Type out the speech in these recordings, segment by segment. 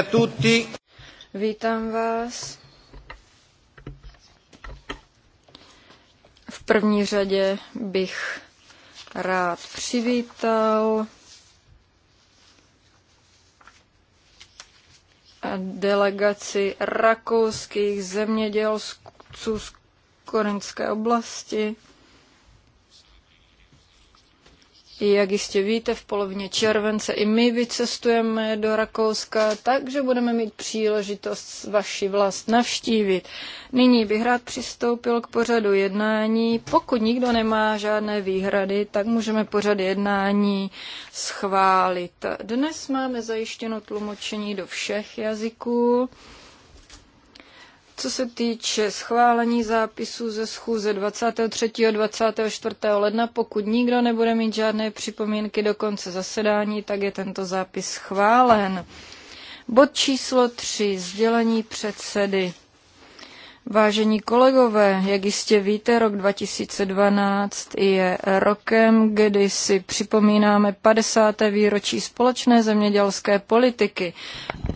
a tutti. Vítám vás. V první řadě bych rád přivítal delegaci rakouských zemědělců z Korenské oblasti. Jak jistě víte, v polovině července i my vycestujeme do Rakouska, takže budeme mít příležitost vaši vlast navštívit. Nyní bych rád přistoupil k pořadu jednání. Pokud nikdo nemá žádné výhrady, tak můžeme pořad jednání schválit. Dnes máme zajištěno tlumočení do všech jazyků. Co se týče schválení zápisu ze schůze 23. a 24. ledna, pokud nikdo nebude mít žádné připomínky do konce zasedání, tak je tento zápis schválen. Bod číslo 3. Sdělení předsedy. Vážení kolegové, jak jistě víte, rok 2012 je rokem, kdy si připomínáme 50. výročí společné zemědělské politiky.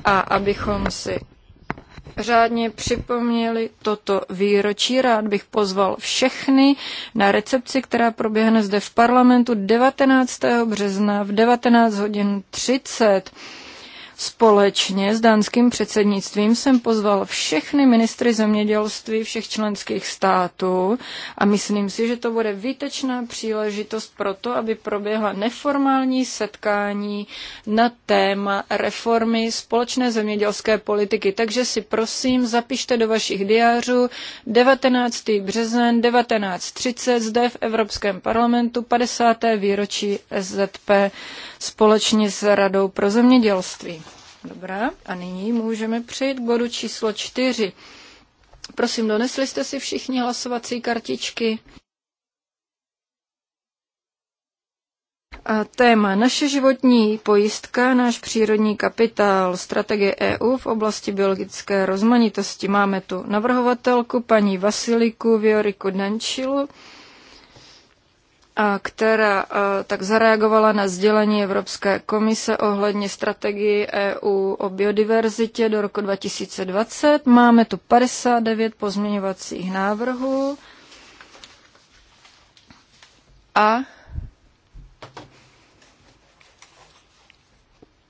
A abychom si řádně připomněli toto výročí. Rád bych pozval všechny na recepci, která proběhne zde v parlamentu 19. března v 19 hodin 30. Společně s dánským předsednictvím jsem pozval všechny ministry zemědělství všech členských států a myslím si, že to bude výtečná příležitost pro to, aby proběhla neformální setkání na téma reformy společné zemědělské politiky. Takže si prosím zapište do vašich diářů 19. březen 1930 zde v Evropském parlamentu 50. výročí SZP společně s Radou pro zemědělství. Dobrá, a nyní můžeme přejít k bodu číslo čtyři. Prosím, donesli jste si všichni hlasovací kartičky? A téma Naše životní pojistka, náš přírodní kapitál, strategie EU v oblasti biologické rozmanitosti. Máme tu navrhovatelku paní Vasiliku Vioriku Dančilu která tak zareagovala na sdělení Evropské komise ohledně strategii EU o biodiverzitě do roku 2020. Máme tu 59 pozměňovacích návrhů a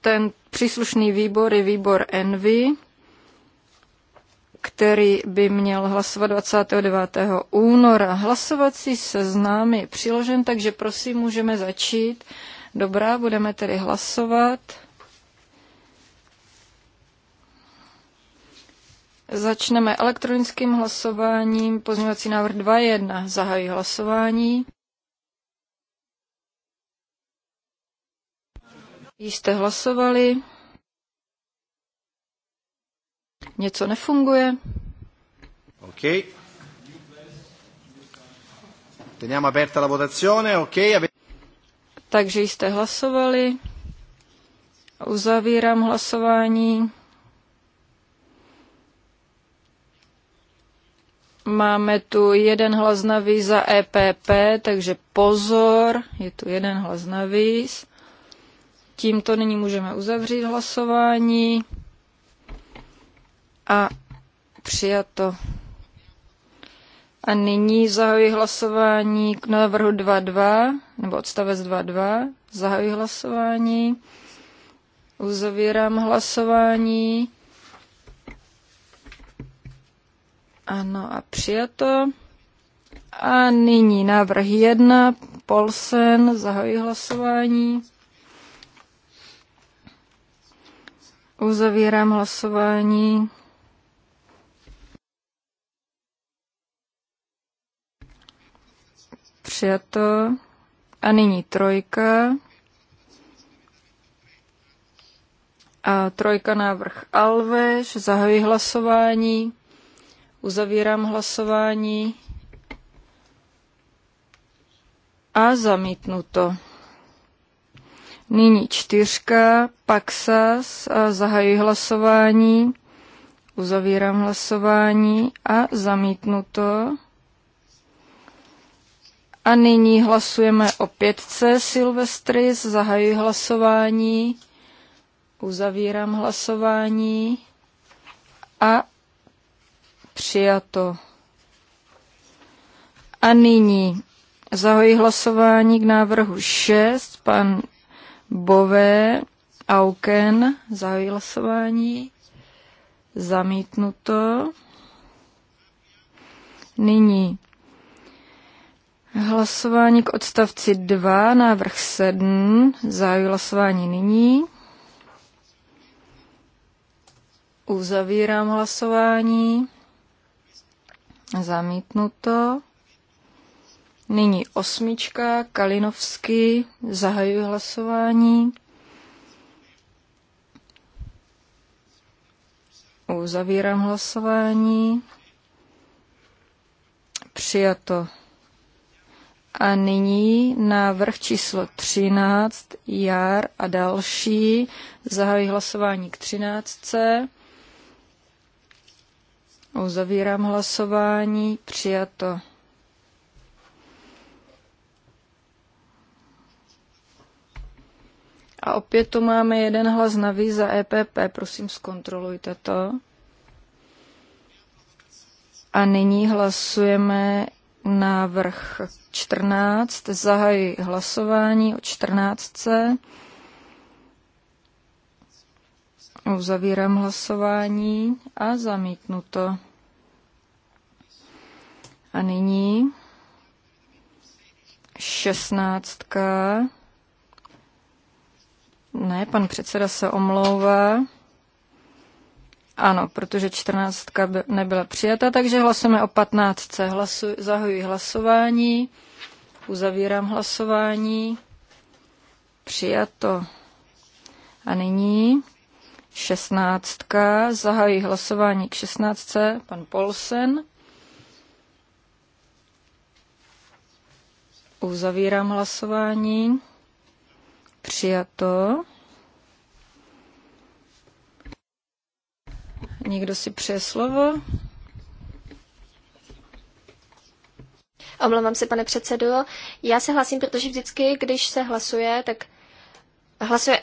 ten příslušný výbor je výbor Envy který by měl hlasovat 29. února. Hlasovací seznám je přiložen, takže prosím, můžeme začít. Dobrá, budeme tedy hlasovat. Začneme elektronickým hlasováním. Pozměňovací návrh 2.1. Zahají hlasování. jste hlasovali něco nefunguje. OK. Teniamo aperta la votazione, OK. Takže jste hlasovali. Uzavírám hlasování. Máme tu jeden hlas navíc za EPP, takže pozor, je tu jeden hlas navíc. Tímto nyní můžeme uzavřít hlasování a přijato. A nyní zahajuji hlasování k návrhu 2.2, nebo odstavec 2.2. Zahajuji hlasování. Uzavírám hlasování. Ano a přijato. A nyní návrh 1, Polsen, zahajuji hlasování. Uzavírám hlasování. přijato. A nyní trojka. A trojka návrh Alveš, zahajuji hlasování, uzavírám hlasování a zamítnuto. Nyní čtyřka, Paxas, a zahajuji hlasování, uzavírám hlasování a zamítnuto. A nyní hlasujeme o pětce Silvestris. Zahajuji hlasování. Uzavírám hlasování. A přijato. A nyní zahoji hlasování k návrhu 6. Pan Bové, Auken, zahoji hlasování. Zamítnuto. Nyní Hlasování k odstavci 2, návrh 7, zájí hlasování nyní. Uzavírám hlasování. Zamítnuto. Nyní osmička, Kalinovský, zahajuji hlasování. Uzavírám hlasování. Přijato. A nyní návrh číslo 13, Jar a další. Zahajuji hlasování k 13. Uzavírám hlasování. Přijato. A opět tu máme jeden hlas na za EPP. Prosím, zkontrolujte to. A nyní hlasujeme návrh 14. Zahají hlasování o 14. Uzavírám hlasování a zamítnu to. A nyní 16. Ne, pan předseda se omlouvá. Ano, protože 14 nebyla přijata, takže hlasujeme o 15. Hlasu, zahajuji hlasování, uzavírám hlasování, přijato. A nyní 16. Zahajuji hlasování k 16. Pan Polsen. Uzavírám hlasování. Přijato. Někdo si přeje slovo? Omlouvám se, pane předsedo. Já se hlasím, protože vždycky, když se hlasuje, tak hlasuje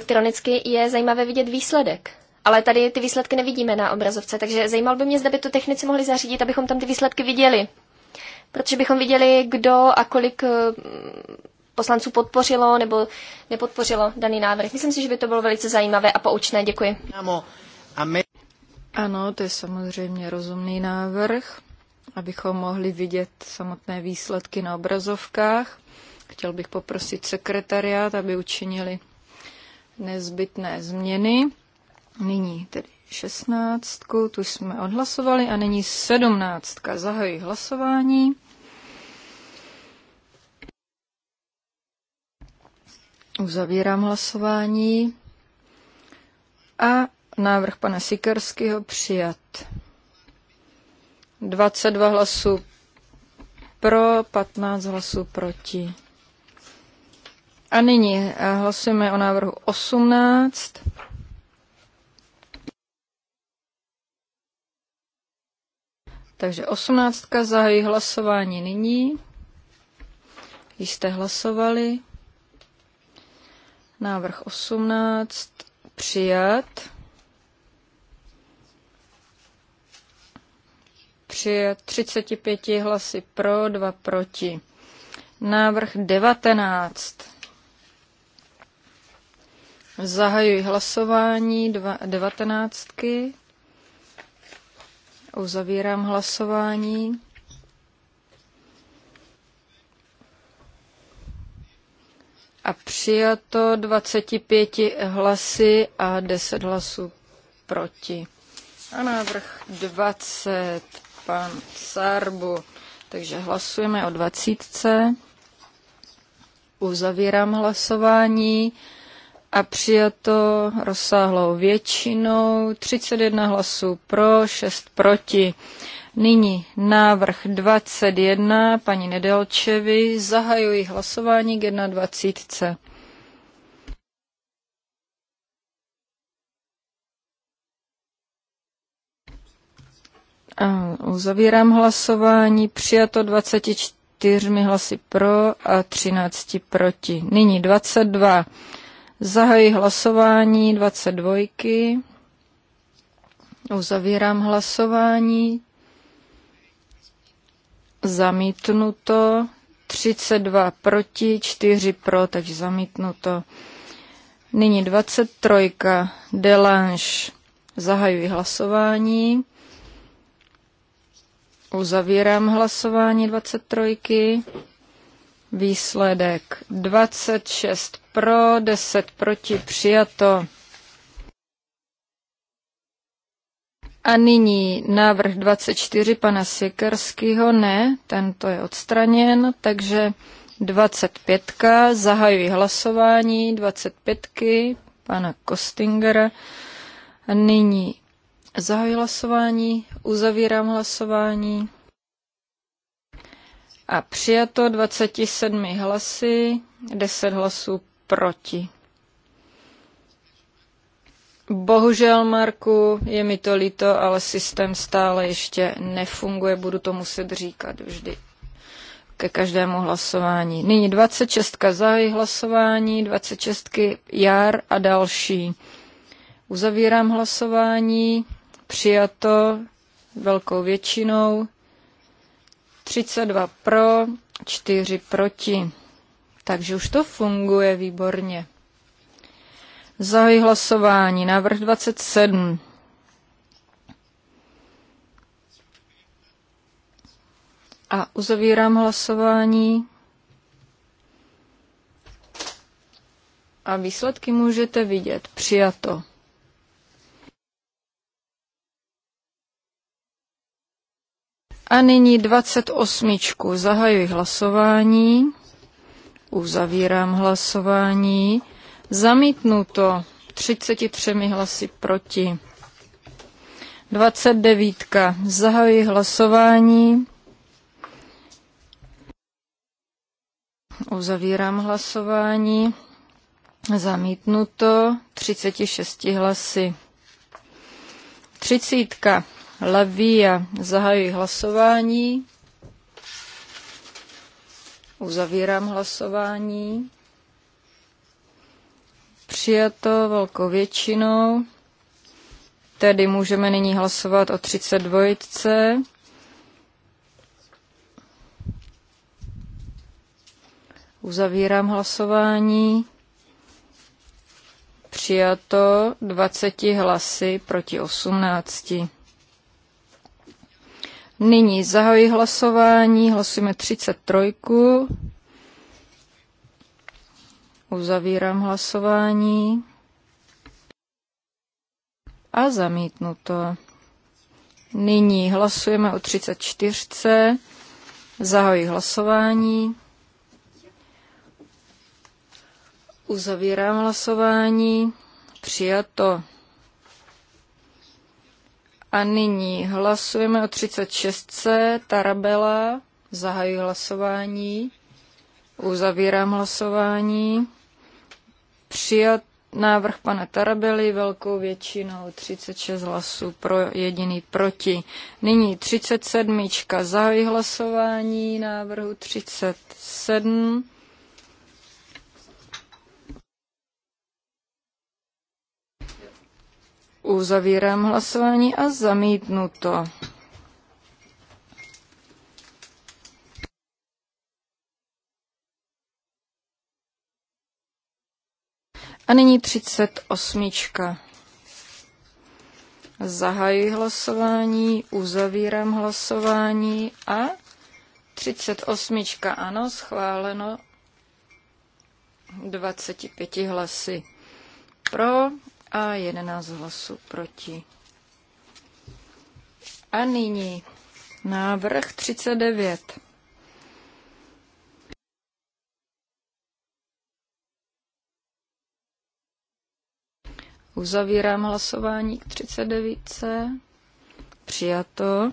elektronicky, je zajímavé vidět výsledek. Ale tady ty výsledky nevidíme na obrazovce, takže zajímalo by mě, zda by to technici mohli zařídit, abychom tam ty výsledky viděli. Protože bychom viděli, kdo a kolik eh, poslanců podpořilo nebo nepodpořilo daný návrh. Myslím si, že by to bylo velice zajímavé a poučné. Děkuji. Ano, to je samozřejmě rozumný návrh, abychom mohli vidět samotné výsledky na obrazovkách. Chtěl bych poprosit sekretariát, aby učinili nezbytné změny. Nyní tedy 16, tu jsme odhlasovali a nyní 17. Zahajuji hlasování. Uzavírám hlasování a Návrh pana Sikerského přijat. 22 hlasů pro, 15 hlasů proti. A nyní eh, hlasujeme o návrhu 18. Takže osmnáctka zahají hlasování nyní. jste hlasovali. Návrh 18 přijat. přijat 35 hlasy pro, 2 proti. Návrh 19. Zahajuji hlasování 19 devatenáctky. Uzavírám hlasování. A přijato 25 hlasy a 10 hlasů proti. A návrh 20 pan Sarbu. Takže hlasujeme o dvacítce. Uzavírám hlasování a přijato rozsáhlou většinou 31 hlasů pro, 6 proti. Nyní návrh 21, paní Nedelčevi, zahajuji hlasování k 21. uzavírám hlasování. Přijato 24 hlasy pro a 13 proti. Nyní 22. Zahají hlasování 22. Uzavírám hlasování. Zamítnuto. 32 proti, 4 pro, takže zamítnuto. Nyní 23. Delange. Zahajuji hlasování. Uzavírám hlasování 23. Výsledek 26 pro, 10 proti, přijato. A nyní návrh 24 pana Sikerského, ne, tento je odstraněn, takže 25. Zahajuji hlasování 25. pana Kostingera. A nyní Zahajuji hlasování, uzavírám hlasování. A přijato 27 hlasy, 10 hlasů proti. Bohužel, Marku, je mi to líto, ale systém stále ještě nefunguje, budu to muset říkat vždy ke každému hlasování. Nyní 26 zahají hlasování, 26 jar a další. Uzavírám hlasování, přijato velkou většinou, 32 pro, 4 proti. Takže už to funguje výborně. Zahají hlasování, návrh 27. A uzavírám hlasování. A výsledky můžete vidět. Přijato. A nyní 28. Zahajuji hlasování. Uzavírám hlasování. Zamítnuto 33 hlasy proti. 29. Zahajuji hlasování. Uzavírám hlasování. Zamítnuto 36 hlasy. 30. Lavia. Zahajuji hlasování. Uzavírám hlasování. Přijato velkou většinou. Tedy můžeme nyní hlasovat o 32. Uzavírám hlasování. Přijato 20 hlasy proti 18. Nyní zahajuji hlasování, hlasujeme 33. Uzavírám hlasování. A zamítnuto. Nyní hlasujeme o 34. Zahajuji hlasování. Uzavírám hlasování. Přijato. A nyní hlasujeme o 36. Tarabela. Zahajuji hlasování. Uzavírám hlasování. Přijat návrh pana Tarabely velkou většinou 36 hlasů pro jediný proti. Nyní 37. Zahajuji hlasování návrhu 37. Uzavírám hlasování a zamítnu to. A nyní 38. Zahajuji hlasování, uzavírám hlasování a 38. ano, schváleno 25 hlasy pro a 11 hlasů proti. A nyní návrh 39. Uzavírám hlasování k 39. Přijato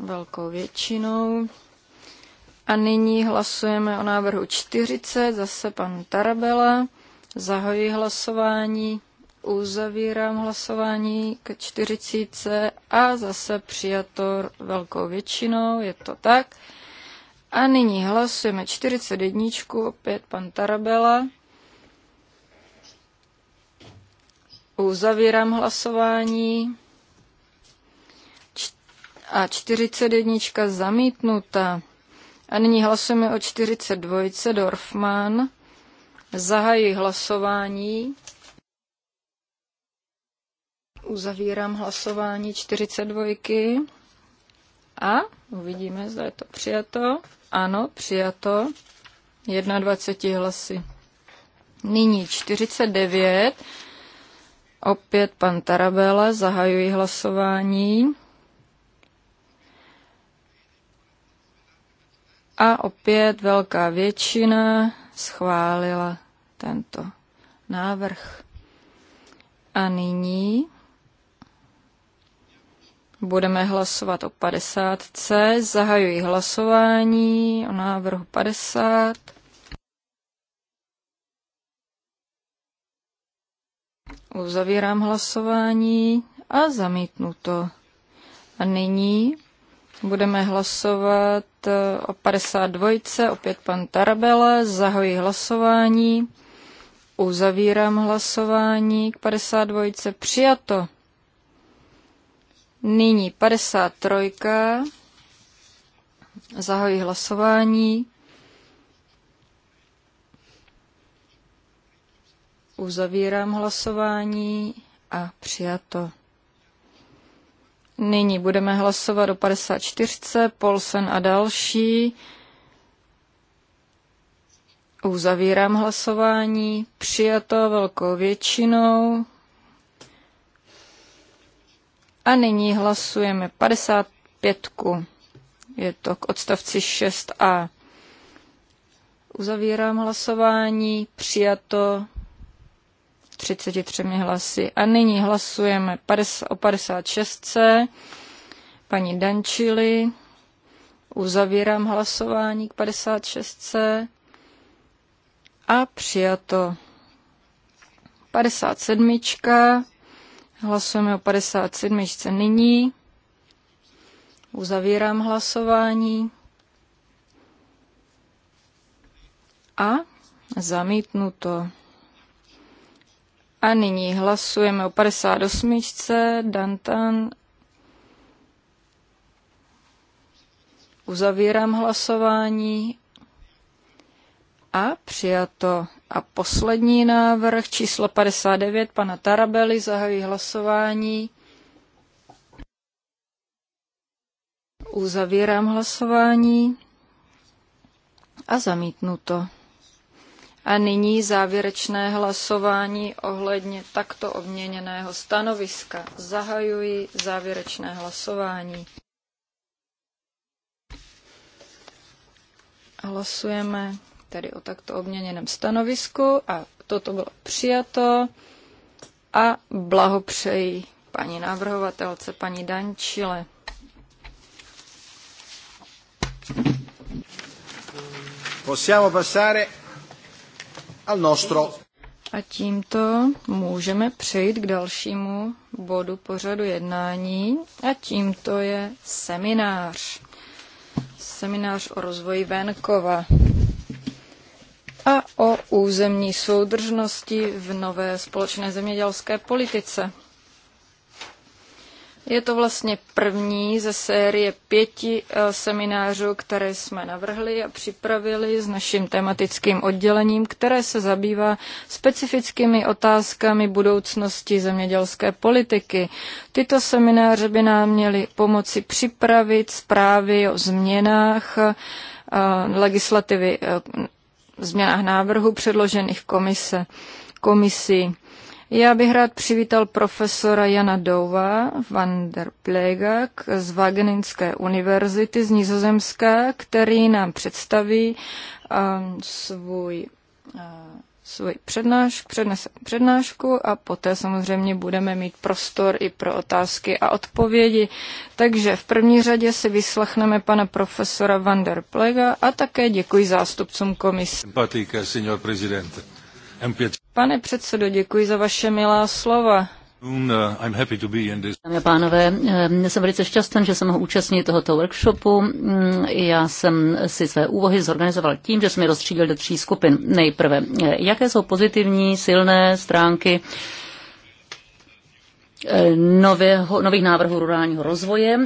velkou většinou. A nyní hlasujeme o návrhu 40, zase pan Tarabela. Zahajuji hlasování, uzavírám hlasování k 40 a zase přijato velkou většinou, je to tak. A nyní hlasujeme 41, opět pan Tarabela. Uzavírám hlasování. A 41 zamítnuta. A nyní hlasujeme o 42 Dorfman. Zahajuji hlasování. Uzavírám hlasování 42. A uvidíme, zda je to přijato. Ano, přijato. 21 hlasy. Nyní 49. Opět pan Tarabela, zahajuji hlasování. A opět velká většina schválila tento návrh. A nyní budeme hlasovat o 50. Zahajuji hlasování o návrhu 50. Uzavírám hlasování a zamítnu to. A nyní budeme hlasovat o 52. Opět pan Tarabele. zahajuji hlasování. Uzavírám hlasování k 52. Přijato. Nyní 53. Zahojí hlasování. Uzavírám hlasování a přijato. Nyní budeme hlasovat o 54. Polsen a další. Uzavírám hlasování. Přijato velkou většinou. A nyní hlasujeme 55. Je to k odstavci 6a. Uzavírám hlasování. Přijato 33 hlasy. A nyní hlasujeme o 56. Paní Dančili. Uzavírám hlasování k 56 a přijato. 57. Hlasujeme o 57. nyní. Uzavírám hlasování. A zamítnuto. A nyní hlasujeme o 58. Dantan. Uzavírám hlasování a přijato. A poslední návrh číslo 59 pana Tarabely zahají hlasování. Uzavírám hlasování a zamítnu to. A nyní závěrečné hlasování ohledně takto obměněného stanoviska. Zahajuji závěrečné hlasování. Hlasujeme tedy o takto obměněném stanovisku a toto bylo přijato a blahopřeji paní návrhovatelce paní Dančile. Possiamo passare al nostro. A tímto můžeme přejít k dalšímu bodu pořadu jednání a tímto je seminář. Seminář o rozvoji venkova a o územní soudržnosti v nové společné zemědělské politice. Je to vlastně první ze série pěti eh, seminářů, které jsme navrhli a připravili s naším tematickým oddělením, které se zabývá specifickými otázkami budoucnosti zemědělské politiky. Tyto semináře by nám měly pomoci připravit zprávy o změnách eh, legislativy eh, změnách návrhu předložených komise, komisí. Já bych rád přivítal profesora Jana Dova van der Plegak z Wageninské univerzity z Nizozemska, který nám představí eh, svůj eh, svoji přednášku, přednese přednášku a poté samozřejmě budeme mít prostor i pro otázky a odpovědi. Takže v první řadě si vyslechneme pana profesora Van der Plega a také děkuji zástupcům komise. Pane předsedo, děkuji za vaše milá slova. Uh, Dámy a pánové, eh, jsem velice šťastný, že jsem mohl účastnit tohoto workshopu. Mm, já jsem si své úvahy zorganizoval tím, že jsem je rozstřídil do tří skupin. Nejprve, eh, jaké jsou pozitivní, silné stránky eh, nového, nových návrhů rurálního rozvoje.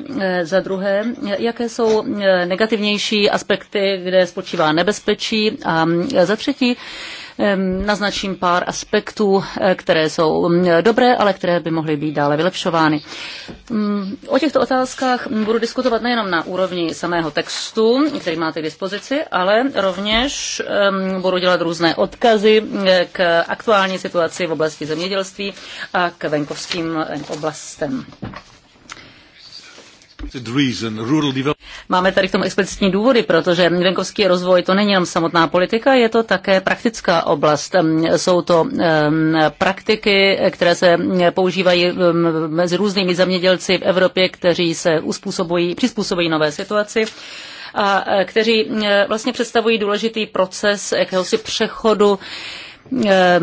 Za druhé, jaké jsou negativnější aspekty, kde spočívá nebezpečí. A za třetí, Naznačím pár aspektů, eh, které jsou mm, dobré, ale které by mohly být dále vylepšovány. Mm, o těchto otázkách mm, budu diskutovat nejenom na úrovni samého textu, který máte k dispozici, ale rovněž budu dělat různé odkazy eh, k aktuální situaci v oblasti zemědělství a k venkovským eh, oblastem. Máme tady k tomu explicitní důvody, protože venkovský rozvoj to není jenom samotná politika, je to také praktická oblast. Jsou to praktiky, které se používají mezi různými zemědělci v Evropě, kteří se uspůsobují, přizpůsobují nové situaci a e, kteří e, vlastně představují důležitý proces jakéhosi přechodu Eh,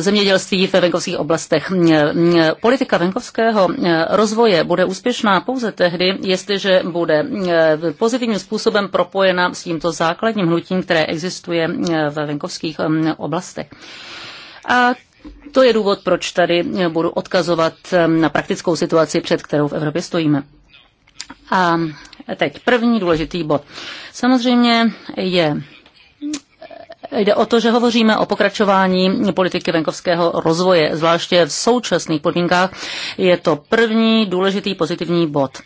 zemědělství ve venkovských oblastech. Eh, politika venkovského eh, rozvoje bude úspěšná pouze tehdy, jestliže bude pozitivním způsobem propojena s tímto základním hnutím, které existuje ve venkovských oblastech. A to je důvod, proč tady budu odkazovat na praktickou situaci, před kterou v Evropě stojíme. A teď první důležitý bod. Samozřejmě je Jde o to, že hovoříme o pokračování politiky venkovského rozvoje, zvláště v současných podmínkách. Je to první důležitý pozitivní bod.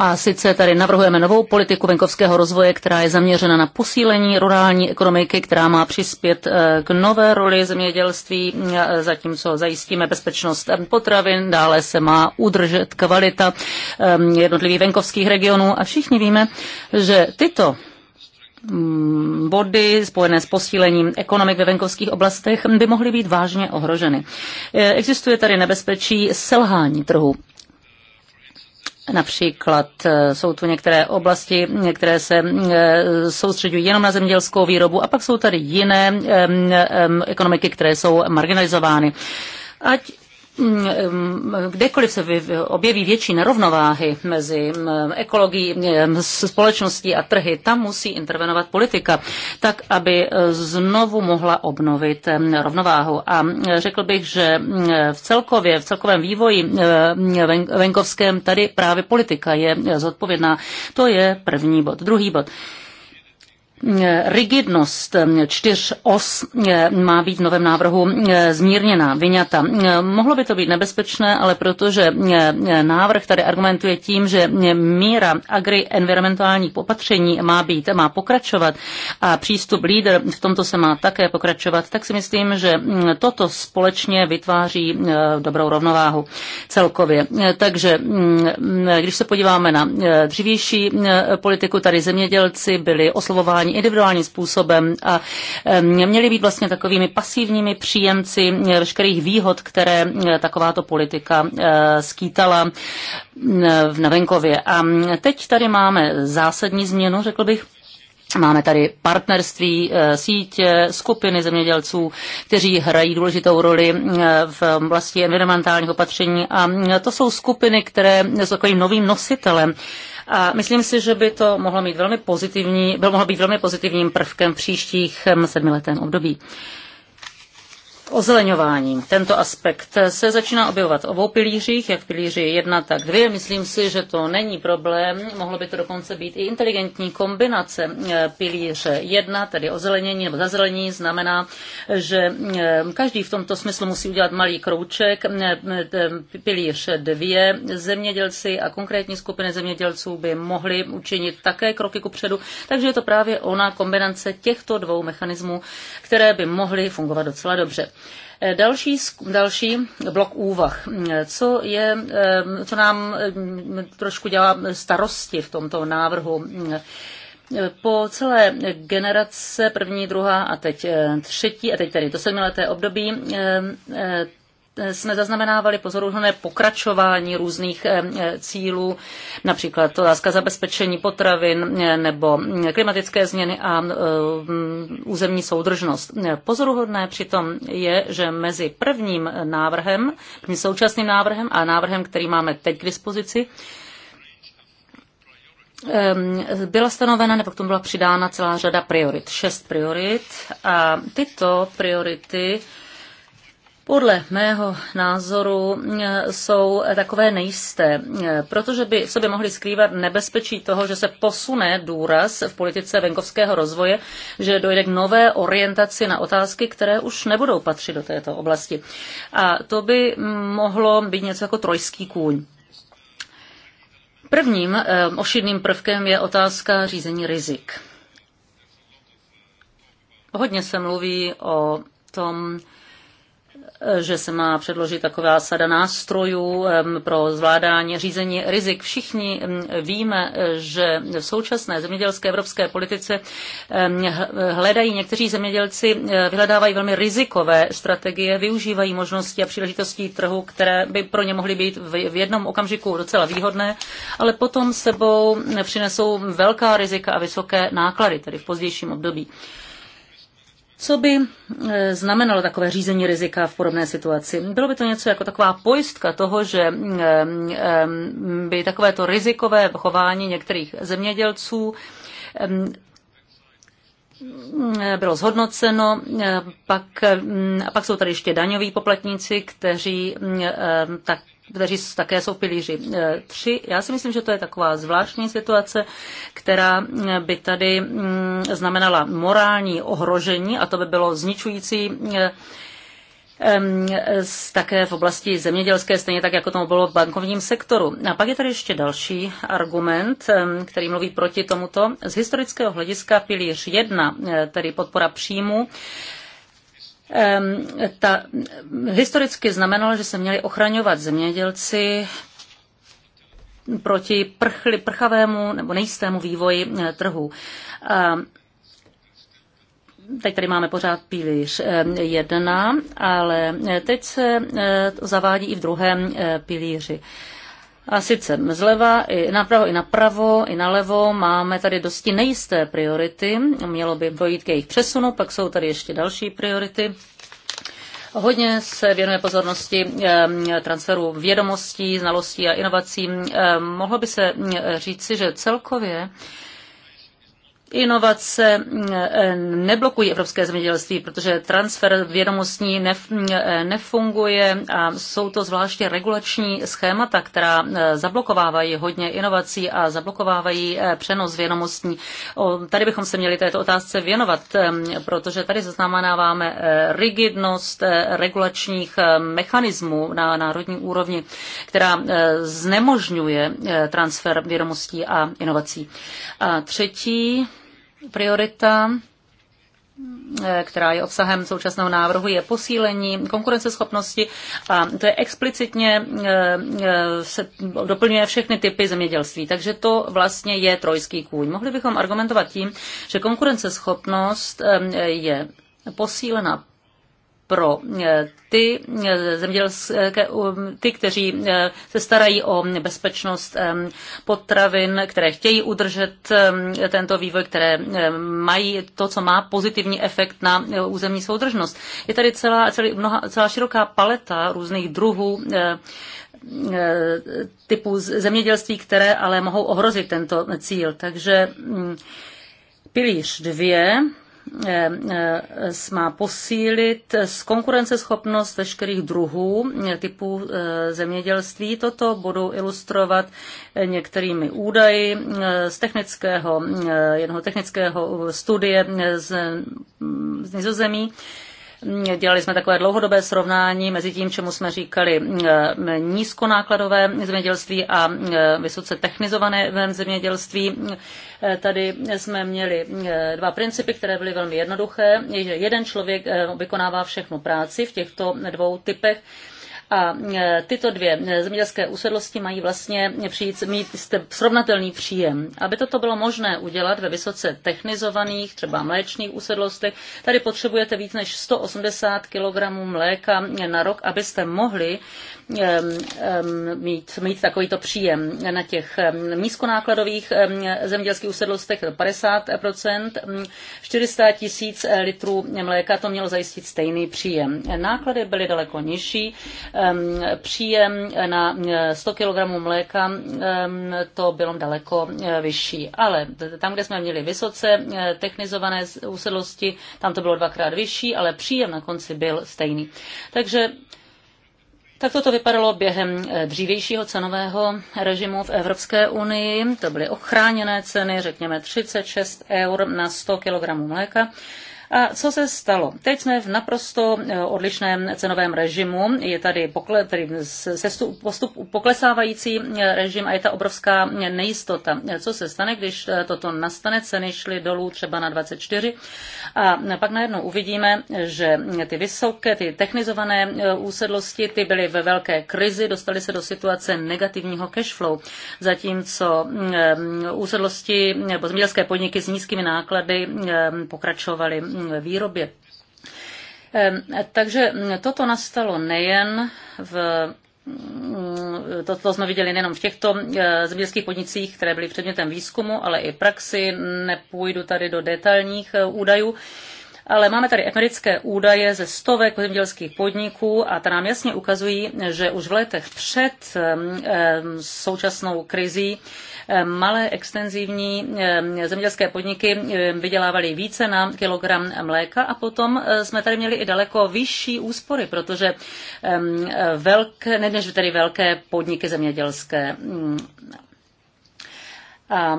A sice tady navrhujeme novou politiku venkovského rozvoje, která je zaměřena na posílení rurální ekonomiky, která má přispět eh, k nové roli zemědělství, eh, zatímco zajistíme bezpečnost potravin, dále se má udržet kvalita eh, jednotlivých venkovských regionů. A všichni víme, že tyto Mm, body spojené s posílením ekonomik ve venkovských oblastech by mohly být vážně ohroženy. E, existuje tady nebezpečí selhání trhu. Například e, jsou tu některé oblasti, které se e, soustředují jenom na zemědělskou výrobu a pak jsou tady jiné ekonomiky, které jsou marginalizovány. Ať Mm, mm, kdekoliv se objeví větší nerovnováhy mezi mm, ekologií, společností a trhy, tam musí intervenovat politika, tak aby eh, znovu mohla obnovit eh, rovnováhu. A řekl bych, že v celkově, v celkovém vývoji eh, venkovském tady právě politika je zodpovědná. To je první bod. Druhý bod rigidnost čtyř os eh, má být v novém návrhu eh, zmírněna, vyňata. Eh, mohlo by to být nebezpečné, ale protože návrh tady argumentuje tím, že míra agri-environmentálních opatření má být, má pokračovat a přístup líder v tomto se má také pokračovat, tak si myslím, že mm, toto společně vytváří dobrou rovnováhu celkově. Takže mm, když se podíváme na dřívější politiku, tady zemědělci byli oslovováni financování individuálním způsobem a měli být vlastně takovými pasivními příjemci veškerých výhod, které eh, takováto politika eh, skýtala mm, na venkově. A mm, teď tady máme zásadní změnu, řekl bych, Máme tady partnerství, eh, sítě, skupiny zemědělců, kteří hrají důležitou roli v oblasti environmentálních opatření a mm, to jsou skupiny, které jsou takovým novým nositelem a myslím si, že by to mohlo, mít velmi pozitivní, by mohlo být velmi pozitivním prvkem příštích eh, sedmiletém období k ozeleňování. Tento aspekt se začíná objevovat v obou pilířích, jak v pilíři jedna, tak dvě. Myslím si, že to není problém. Mohlo by to dokonce být i inteligentní kombinace e, pilíře jedna, tedy ozelenění nebo zazelenění, znamená, že e, každý v tomto smyslu musí udělat malý krouček. E, pilíř dvě, zemědělci a konkrétní skupiny zemědělců by mohli učinit také kroky kupředu, takže je to právě ona kombinace těchto dvou mechanismů, které by mohly fungovat docela dobře. Eh, další, další blok úvah, co, je, eh, co nám mm, trošku dělá starosti v tomto návrhu. Eh, po celé generace, první, druhá a teď třetí, a teď tady to sedmileté období, jsme zaznamenávali pozoruhodné pokračování různých eh, cílů, například otázka zabezpečení potravin eh, nebo mm, klimatické změny a eh, mm, územní soudržnost. Pozoruhodné přitom je, že mezi prvním návrhem, tím současným návrhem a návrhem, který máme teď k dispozici, ehm, byla stanovena, nebo k tomu byla přidána celá řada priorit, šest priorit a tyto priority podle mého názoru eh, jsou takové nejisté, eh, protože by v sobě mohli skrývat nebezpečí toho, že se posune důraz v politice venkovského rozvoje, že dojde k nové orientaci na otázky, které už nebudou patřit do této oblasti. A to by mohlo být něco jako trojský kůň. Prvním eh, ošidným prvkem je otázka řízení rizik. Hodně se mluví o tom, že se má předložit taková sada nástrojů pro zvládání řízení rizik. Všichni víme, že v současné zemědělské evropské politice hledají někteří zemědělci, e, vyhledávají velmi rizikové strategie, využívají možnosti a příležitosti trhu, které by pro ně mohly být v jednom okamžiku docela výhodné, ale potom sebou přinesou velká rizika a vysoké náklady, tedy v pozdějším období. Co by eh, znamenalo takové řízení rizika v podobné situaci? Bylo by to něco jako taková pojistka toho, že eh, eh, by takovéto rizikové chování některých zemědělců bylo zhodnoceno, pak, a pak jsou tady ještě daňoví poplatníci, kteří tak kteří také jsou pilíři. Eh, tři, já si myslím, že to je taková zvláštní situace, která eh, by tady mm, znamenala morální ohrožení a to by bylo zničující eh, také v oblasti zemědělské, stejně tak, jako tomu bylo v bankovním sektoru. A pak je tady ještě další argument, který mluví proti tomuto. Z historického hlediska pilíř 1, tedy podpora příjmu, ta historicky znamenalo, že se měli ochraňovat zemědělci proti prchli, prchavému nebo nejistému vývoji eh, trhu. Teď tady máme pořád pilíř jedna, ale eh, teď se eh, zavádí i v druhém pilíři. A sice zleva i napravo, i napravo, i nalevo máme tady dosti nejisté priority. Mělo by dojít k jejich přesunu, pak jsou tady ještě další priority. Hodně se věnuje pozornosti ehm, transferu vědomostí, znalostí a inovacím. Ehm, mohlo by se ehm, říci, že celkově Inovace eh, neblokují evropské zemědělství, protože transfer vědomostní eh, nefunguje a jsou to zvláště regulační schémata, která eh, zablokovávají hodně inovací a zablokovávají přenos vědomostní. Tady bychom se měli této otázce věnovat, protože tady zaznamenáváme rigidnost regulačních mechanismů na národní úrovni, která znemožňuje transfer vědomostí a inovací. A třetí priorita eh, která je obsahem současného návrhu, je posílení konkurenceschopnosti a to je explicitně eh, eh, se doplňuje všechny typy zemědělství. Takže to vlastně je trojský kůň. Mohli bychom argumentovat tím, že konkurenceschopnost je posílena pro eh, ty, eh, zemědělské, ty, kteří eh, se starají o bezpečnost potravin, které chtějí udržet tento vývoj, které mají to, co má pozitivní efekt na územní soudržnost. Je tady celá, celý, mnoha, celá široká paleta různých druhů typů zemědělství, které ale mohou ohrozit tento cíl. Takže mm, pilíř dvě Eh, eh, má posílit konkurenceschopnost veškerých druhů eh, typů zemědělství. Toto budu ilustrovat některými údaji z technického, jednoho technického studie z, mm, z nizozemí. zemí Dělali jsme takové dlouhodobé srovnání mezi tím, čemu jsme říkali nízkonákladové zemědělství a vysoce technizované zemědělství. Tady jsme měli dva principy, které byly velmi jednoduché, že jeden člověk e, vykonává všechnu práci v těchto dvou typech a e, tyto dvě zemědělské usedlosti mají vlastně přijít, mít srovnatelný příjem. Aby toto bylo možné udělat ve vysoce technizovaných, třeba mléčných usedlostech, tady potřebujete víc než 180 kg mléka na rok, abyste mohli e, e, mít, mít takovýto příjem. Na těch nízkonákladových zemědělských usedlostech 50%, 400 tisíc litrů mléka to mělo zajistit stejný příjem. Náklady byly daleko nižší, příjem na 100 eh, kg mléka to bylo daleko eh, vyšší. Ale tam, kde jsme měli vysoce eh, technizované úsedlosti, tam to bylo dvakrát vyšší, ale příjem na konci byl stejný. Takže tak toto vypadalo během dřívějšího cenového režimu v Evropské unii. To byly ochráněné ceny, řekněme 36 eur na 100 kg mléka. A co se stalo? Teď jsme v naprosto eh, odlišném cenovém režimu. Je tady, pokle, tady sestup, postup poklesávající eh, režim a je ta obrovská eh, nejistota. Co se stane, když toto nastane? Ceny šly dolů třeba na 24 a pak najednou uvidíme, že ty vysoké, ty technizované e, úsedlosti, ty byly ve velké krizi, dostaly se do situace negativního flow. zatímco e, úsedlosti nebo zemědělské podniky s nízkými náklady e, pokračovaly výrobě. Takže toto nastalo nejen v Mm, to, to jsme viděli nejenom v těchto eh, zemědělských podnicích, které byly předmětem výzkumu, ale i praxi. Nepůjdu tady do detailních eh, údajů ale máme tady americké údaje ze stovek zemědělských podniků a ta nám jasně ukazují, že už v letech před současnou krizí malé extenzivní zemědělské podniky vydělávaly více na kilogram mléka a potom e, jsme tady měli i daleko vyšší úspory, protože velké, ne než tady velké podniky zemědělské. A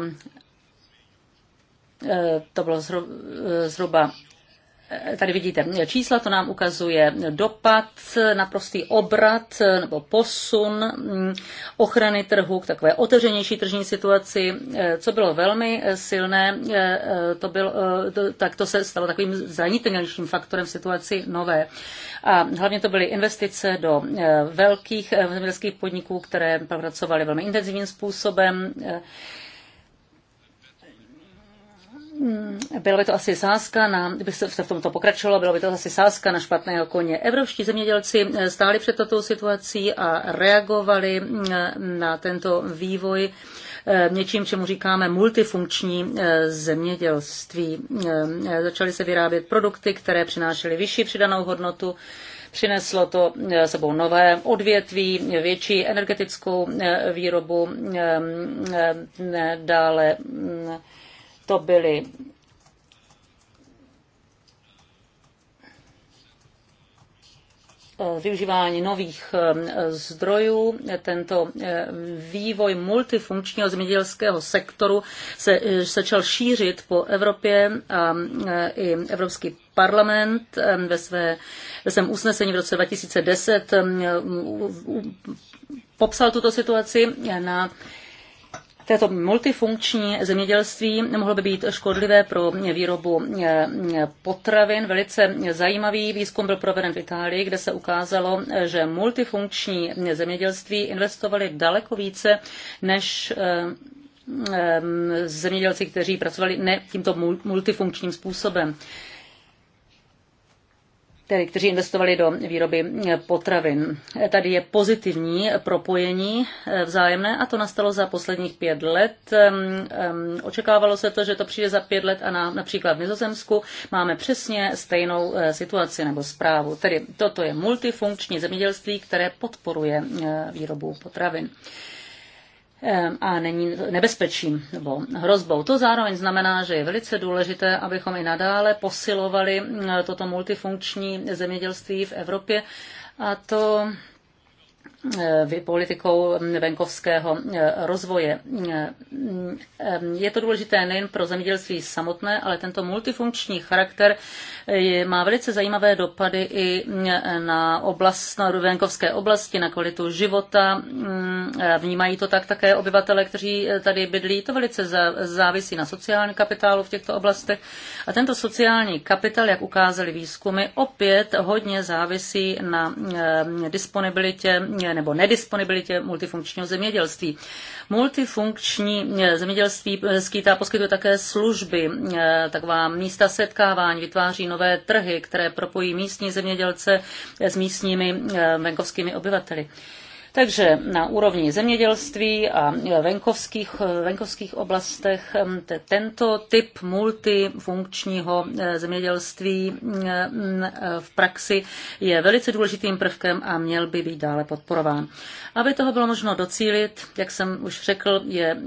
e, to bylo e, zhruba Tady vidíte čísla, to nám ukazuje dopad, naprostý obrat nebo posun mm, ochrany trhu k takové otevřenější tržní situaci. Eh, co bylo velmi eh, silné, eh, to bylo, to, tak to se stalo takovým zranitelnějším faktorem v situaci nové. A hlavně to byly investice do velkých zemědělských podniků, které pracovaly velmi intenzivním způsobem. Hmm, byla by to asi sázka na, kdyby se v tomto pokračovalo, byla by to asi sázka na špatného koně. Evropští zemědělci eh, stáli před tato situací a reagovali eh, na tento vývoj eh, něčím, čemu říkáme multifunkční zemědělství. Začaly se vyrábět produkty, které přinášely vyšší přidanou hodnotu, Přineslo to sebou nové odvětví, větší energetickou výrobu, dále mm, to byly eh, využívání nových eh, zdrojů. Tento eh, vývoj multifunkčního zemědělského sektoru se začal šířit po Evropě a i Evropský parlament ve, své, ve svém usnesení v roce 2010 popsal tuto situaci na této multifunkční zemědělství mohlo by být škodlivé pro výrobu eh, potravin. Velice zajímavý výzkum byl proveden v Itálii, kde se ukázalo, že multifunkční zemědělství investovali daleko více než eh, eh, zemědělci, kteří pracovali ne tímto multifunkčním způsobem tedy, kteří investovali do výroby eh, potravin. Tady je pozitivní propojení eh, vzájemné a to nastalo za posledních pět let. Ehm, ehm, očekávalo se to, že to přijde za pět let a na, například v Nizozemsku máme přesně stejnou eh, situaci nebo zprávu. Tedy toto je multifunkční zemědělství, které podporuje výrobu potravin a není nebezpečím nebo hrozbou. To zároveň znamená, že je velice důležité, abychom i nadále posilovali eh, toto multifunkční zemědělství v Evropě a to Eh, politikou mm, venkovského eh, rozvoje. Eh, je to důležité nejen pro zemědělství samotné, ale tento multifunkční charakter má velice zajímavé dopady i na, oblast, na venkovské oblasti, na kvalitu života. Mm, vnímají to tak také obyvatele, kteří tady bydlí. To velice závisí na sociálním kapitálu v těchto oblastech. A tento sociální kapitál, jak ukázaly výzkumy, opět hodně závisí na disponibilitě disponibilitě nebo nedisponibilitě multifunkčního zemědělství. Multifunkční eh, zemědělství eh, skýtá poskytuje také služby, eh, taková místa setkávání, vytváří nové trhy, které propojí místní zemědělce s místními venkovskými obyvateli. Takže na úrovni zemědělství a venkovských, venkovských oblastech mm, tento typ multifunkčního e, zemědělství mm, mm, e, v praxi je velice důležitým prvkem a měl by být dále podporován. Aby toho bylo možno docílit, jak jsem už řekl, je,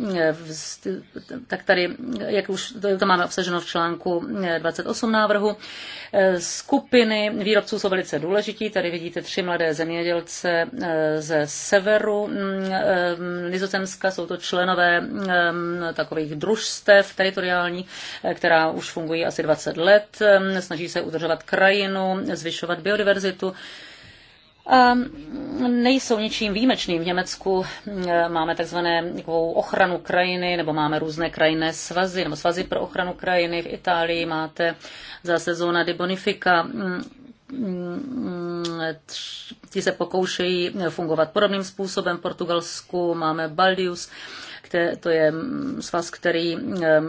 tak tady, jak už to máme obsaženo v článku 28 návrhu, e, skupiny výrobců jsou velice důležití. Tady vidíte tři mladé zemědělce ze severu mm, Nizozemska. Jsou to členové takových družstev teritoriálních, eh, která už fungují asi 20 let. Snaží se udržovat krajinu, zvyšovat biodiverzitu. A nejsou ničím výjimečným. V Německu eh, máme takzvané ochranu krajiny, nebo máme různé krajinné svazy, nebo svazy pro ochranu krajiny. V Itálii máte zase zóna de bonifica, ti se pokoušejí fungovat podobným způsobem. V Portugalsku máme Baldius, které, to je svaz, který eh,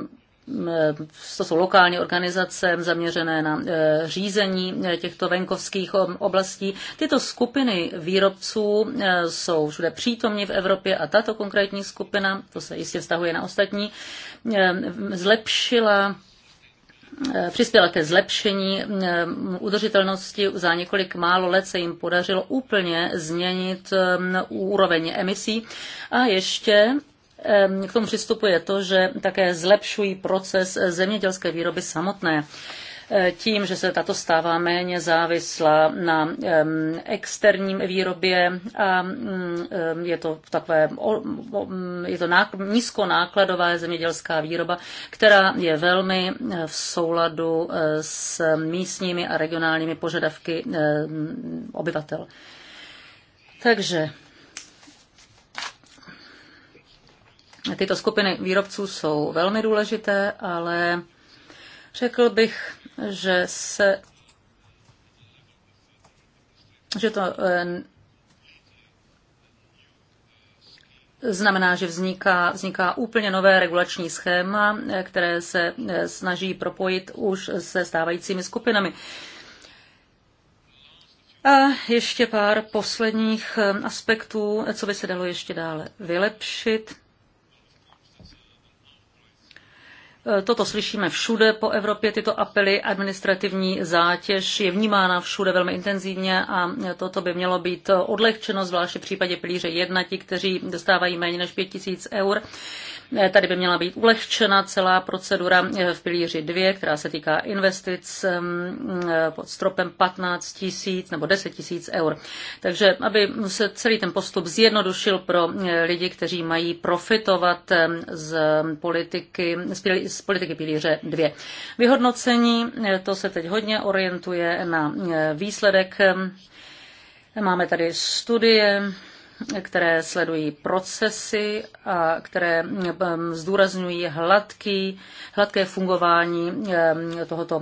eh, to jsou lokální organizace zaměřené na eh, řízení těchto venkovských oblastí. Tyto skupiny výrobců jsou všude přítomní v Evropě a tato konkrétní skupina, to se jistě vztahuje na ostatní, zlepšila Eh, přispěla ke zlepšení eh, udržitelnosti. Za několik málo let se jim podařilo úplně změnit eh, úroveň emisí. A ještě k tomu přistupuje to, že také zlepšují proces zemědělské výroby samotné. Eh, tím, že se tato stává méně závislá na externím výrobě a mm, je to takové mm, je to nízkonákladová zemědělská výroba, která je velmi eh, v souladu eh, s místními a regionálními požadavky obyvatel. Takže tyto skupiny výrobců jsou velmi důležité, ale řekl bych, že se že to eh, znamená, že vzniká, vzniká úplně nové regulační schéma, eh, které se eh, snaží propojit už se stávajícími skupinami. A ještě pár posledních aspektů, co by se dalo ještě dále vylepšit. Eh, toto slyšíme všude po Evropě, tyto apely, administrativní zátěž je vnímána všude velmi intenzivně a toto by mělo být odlehčeno, zvláště v případě pilíře 1, ti, kteří dostávají méně než 5000 eur. Eh, tady by měla být ulehčena celá procedura eh, v pilíři 2, která se týká investic eh, pod stropem 15 tisíc nebo 10 tisíc eur. Takže aby se celý ten postup zjednodušil pro lidi, kteří mají profitovat z politiky, z politiky pilíře 2. Vyhodnocení, to se teď hodně orientuje na výsledek. Máme tady studie, které sledují procesy a které zdůrazňují hladký, hladké fungování tohoto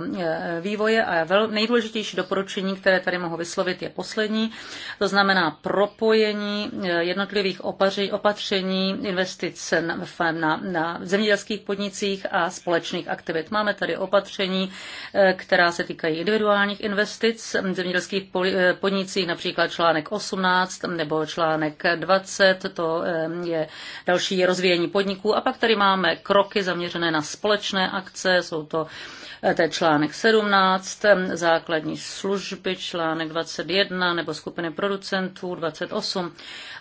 vývoje. A nejdůležitější doporučení, které tady mohu vyslovit, je poslední. To znamená propojení eh, jednotlivých opaři, opatření investic na, na, na zemědělských podnicích a společných aktivit. Máme tady opatření, eh, která se týkají individuálních investic v zemědělských eh, podnicích, například článek 18 nebo článek článek 20, to je další rozvíjení podniků. A pak tady máme kroky zaměřené na společné akce, jsou to eh, to je článek 17, základní služby, článek 21 nebo skupiny producentů 28.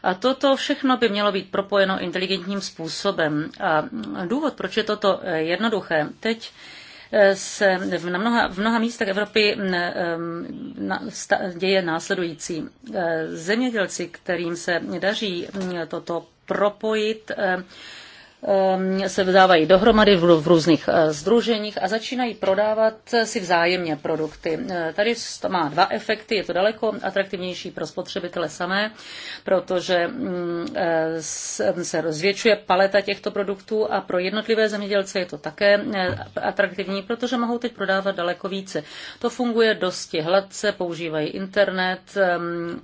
A toto všechno by mělo být propojeno inteligentním způsobem. A důvod, proč je toto eh, jednoduché, teď se v mnoha, v mnoha místech Evropy děje následující. E, zemědělci, kterým se daří toto propojit, e, Ehm, se vydávají dohromady v různých eh, združeních a začínají prodávat eh, si vzájemně produkty. Eh, tady to má dva efekty, je to daleko atraktivnější pro spotřebitele samé, protože mm, se rozvětšuje paleta těchto produktů a pro jednotlivé zemědělce je to také atraktivní, protože mohou teď prodávat daleko více. To funguje dosti hladce, používají internet, ehm,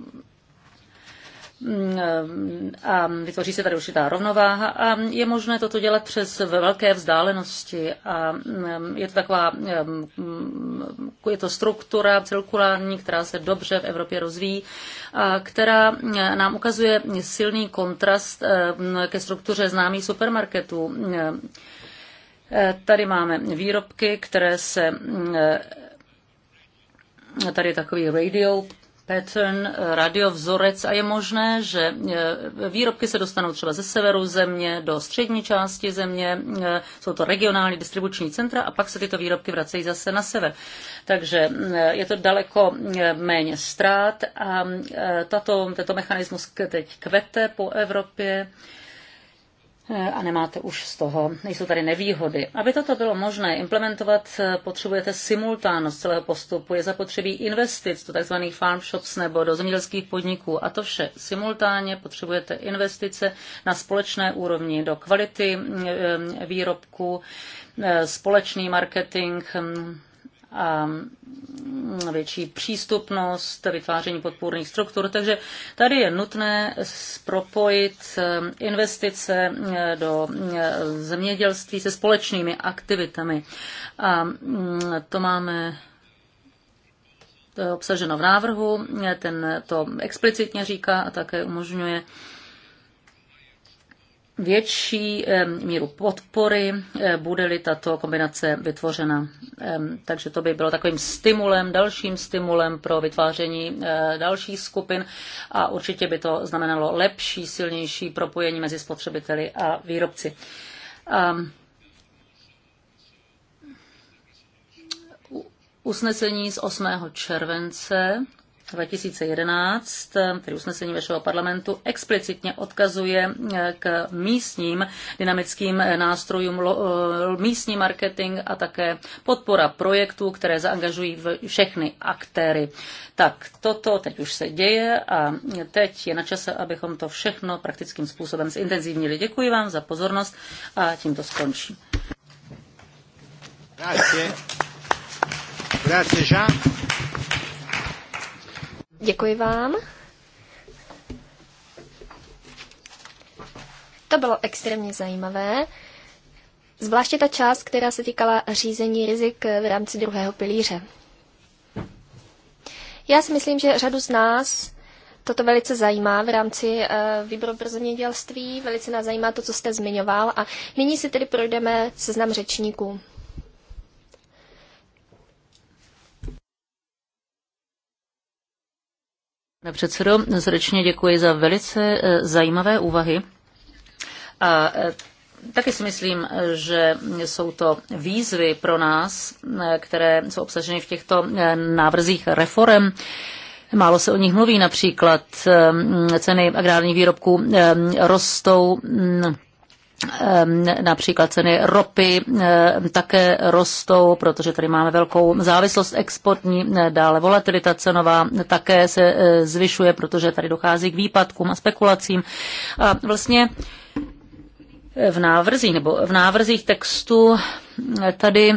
a vytvoří se tady určitá rovnováha a je možné toto dělat přes velké vzdálenosti a je to taková, je to struktura cirkulární, která se dobře v Evropě rozvíjí a která nám ukazuje silný kontrast eh, ke struktuře známých supermarketů. Eh, tady máme výrobky, které se eh, tady je takový radio pattern, eh, radiovzorec a je možné, že eh, výrobky se dostanou třeba ze severu země do střední části země, eh, jsou to regionální distribuční centra a pak se tyto výrobky vracejí zase na sever. Takže je to daleko méně ztrát a tato, tento mechanismus teď kvete po Evropě. Eh, a nemáte už z toho, nejsou tady nevýhody. Aby toto bylo možné implementovat, eh, potřebujete simultánnost celého postupu. Je zapotřebí investic do tzv. farm shops nebo do zemědělských podniků a to vše simultánně potřebujete investice na společné úrovni do kvality mm, eh, výrobku, společný marketing, mm, a větší přístupnost, vytváření podpůrných struktur. Takže tady je nutné propojit eh, investice eh, do eh, zemědělství se společnými aktivitami. A mm, to máme to obsaženo v návrhu, ten to explicitně říká a také umožňuje větší míru podpory, bude-li tato kombinace vytvořena. Takže to by bylo takovým stimulem, dalším stimulem pro vytváření eh, dalších skupin a určitě by to znamenalo lepší, silnější propojení mezi spotřebiteli a výrobci. usnesení z 8. července 2011, tedy usnesení vašeho parlamentu, explicitně odkazuje eh, k místním dynamickým eh, nástrojům, eh, místní marketing a také podpora projektů, které zaangažují všechny aktéry. Tak toto teď už se děje a teď je na čase, abychom to všechno praktickým způsobem zintenzivnili. Děkuji vám za pozornost a tím to skončím. Grazie. Grazie Jean. Děkuji vám. To bylo extrémně zajímavé. Zvláště ta část, která se týkala řízení rizik v rámci druhého pilíře. Já si myslím, že řadu z nás toto velice zajímá v rámci eh, výboru pro zemědělství, velice nás zajímá to, co jste zmiňoval a nyní si tedy projdeme seznam řečníků. předsedo, srdečně děkuji za velice eh, zajímavé úvahy. A eh, Taky si myslím, že jsou to výzvy pro nás, eh, které jsou obsaženy v těchto návrzích reform. Málo se o nich mluví, například ceny agrárních výrobků rostou mm, Ehm, například ceny ropy ehm, také rostou, protože tady máme velkou závislost exportní, eh, dále volatilita cenová také se eh, zvyšuje, protože tady dochází k výpadkům a spekulacím. A vlastně v návrzích nebo v návrzích textu tady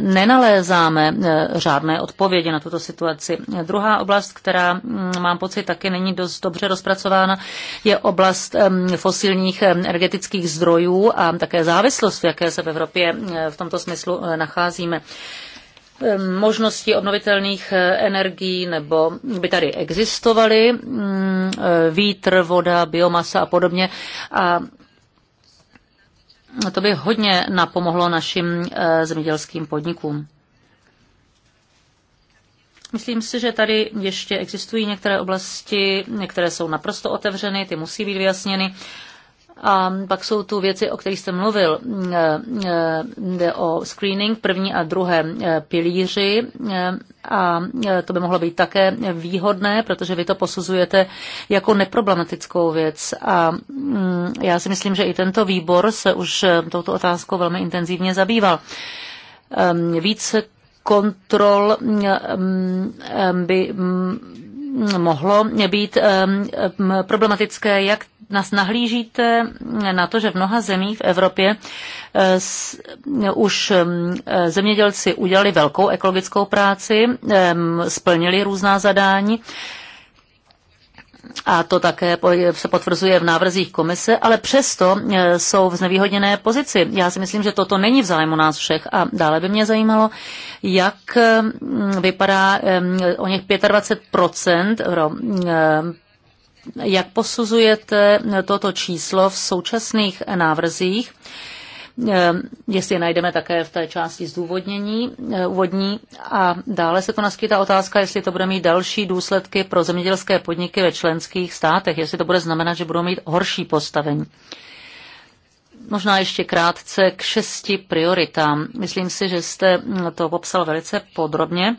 nenalézáme eh, řádné odpovědi na tuto situaci. Druhá oblast, která mm, mám pocit taky není dost dobře rozpracována, je oblast mm, fosilních eh, energetických zdrojů a také závislost, v jaké se v Evropě eh, v tomto smyslu nacházíme možnosti obnovitelných energií, nebo by tady existovaly mm, vítr, voda, biomasa a podobně. A to by hodně napomohlo našim eh, zemědělským podnikům. Myslím si, že tady ještě existují některé oblasti, některé jsou naprosto otevřeny, ty musí být vyjasněny a pak jsou tu věci, o kterých jste mluvil. Eh, eh, jde o screening první a druhé eh, pilíři a to by mohlo být také výhodné, protože vy to posuzujete jako neproblematickou věc. A mm, já si myslím, že i tento výbor se už touto otázkou velmi intenzivně zabýval. Ehm, Více kontrol mm, ehm, by mm, mohlo být problematické. Jak nás nahlížíte na to, že v mnoha zemích v Evropě eh, už zemědělci udělali velkou ekologickou práci, splnili různá zadání, a to také se potvrzuje v návrzích komise, ale přesto e, jsou v znevýhodněné pozici. Já si myslím, že toto není v zájmu nás všech a dále by mě zajímalo, jak e, vypadá e, o něch 25% jak posuzujete toto číslo v současných návrzích Eh, jestli je najdeme také v té části zdůvodnění eh, úvodní. A dále se to naskytá otázka, jestli to bude mít další důsledky pro zemědělské podniky ve členských státech, jestli to bude znamenat, že budou mít horší postavení. Možná ještě krátce k šesti prioritám. Myslím si, že jste to popsal velice podrobně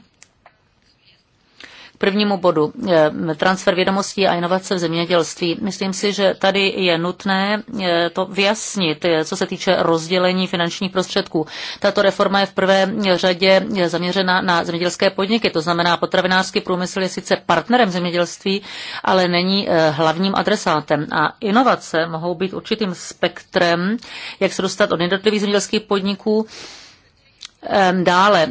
prvnímu bodu eh, transfer vědomostí a inovace v zemědělství. Myslím si, že tady je nutné eh, to vyjasnit, eh, co se týče rozdělení finančních prostředků. Tato reforma je v prvé řadě zaměřena na zemědělské podniky, to znamená potravinářský průmysl je sice partnerem zemědělství, ale není hlavním adresátem. A inovace mohou být určitým spektrem, jak se dostat od jednotlivých zemědělských podniků Dále,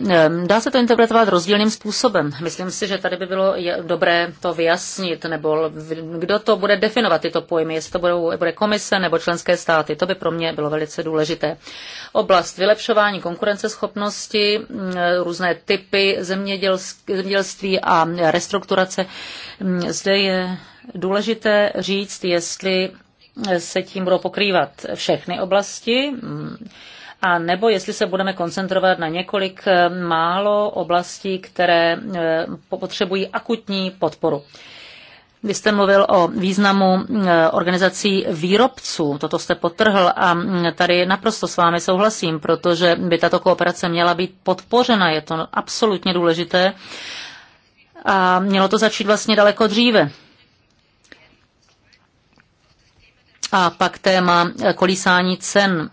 dá se to interpretovat rozdílným způsobem. Myslím si, že tady by bylo dobré to vyjasnit, nebo kdo to bude definovat tyto pojmy, jestli to budou, bude komise nebo členské státy. To by pro mě bylo velice důležité. Oblast vylepšování konkurenceschopnosti, různé typy zemědělství a restrukturace. Zde je důležité říct, jestli se tím budou pokrývat všechny oblasti a nebo jestli se budeme koncentrovat na několik eh, málo oblastí, které eh, potřebují akutní podporu. Vy jste mluvil o významu eh, organizací výrobců, toto jste potrhl a mm, tady naprosto s vámi souhlasím, protože by tato kooperace měla být podpořena, je to absolutně důležité a mělo to začít vlastně daleko dříve. A pak téma kolísání cen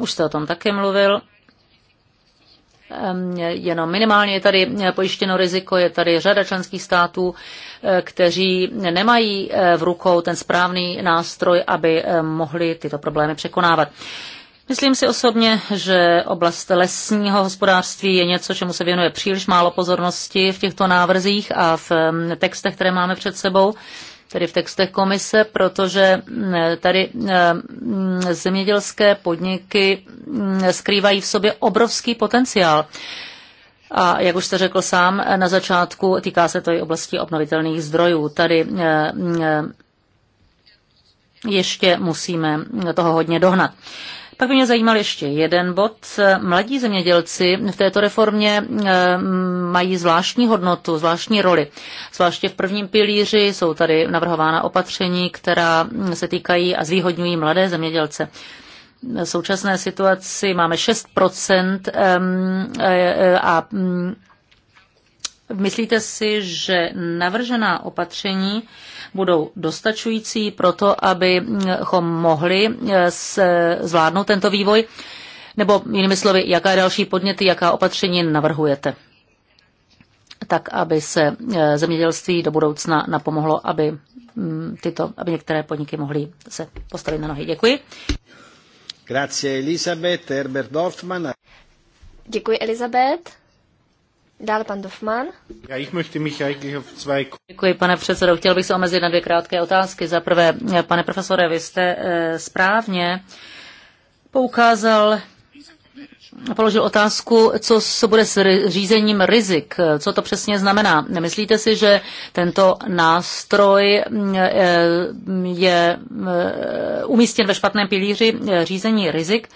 už jste o tom také mluvil, jenom minimálně je tady pojištěno riziko, je tady řada členských států, eh, kteří nemají eh, v rukou ten správný nástroj, aby eh, mohli tyto problémy překonávat. Myslím si osobně, že oblast lesního hospodářství je něco, čemu se věnuje příliš málo pozornosti v těchto návrzích a v textech, které máme před sebou tedy v textech komise, protože mm, tady mm, mm, zemědělské podniky skrývají v sobě obrovský potenciál. A jak už jste řekl sám na začátku, týká se to i oblasti obnovitelných zdrojů. Tady ještě musíme toho hodně dohnat. Pak by mě zajímal ještě jeden bod. Mladí zemědělci v této reformě eh, mají zvláštní hodnotu, zvláštní roli. Zvláště v prvním pilíři jsou tady navrhována opatření, která se týkají a zvýhodňují mladé zemědělce současné situaci máme 6% eh, eh, a mm, myslíte si, že navržená opatření budou dostačující pro to, abychom mohli eh, zvládnout tento vývoj? Nebo jinými slovy, jaká další podněty, jaká opatření navrhujete? tak, aby se eh, zemědělství do budoucna napomohlo, aby, mm, tyto, aby některé podniky mohly se postavit na nohy. Děkuji. Grazie Elisabeth, Herbert Dorfman. Děkuji Elisabeth. Dále pan Dofman. Já jich möchte mich eigentlich auf zwei... Děkuji, pane předsedo. Chtěl bych se omezit na dvě krátké otázky. Za prvé, eh, pane profesore, vy jste eh, správně poukázal položil otázku, co se bude s řízením rizik, co to přesně znamená. Myslíte si, že tento nástroj eh, je umístěn ve špatném pilíři řízení rizik?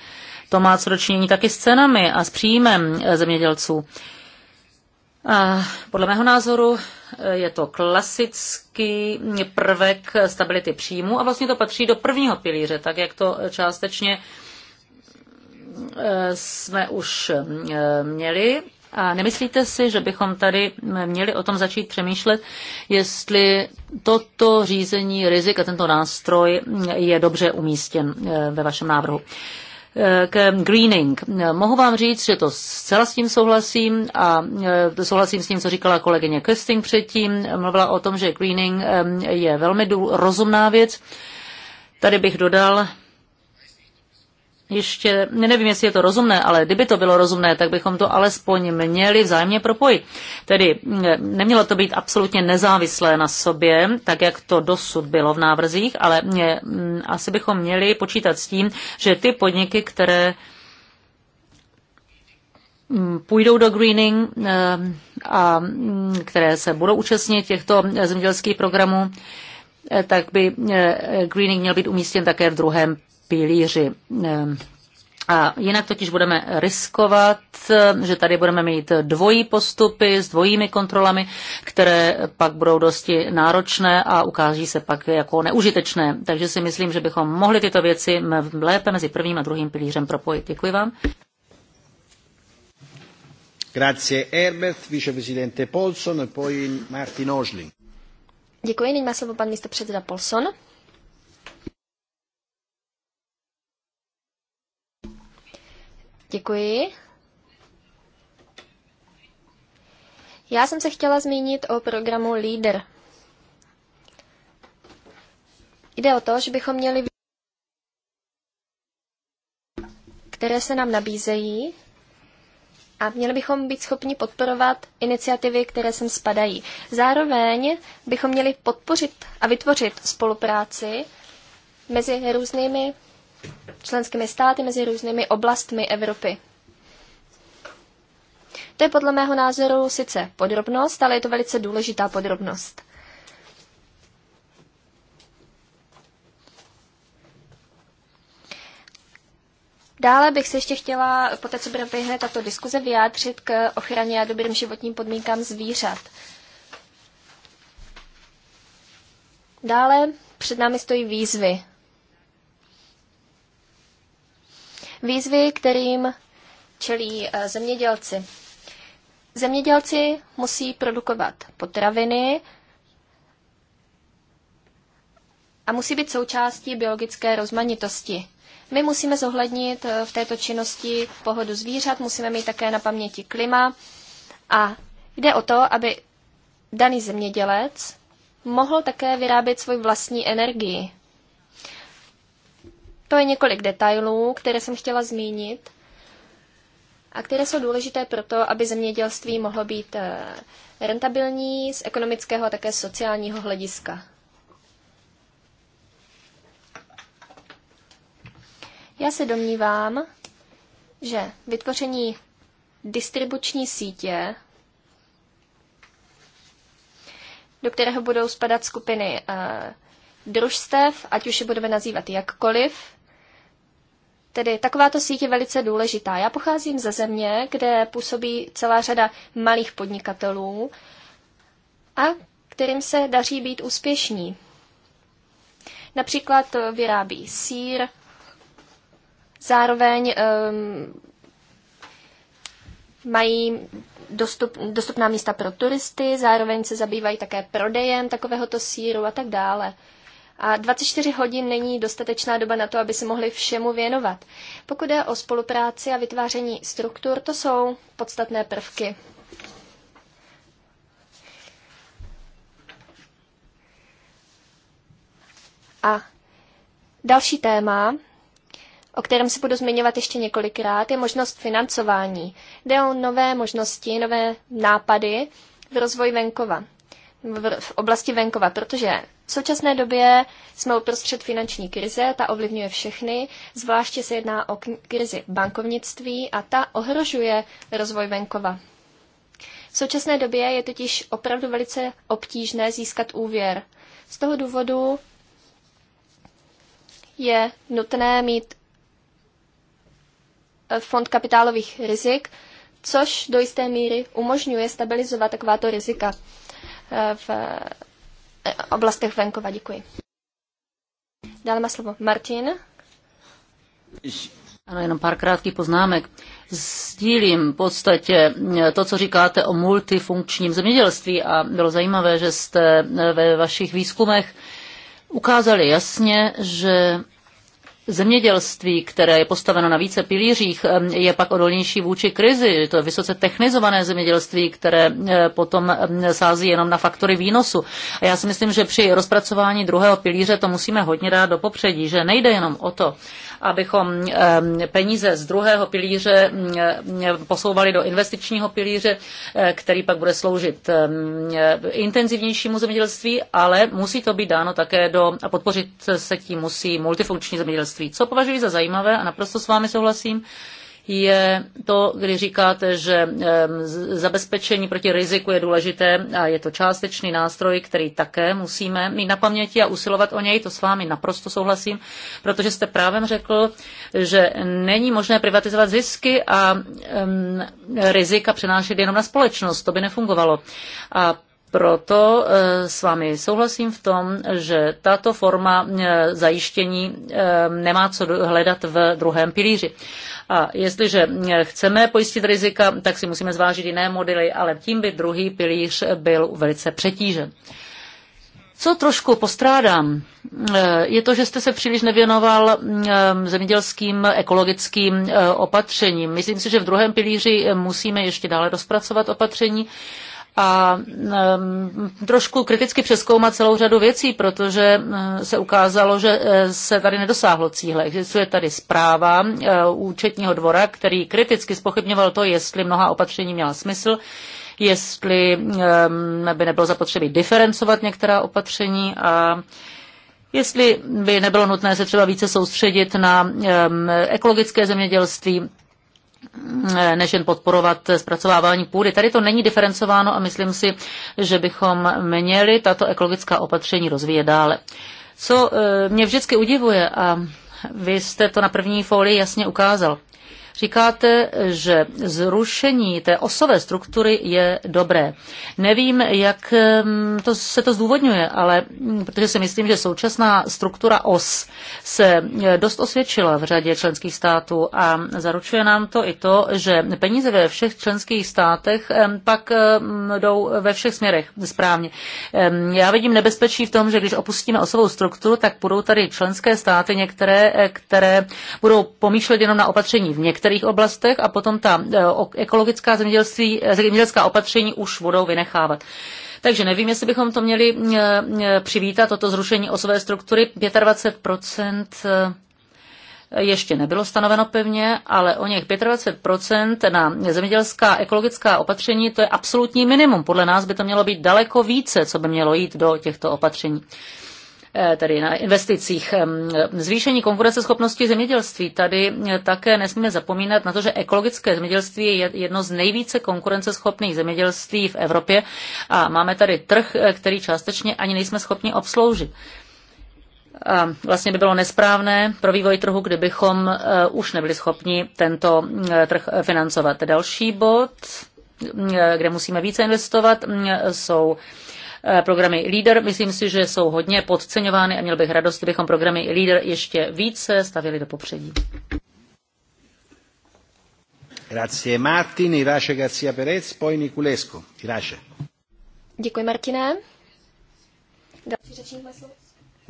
To má co dočinění taky s cenami a s příjmem zemědělců podle mého názoru eh, je to klasický prvek stability příjmu a vlastně to patří do prvního pilíře, tak jak to částečně eh, jsme už eh, měli. A nemyslíte si, že bychom tady měli o tom začít přemýšlet, jestli toto řízení rizik a tento nástroj je dobře umístěn ve vašem návrhu? k greening. Mohu vám říct, že to zcela s tím souhlasím a e, souhlasím s tím, co říkala kolegyně Kösting předtím. Mluvila o tom, že greening e, je velmi rozumná věc. Tady bych dodal, ještě, nevím, jestli je to rozumné, ale kdyby to bylo rozumné, tak bychom to alespoň měli vzájemně propojit. Tedy mm, nemělo to být absolutně nezávislé na sobě, tak jak to dosud bylo v návrzích, ale mě, mm, asi bychom měli počítat s tím, že ty podniky, které mm, půjdou do greening eh, a které se budou účastnit těchto zemědělských programů, eh, tak by eh, greening měl být umístěn také v druhém pilíři. Ehm, a jinak totiž budeme riskovat, ehm, že tady budeme mít dvojí postupy s dvojími kontrolami, které pak budou dosti náročné a ukáží se pak jako neužitečné. Takže si myslím, že bychom mohli tyto věci lépe mezi prvním a druhým pilířem propojit. Děkuji vám. Grazie Herbert, viceprezidente Polson, e poi Martin Osling. Děkuji, nyní má slovo pan místo předseda Polson. Děkuji. Já jsem se chtěla zmínit o programu LEADER. Jde o to, že bychom měli které se nám nabízejí a měli bychom být schopni podporovat iniciativy, které sem spadají. Zároveň bychom měli podpořit a vytvořit spolupráci mezi různými členskými státy, mezi různými oblastmi Evropy. To je podle mého názoru sice podrobnost, ale je to velice důležitá podrobnost. Dále bych se ještě chtěla, po té, co proběhne tato diskuze, vyjádřit k ochraně a dobrým životním podmínkám zvířat. Dále před námi stojí výzvy výzvy, kterým čelí eh, zemědělci. Zemědělci musí produkovat potraviny a musí být součástí biologické rozmanitosti. My musíme zohlednit eh, v této činnosti pohodu zvířat, musíme mít také na paměti klima a jde o to, aby daný zemědělec mohl také vyrábět svůj vlastní energii. To je několik detailů, které jsem chtěla zmínit a které jsou důležité pro to, aby zemědělství mohlo být eh, rentabilní z ekonomického a také sociálního hlediska. Já se domnívám, že vytvoření distribuční sítě, do kterého budou spadat skupiny eh, družstev, ať už je budeme nazývat jakkoliv, Tedy takováto síť je velice důležitá. Já pocházím ze země, kde působí celá řada malých podnikatelů a kterým se daří být úspěšní. Například vyrábí sír, zároveň um, mají dostup, dostupná místa pro turisty, zároveň se zabývají také prodejem takovéhoto síru a tak dále. Uh, a 24 hodin není dostatečná doba na to, aby se mohli všemu věnovat. Pokud jde o spolupráci a vytváření struktur, to jsou podstatné prvky. A další téma, o kterém se budu zmiňovat ještě několikrát, je možnost financování. Jde o nové možnosti, nové nápady v rozvoji venkova v oblasti venkova, protože v současné době jsme uprostřed finanční krize, ta ovlivňuje všechny, zvláště se jedná o krizi bankovnictví a ta ohrožuje rozvoj venkova. V současné době je totiž opravdu velice obtížné získat úvěr. Z toho důvodu je nutné mít eh, fond kapitálových rizik, což do jisté míry umožňuje stabilizovat takováto rizika v eh, oblastech venkova. Děkuji. Dále má slovo Martin. Ano, jenom pár krátkých poznámek. Sdílím v podstatě eh, to, co říkáte o multifunkčním zemědělství a bylo zajímavé, že jste eh, ve vašich výzkumech ukázali jasně, že zemědělství, které je postaveno na více pilířích, je pak odolnější vůči krizi. To je vysoce technizované zemědělství, které potom sází jenom na faktory výnosu. A já si myslím, že při rozpracování druhého pilíře to musíme hodně dát do popředí, že nejde jenom o to, abychom peníze z druhého pilíře posouvali do investičního pilíře, eh, který pak bude sloužit intenzivnějšímu zemědělství, ale musí to být dáno také do, a podpořit se tím musí multifunkční zemědělství. Co považuji za zajímavé a naprosto s vámi souhlasím, je to, kdy říkáte, že zabezpečení proti riziku je důležité a je to částečný nástroj, který také musíme mít na paměti a usilovat o něj. To s vámi naprosto souhlasím, protože jste právě řekl, že není možné privatizovat zisky a um, rizika přenášet jenom na společnost. To by nefungovalo. A proto eh, s vámi souhlasím v tom, že tato forma eh, zajištění eh, nemá co hledat v druhém pilíři. A jestliže chceme pojistit rizika, tak si musíme zvážit jiné modely, ale tím by druhý pilíř byl velice přetížen. Co trošku postrádám, je to, že jste se příliš nevěnoval zemědělským ekologickým opatřením. Myslím si, že v druhém pilíři musíme ještě dále rozpracovat opatření, a trošku kriticky přeskoumat celou řadu věcí, protože se ukázalo, že e, se tady nedosáhlo cíle. Existuje tady zpráva e, účetního dvora, který kriticky spochybňoval to, jestli mnoha opatření měla smysl jestli by nebylo zapotřebí diferencovat některá opatření a jestli by nebylo nutné se třeba více soustředit na ekologické zemědělství. Eh, než jen podporovat zpracovávání půdy. Tady to není diferencováno a myslím si, že bychom měli tato ekologická opatření rozvíjet dále. Co eh, mě vždycky udivuje a vy jste to na první folii jasně ukázal, Říkáte, že zrušení té osové struktury je dobré. Nevím, jak to, se to zdůvodňuje, ale mm, protože si myslím, že současná struktura os se e, dost osvědčila v řadě členských států a zaručuje nám to i to, že peníze ve všech členských státech pak jdou ve všech směrech správně. Já vidím nebezpečí v tom, že když opustíme osovou strukturu, tak budou tady členské státy některé, e, které budou pomýšlet jenom na opatření v některých některých oblastech a potom ta eh, ekologická zemědělství, eh, zemědělská opatření už budou vynechávat. Takže nevím, jestli bychom to měli eh, přivítat, toto zrušení osové struktury. 25 ještě nebylo stanoveno pevně, ale o něch 25% na zemědělská ekologická opatření, to je absolutní minimum. Podle nás by to mělo být daleko více, co by mělo jít do těchto opatření. Eh, tedy na investicích. Zvýšení konkurenceschopnosti zemědělství. Tady eh, také nesmíme zapomínat na to, že ekologické zemědělství je jedno z nejvíce konkurenceschopných zemědělství v Evropě a máme tady trh, eh, který částečně ani nejsme schopni obsloužit. A vlastně by bylo nesprávné pro vývoj trhu, kdybychom už nebyli schopni tento mm, trh financovat. Další bod, mm, kde musíme více investovat, mm, jsou Eh, programy LEADER. Myslím si, že jsou hodně podceňovány a měl bych radost, kdybychom programy LEADER ještě více stavili do popředí. Grazie Martin, Irace Garcia Perez, poi Niculescu. Irace. Děkuji Martine. Další řečník má slovo.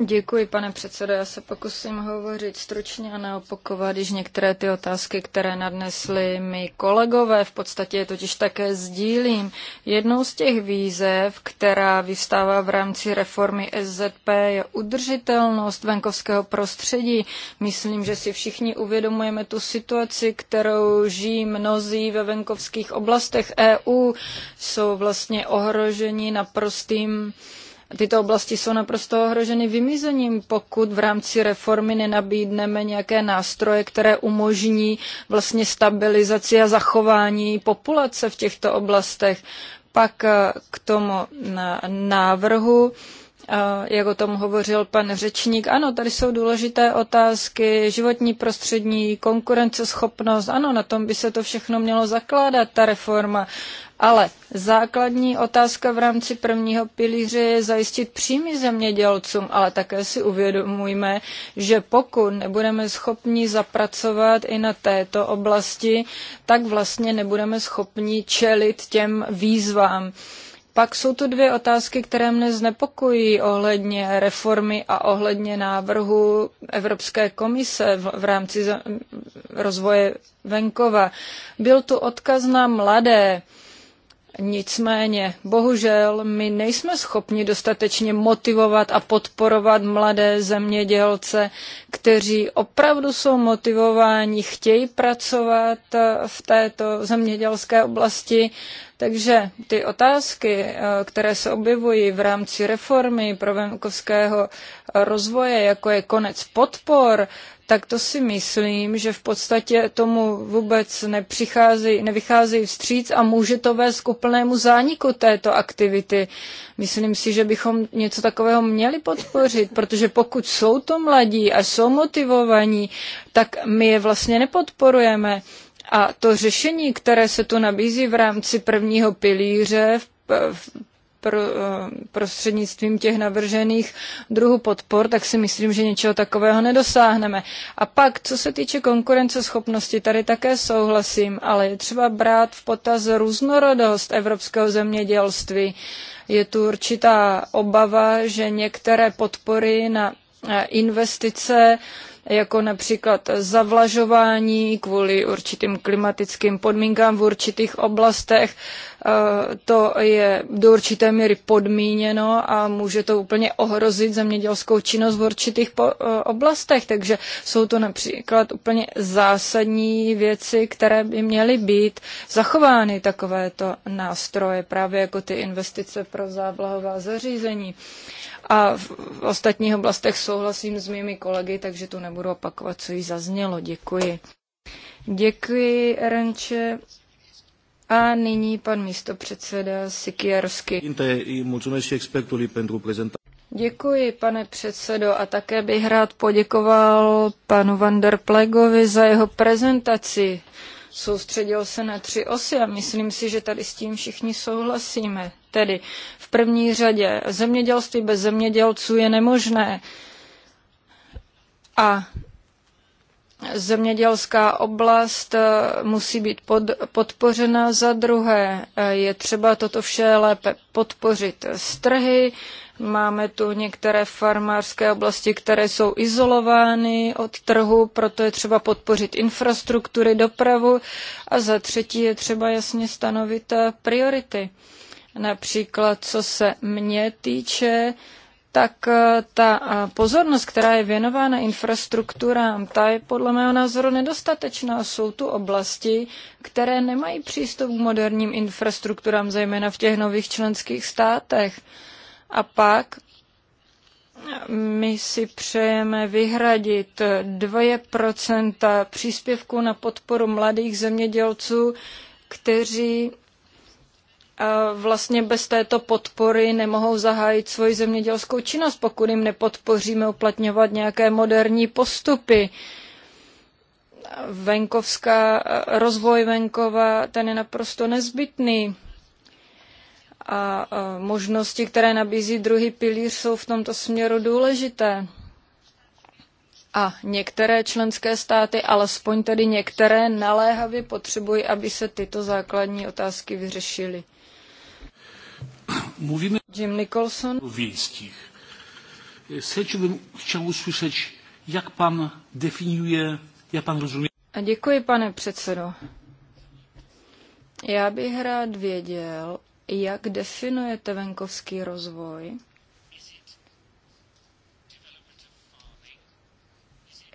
Děkuji, pane předsedo. Já se pokusím hovořit stručně a neopakovat již některé ty otázky, které nadnesly mi kolegové. V podstatě je totiž také sdílím. Jednou z těch výzev, která vyvstává v rámci reformy SZP, je udržitelnost venkovského prostředí. Myslím, že si všichni uvědomujeme tu situaci, kterou žijí mnozí ve venkovských oblastech EU. Jsou vlastně ohroženi naprostým Tyto oblasti jsou naprosto ohroženy vymizením, pokud v rámci reformy nenabídneme nějaké nástroje, které umožní vlastně stabilizaci a zachování populace v těchto oblastech. Pak eh, k tomu eh, návrhu eh, jak o tom hovořil pan řečník. Ano, tady jsou důležité otázky, životní prostředí, konkurenceschopnost. Ano, na tom by se to všechno mělo zakládat, ta reforma. Ale základní otázka v rámci prvního pilíře je zajistit příjmy zemědělcům, ale také si uvědomujme, že pokud nebudeme schopni zapracovat i na této oblasti, tak vlastně nebudeme schopni čelit těm výzvám. Pak jsou tu dvě otázky, které mne znepokojí ohledně reformy a ohledně návrhu Evropské komise v, v rámci rozvoje venkova. Byl tu odkaz na mladé. Nicméně, bohužel, my nejsme schopni dostatečně motivovat a podporovat mladé zemědělce, kteří opravdu jsou motivováni, chtějí pracovat eh, v této zemědělské oblasti. Takže ty otázky, eh, které se objevují v rámci reformy pro venkovského eh, rozvoje, jako je konec podpor, tak to si myslím, že v podstatě tomu vůbec nepřichází, nevychází vstříc a může to vést k úplnému zániku této aktivity. Myslím si, že bychom něco takového měli podpořit, protože pokud jsou to mladí a jsou motivovaní, tak my je vlastně nepodporujeme. A to řešení, které se tu nabízí v rámci prvního pilíře, v pro, eh, prostřednictvím těch navržených druhů podpor, tak si myslím, že něčeho takového nedosáhneme. A pak, co se týče konkurenceschopnosti, tady také souhlasím, ale je třeba brát v potaz různorodost evropského zemědělství. Je tu určitá obava, že některé podpory na eh, investice jako například zavlažování kvůli určitým klimatickým podmínkám v určitých oblastech Eh, to je do určité míry podmíněno a může to úplně ohrozit zemědělskou činnost v určitých eh, oblastech. Takže jsou to například úplně zásadní věci, které by měly být zachovány takovéto nástroje, právě jako ty investice pro závlahová zařízení. A v ostatních oblastech souhlasím s mými kolegy, takže tu nebudu opakovat, co jí zaznělo. Děkuji. Děkuji, Renče. A nyní pan místopředseda Sikiersky. Děkuji, pane předsedo, a také bych rád poděkoval panu Van der Plegovi za jeho prezentaci. Soustředil se na tři osy a myslím si, že tady s tím všichni souhlasíme. Tedy v první řadě zemědělství bez zemědělců je nemožné. A zemědělská oblast eh, musí být pod, podpořena. Za druhé eh, je třeba toto vše lépe podpořit z trhy. Máme tu některé farmářské oblasti, které jsou izolovány od trhu, proto je třeba podpořit infrastruktury, dopravu. A za třetí je třeba jasně stanovit eh, priority. Například, co se mě týče, tak eh, ta eh, pozornost, která je věnována infrastrukturám, ta je podle mého názoru nedostatečná. Jsou tu oblasti, které nemají přístup k moderním infrastrukturám, zejména v těch nových členských státech. A pak eh, my si přejeme vyhradit 2% příspěvku na podporu mladých zemědělců, kteří vlastně bez této podpory nemohou zahájit svoji zemědělskou činnost, pokud jim nepodpoříme uplatňovat nějaké moderní postupy. Venkovská, rozvoj venkova, ten je naprosto nezbytný. A možnosti, které nabízí druhý pilíř, jsou v tomto směru důležité. A některé členské státy, alespoň tedy některé, naléhavě potřebují, aby se tyto základní otázky vyřešily. Mluvíme Jim Nicholson. wiejskich. Srdčo chtěl jak pan definuje, jak pan rozumí. A děkuji, pane předsedo. Já bych rád věděl, jak definujete venkovský rozvoj.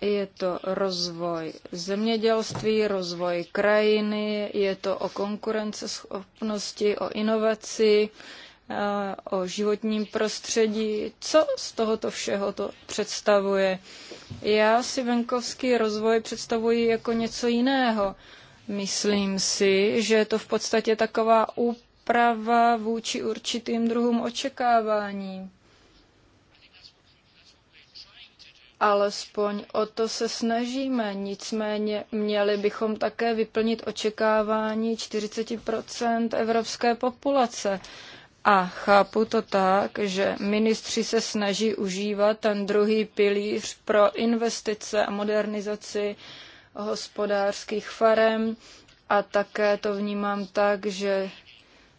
Je to rozvoj zemědělství, rozvoj krajiny, je to o konkurenceschopnosti, o inovaci, Eh, o životním prostředí. Co z tohoto všeho to představuje? Já si venkovský rozvoj představuji jako něco jiného. Myslím si, že je to v podstatě taková úprava vůči určitým druhům očekávání. Alespoň o to se snažíme, nicméně měli bychom také vyplnit očekávání 40 evropské populace. A chápu to tak, že ministři se snaží užívat ten druhý pilíř pro investice a modernizaci hospodářských farem a také to vnímám tak, že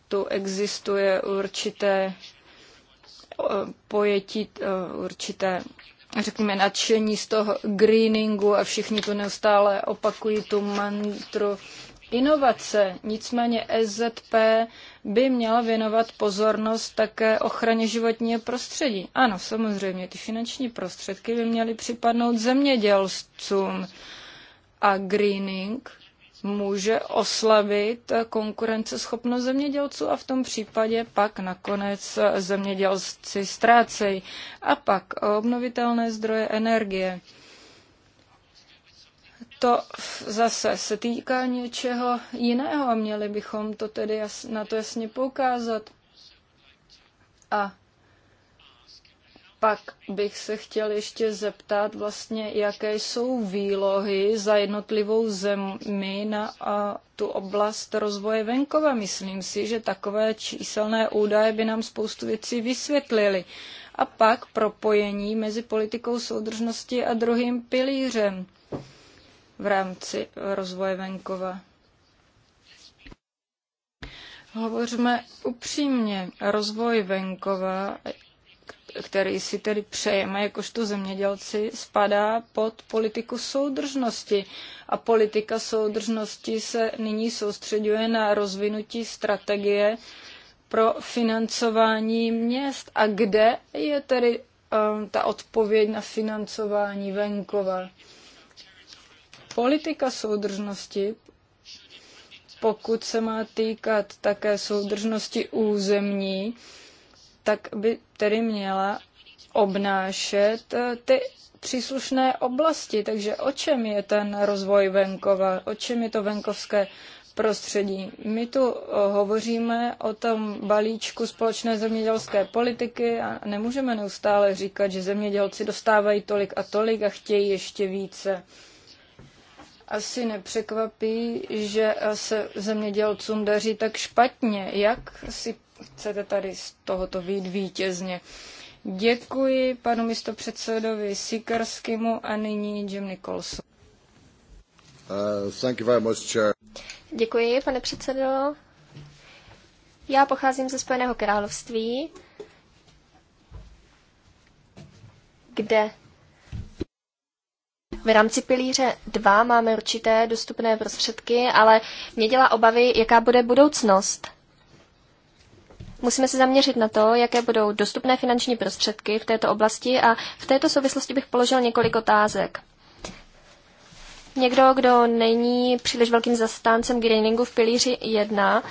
tu existuje určité pojetí, určité řekněme, nadšení z toho greeningu a všichni tu neustále opakují tu mantru inovace. Nicméně SZP e by měla věnovat pozornost také ochraně životního prostředí. Ano, samozřejmě, ty finanční prostředky by měly připadnout zemědělcům. A greening může oslabit konkurenceschopnost zemědělců a v tom případě pak nakonec zemědělci ztrácejí. A pak obnovitelné zdroje energie to zase se týká něčeho jiného a měli bychom to tedy jas, na to jasně poukázat. A pak bych se chtěl ještě zeptat vlastně, jaké jsou výlohy za jednotlivou zemi na a, tu oblast rozvoje venkova. Myslím si, že takové číselné údaje by nám spoustu věcí vysvětlily. A pak propojení mezi politikou soudržnosti a druhým pilířem v rámci rozvoje venkova. Hovořme upřímně, rozvoj venkova, který si tedy přejeme jakožto zemědělci, spadá pod politiku soudržnosti. A politika soudržnosti se nyní soustředuje na rozvinutí strategie pro financování měst. A kde je tedy um, ta odpověď na financování venkova? politika soudržnosti, pokud se má týkat také soudržnosti územní, tak by tedy měla obnášet eh, ty příslušné oblasti. Takže o čem je ten rozvoj venkova, o čem je to venkovské prostředí. My tu eh, hovoříme o tom balíčku společné zemědělské politiky a nemůžeme neustále říkat, že zemědělci dostávají tolik a tolik a chtějí ještě více asi nepřekvapí, že se zemědělcům daří tak špatně. Jak si chcete tady z tohoto vyjít vítězně? Děkuji panu místopředsedovi Sikarskému a nyní Jim Nicholson. Uh, thank you very much, chair. Děkuji, pane předsedo. Já pocházím ze Spojeného království, kde v rámci pilíře 2 máme určité dostupné prostředky, ale mě dělá obavy, jaká bude budoucnost. Musíme se zaměřit na to, jaké budou dostupné finanční prostředky v této oblasti a v této souvislosti bych položil několik otázek. Někdo, kdo není příliš velkým zastáncem greeningu v pilíři 1,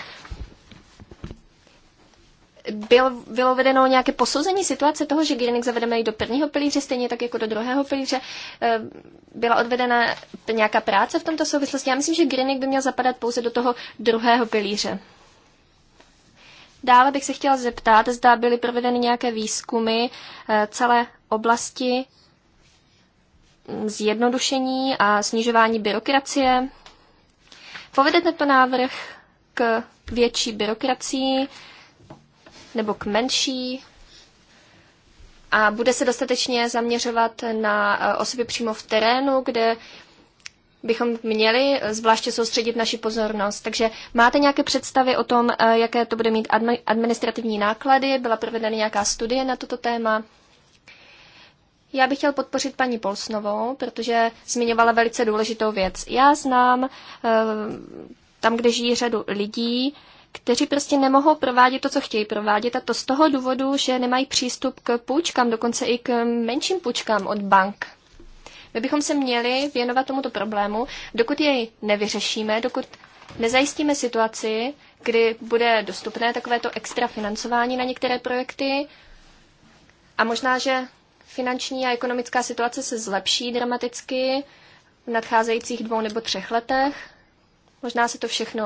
bylo, bylo vedeno nějaké posouzení situace toho, že Gearing zavedeme i do prvního pilíře, stejně tak jako do druhého pilíře. Eh, byla odvedena nějaká práce v tomto souvislosti. Já myslím, že Gearing by měl zapadat pouze do toho druhého pilíře. Dále bych se chtěla zeptat, zda byly provedeny nějaké výzkumy eh, celé oblasti mm, zjednodušení a snižování byrokracie. Povedete to návrh k větší byrokracii, nebo k menší a bude se dostatečně zaměřovat na eh, osoby přímo v terénu, kde bychom měli zvláště soustředit naši pozornost. Takže máte nějaké představy o tom, eh, jaké to bude mít administrativní náklady? Byla provedena nějaká studie na toto téma? Já bych chtěl podpořit paní Polsnovou, protože zmiňovala velice důležitou věc. Já znám eh, tam, kde žijí řadu lidí, kteří prostě nemohou provádět to, co chtějí provádět a to z toho důvodu, že nemají přístup k půjčkám, dokonce i k menším půjčkám od bank. My bychom se měli věnovat tomuto problému, dokud jej nevyřešíme, dokud nezajistíme situaci, kdy bude dostupné takovéto extra financování na některé projekty a možná, že finanční a ekonomická situace se zlepší dramaticky v nadcházejících dvou nebo třech letech, Možná se to všechno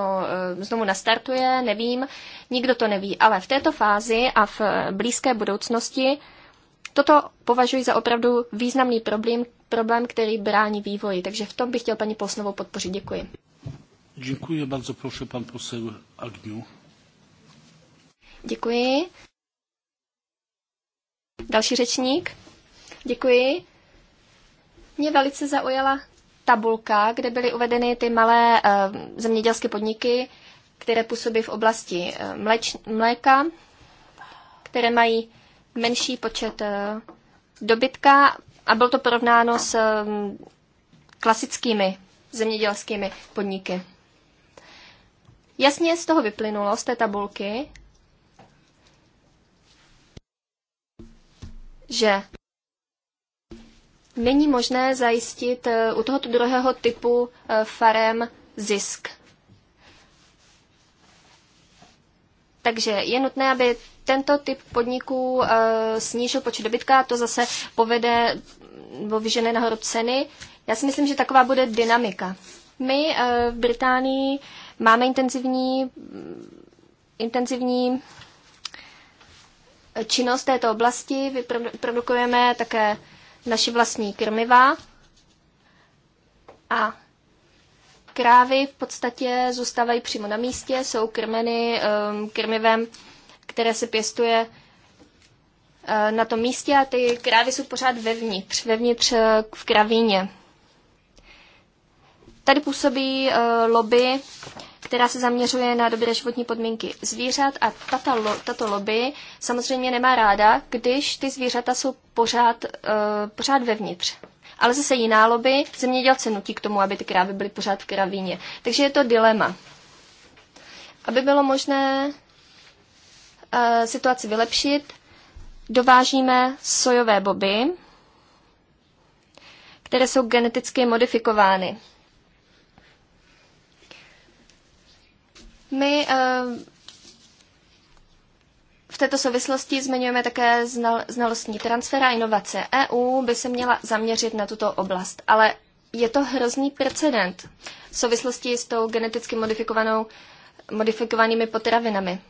eh, znovu nastartuje, nevím, nikdo to neví, ale v této fázi a v blízké budoucnosti toto považuji za opravdu významný problém, problém, který brání vývoji. Takže v tom bych chtěl paní Posnovou podpořit. Děkuji. Děkuji, bardzo prosím pan poseł Agniu. Děkuji. Další řečník. Děkuji. Mě velice zaujala tabulka, kde byly uvedeny ty malé eh, zemědělské podniky, které působí v oblasti eh, mléč, mléka, které mají menší počet eh, dobytka a bylo to porovnáno s klasickými zemědělskými podniky. Jasně z toho vyplynulo, z té tabulky, že není možné zajistit eh, u tohoto druhého typu eh, farem zisk. Takže je nutné, aby tento typ podniků eh, snížil počet dobytka, to zase povede mm, nebo vyžené nahoru ceny. Já si myslím, že taková bude dynamika. My v Británii máme intenzivní, mm, intenzivní činnost této oblasti, Vyprodukujeme také naši vlastní krmiva a krávy v podstatě zůstávají přímo na místě, jsou krmeny um, krmivem, které se pěstuje eh, na tom místě a ty krávy jsou pořád vevnitř, vevnitř eh, v kravíně. Tady působí eh, lobby, která se zaměřuje na dobré životní podmínky zvířat a tato, lo, tato lobby samozřejmě nemá ráda, když ty zvířata jsou pořád, eh, pořád vevnitř. Ale zase jiná lobby zemědělce nutí k tomu, aby ty krávy byly pořád v kravíně. Takže je to dilema. Aby bylo možné eh, situaci vylepšit, dovážíme sojové boby, které jsou geneticky modifikovány. My eh, v této souvislosti zmiňujeme také znal, znalostní transfer a inovace. EU by se měla zaměřit na tuto oblast, ale je to hrozný precedent v souvislosti s tou geneticky modifikovanou, modifikovanými potravinami.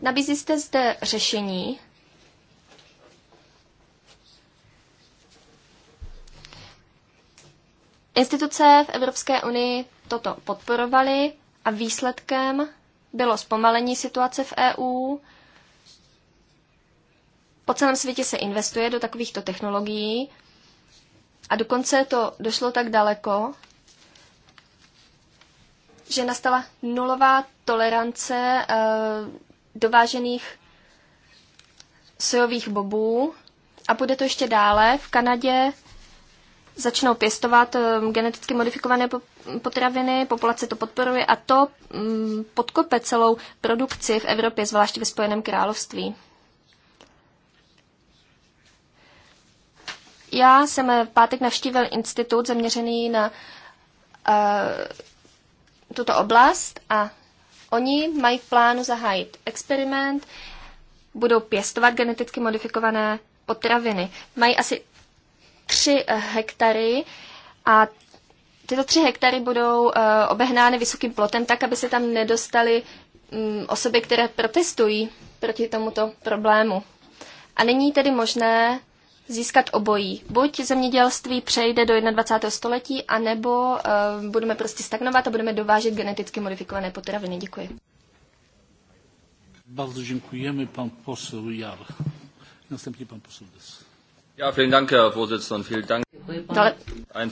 Nabízí jste zde řešení, Instituce v Evropské unii toto podporovaly, a výsledkem bylo zpomalení situace v EU. Po celém světě se investuje do takovýchto technologií a dokonce to došlo tak daleko, že nastala nulová tolerance eh, dovážených sojových bobů a bude to ještě dále. V Kanadě začnou pěstovat eh, geneticky modifikované potraviny, populace to podporuje a to mm, podkope celou produkci v Evropě, zvláště ve Spojeném království. Já jsem eh, v pátek navštívil institut zaměřený na uh, tuto oblast a oni mají v plánu zahájit experiment, budou pěstovat geneticky modifikované potraviny. Mají asi Tři eh, hektary a tyto tři hektary budou eh, obehnány vysokým plotem tak, aby se tam nedostaly mm, osoby, které protestují proti tomuto problému. A není tedy možné získat obojí. Buď zemědělství přejde do 21. století, anebo uh, budeme prostě stagnovat a budeme dovážet geneticky modifikované potraviny. Děkuji. Bardzo dziękujemy. Pan poseł Jar. Następnie pan poseł Des vielen Dank, Herr Vorsitzender, vielen Dank. pane.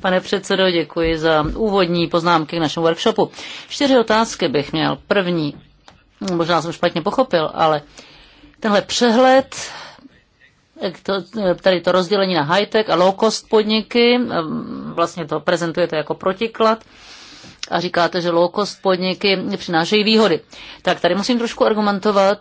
pane předsedo, děkuji za úvodní poznámky k našemu workshopu. Čtyři otázky bych měl. První, možná jsem špatně pochopil, ale tenhle přehled to, tady to rozdělení na high-tech a low-cost podniky, vlastně to prezentujete jako protiklad a říkáte, že low cost podniky přinášejí výhody. Tak tady musím trošku argumentovat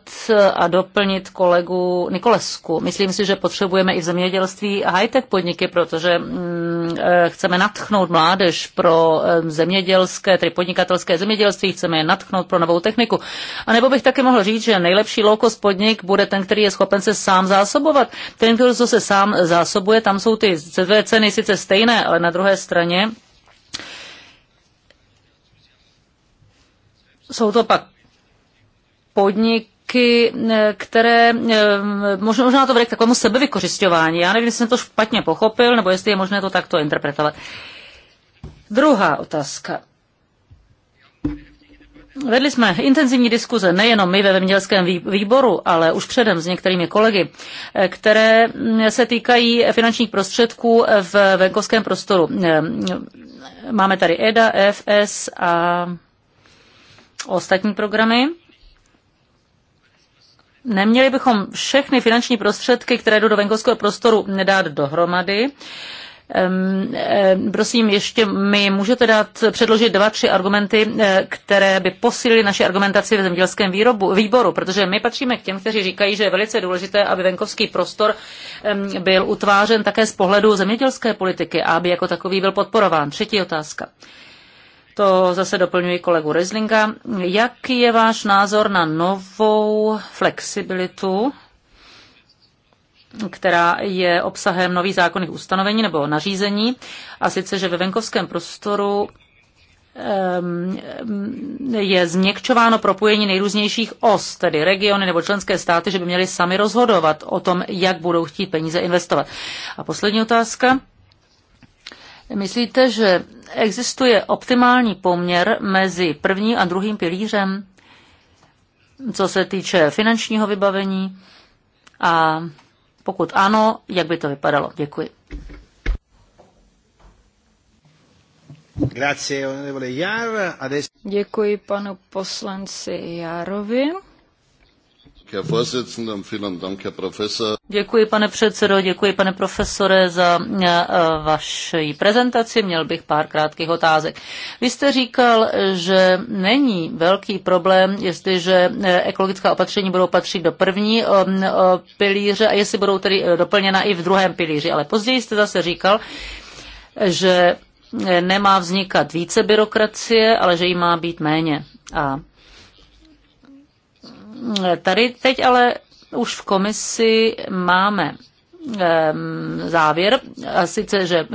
a doplnit kolegu Nikolesku. Myslím si, že potřebujeme i v zemědělství high-tech podniky, protože mm, eh, chceme natchnout mládež pro eh, zemědělské, tedy podnikatelské zemědělství, chceme je natchnout pro novou techniku. A nebo bych taky mohl říct, že nejlepší low cost podnik bude ten, který je schopen se sám zásobovat. Ten, kdo se sám zásobuje, tam jsou ty dvě ceny sice stejné, ale na druhé straně jsou to pak podniky, eh, které eh, možná to vede k takovému sebevykořišťování. Já nevím, jestli jsem to špatně pochopil, nebo jestli je možné to takto interpretovat. Druhá otázka. Vedli jsme intenzivní diskuze nejenom my ve zemědělském výboru, ale už předem s některými kolegy, eh, které mm, se týkají finančních prostředků v venkovském prostoru. Máme tady EDA, FS a ostatní programy. Neměli bychom všechny finanční prostředky, které jdou do venkovského prostoru, nedát dohromady. Prosím, ještě mi můžete dát předložit dva, tři argumenty, eh, které by posílily naši argumentaci v zemědělském výrobu, výboru, protože my patříme k těm, kteří říkají, že je velice důležité, aby venkovský prostor byl utvářen také z pohledu zemědělské politiky a aby jako takový byl podporován. Třetí otázka. To zase doplňuji kolegu Rezlinga. Jaký je váš názor na novou flexibilitu, která je obsahem nových zákonných ustanovení nebo nařízení, a sice, že ve venkovském prostoru je změkčováno propojení nejrůznějších os, tedy regiony nebo členské státy, že by měly sami rozhodovat o tom, jak budou chtít peníze investovat. A poslední otázka. Myslíte, že existuje optimální poměr mezi prvním a druhým pilířem, co se týče finančního vybavení? A pokud ano, jak by to vypadalo? Děkuji. Děkuji panu poslanci Jarovi. Děkuji, pane předsedo, děkuji, pane profesore, za eh, vaši prezentaci. Měl bych pár krátkých otázek. Vy jste říkal, že není velký problém, jestliže eh, ekologická opatření budou patřit do první eh, pilíře a jestli budou tedy doplněna i v druhém pilíři. Ale později jste zase říkal, že nemá vznikat více byrokracie, ale že jí má být méně. A Tady teď ale už v komisi máme závěr, a sice, že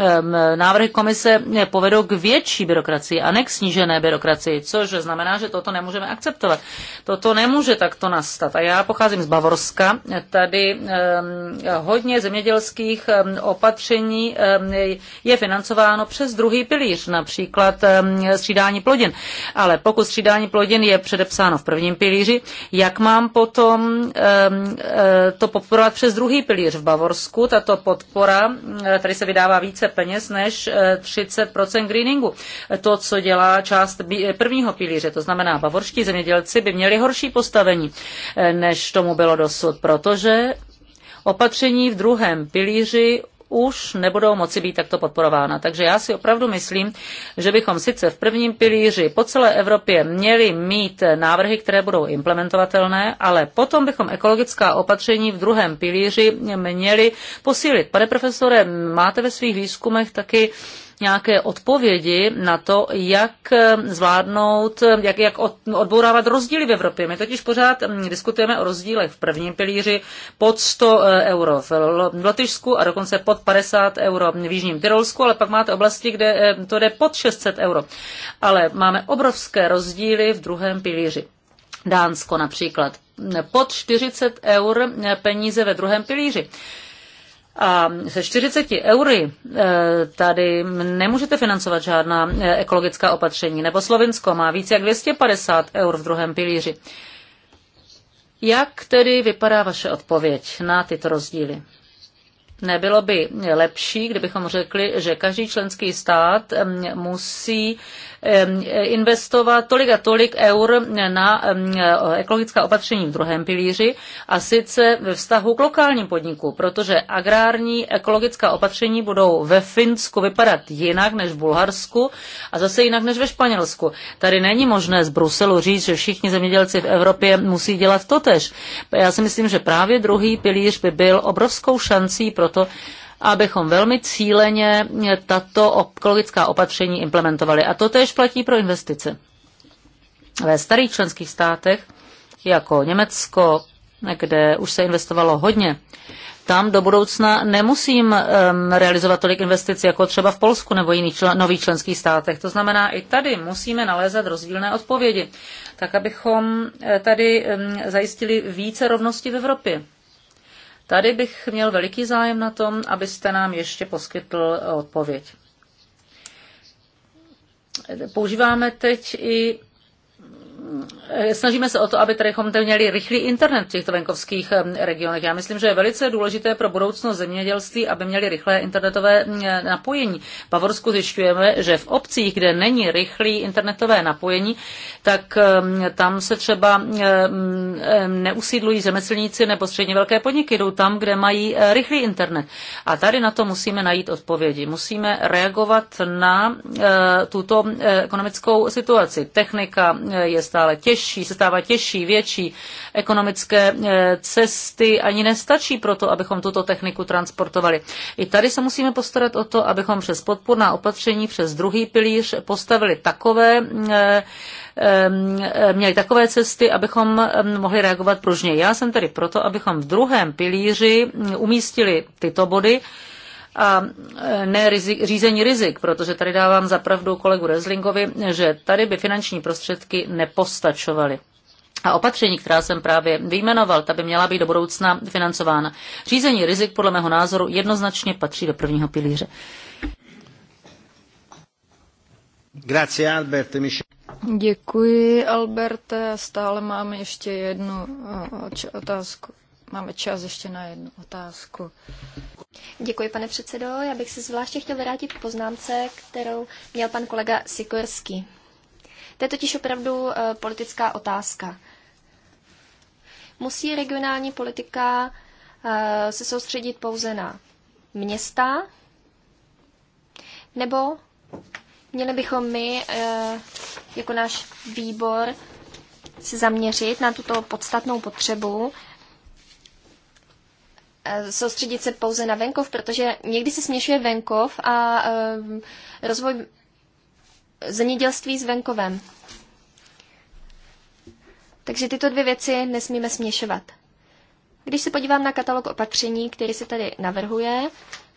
návrhy komise povedou k větší byrokracii a ne k snížené byrokracii, což znamená, že toto nemůžeme akceptovat. Toto nemůže takto nastat. A já pocházím z Bavorska. Tady hodně zemědělských opatření je financováno přes druhý pilíř, například střídání plodin. Ale pokud střídání plodin je předepsáno v prvním pilíři, jak mám potom e, to podporovat přes druhý pilíř v Bavorsku? Norsku tato podpora, eh, tady se vydává více peněz než 30% eh, greeningu. To, co dělá část eh, prvního pilíře, to znamená bavorští zemědělci by měli horší postavení, než tomu bylo dosud, protože opatření v druhém pilíři už nebudou moci být takto podporována. Takže já si opravdu myslím, že bychom sice v prvním pilíři po celé Evropě měli mít návrhy, které budou implementovatelné, ale potom bychom ekologická opatření v druhém pilíři měli posílit. Pane profesore, máte ve svých výzkumech taky uh, nějaké odpovědi na to, jak zvládnout, jak, jak odbourávat rozdíly v Evropě. My totiž pořád mm, diskutujeme o rozdílech v prvním pilíři pod 100 e, euro v Lotyšsku a dokonce pod 50 euro v Jižním Tyrolsku, ale pak máte oblasti, kde e, to jde pod 600 euro. Ale máme obrovské rozdíly v druhém pilíři. Dánsko například. Pod 40 eur e, peníze ve druhém pilíři. A se 40 eury eh, tady nemůžete financovat žádná eh, ekologická opatření. Nebo Slovinsko má více jak 250 eur v druhém pilíři. Jak tedy vypadá vaše odpověď na tyto rozdíly? Nebylo by lepší, kdybychom řekli, že každý členský stát eh, musí investovat tolik a tolik eur na ekologická opatření v druhém pilíři a sice ve vztahu k lokálním podniku, protože agrární ekologická opatření budou ve Finsku vypadat jinak než v Bulharsku a zase jinak než ve Španělsku. Tady není možné z Bruselu říct, že všichni zemědělci v Evropě musí dělat totež. Já si myslím, že právě druhý pilíř by byl obrovskou šancí pro to, abychom velmi cíleně tato ekologická opatření implementovali. A to též platí pro investice. Ve starých členských státech, jako Německo, kde už se investovalo hodně, tam do budoucna nemusím um, realizovat tolik investic jako třeba v Polsku nebo jiných čl- nových členských státech. To znamená, i tady musíme nalézat rozdílné odpovědi, tak abychom eh, tady um, zajistili více rovnosti v Evropě. Tady bych měl veliký zájem na tom, abyste nám ještě poskytl odpověď. Používáme teď i Eh, snažíme se o to, aby tady měli rychlý internet v těchto venkovských eh, regionech. Já myslím, že je velice důležité pro budoucnost zemědělství, aby měli rychlé internetové eh, napojení. V Bavorsku zjišťujeme, že v obcích, kde není rychlý internetové napojení, tak ehm, tam se třeba mm, neusídlují řemeslníci nebo středně velké podniky, jdou tam, kde mají rychlý internet. A tady na to musíme najít odpovědi. Musíme reagovat na tuto ekonomickou situaci. Technika je stále dále těžší, se stává těžší, větší. Ekonomické eh, cesty ani nestačí pro to, abychom tuto techniku transportovali. I tady se musíme postarat o to, abychom přes podpůrná opatření, přes druhý pilíř postavili takové eh, eh, měli takové cesty, abychom mohli reagovat pružně. Já jsem tedy proto, abychom v druhém pilíři umístili tyto body, a e, ne rizik, řízení rizik, protože tady dávám zapravdu kolegu Rezlingovi, že tady by finanční prostředky nepostačovaly. A opatření, která jsem právě vyjmenoval, ta by měla být do budoucna financována. Řízení rizik podle mého názoru jednoznačně patří do prvního pilíře. Grazie, Albert. Děkuji, Alberte. Stále máme ještě jednu otázku. Máme čas ještě na jednu otázku. Děkuji, pane předsedo. Já bych se zvláště chtěl vrátit k poznámce, kterou měl pan kolega Sikorský. To je totiž opravdu eh, politická otázka. Musí regionální politika eh, se soustředit pouze na města, nebo měli bychom my, eh, jako náš výbor, se zaměřit na tuto podstatnou potřebu Eh, soustředit se pouze na venkov, protože někdy se směšuje venkov a eh, rozvoj zemědělství s venkovem. Takže tyto dvě věci nesmíme směšovat. Když se podívám na katalog opatření, který se tady navrhuje,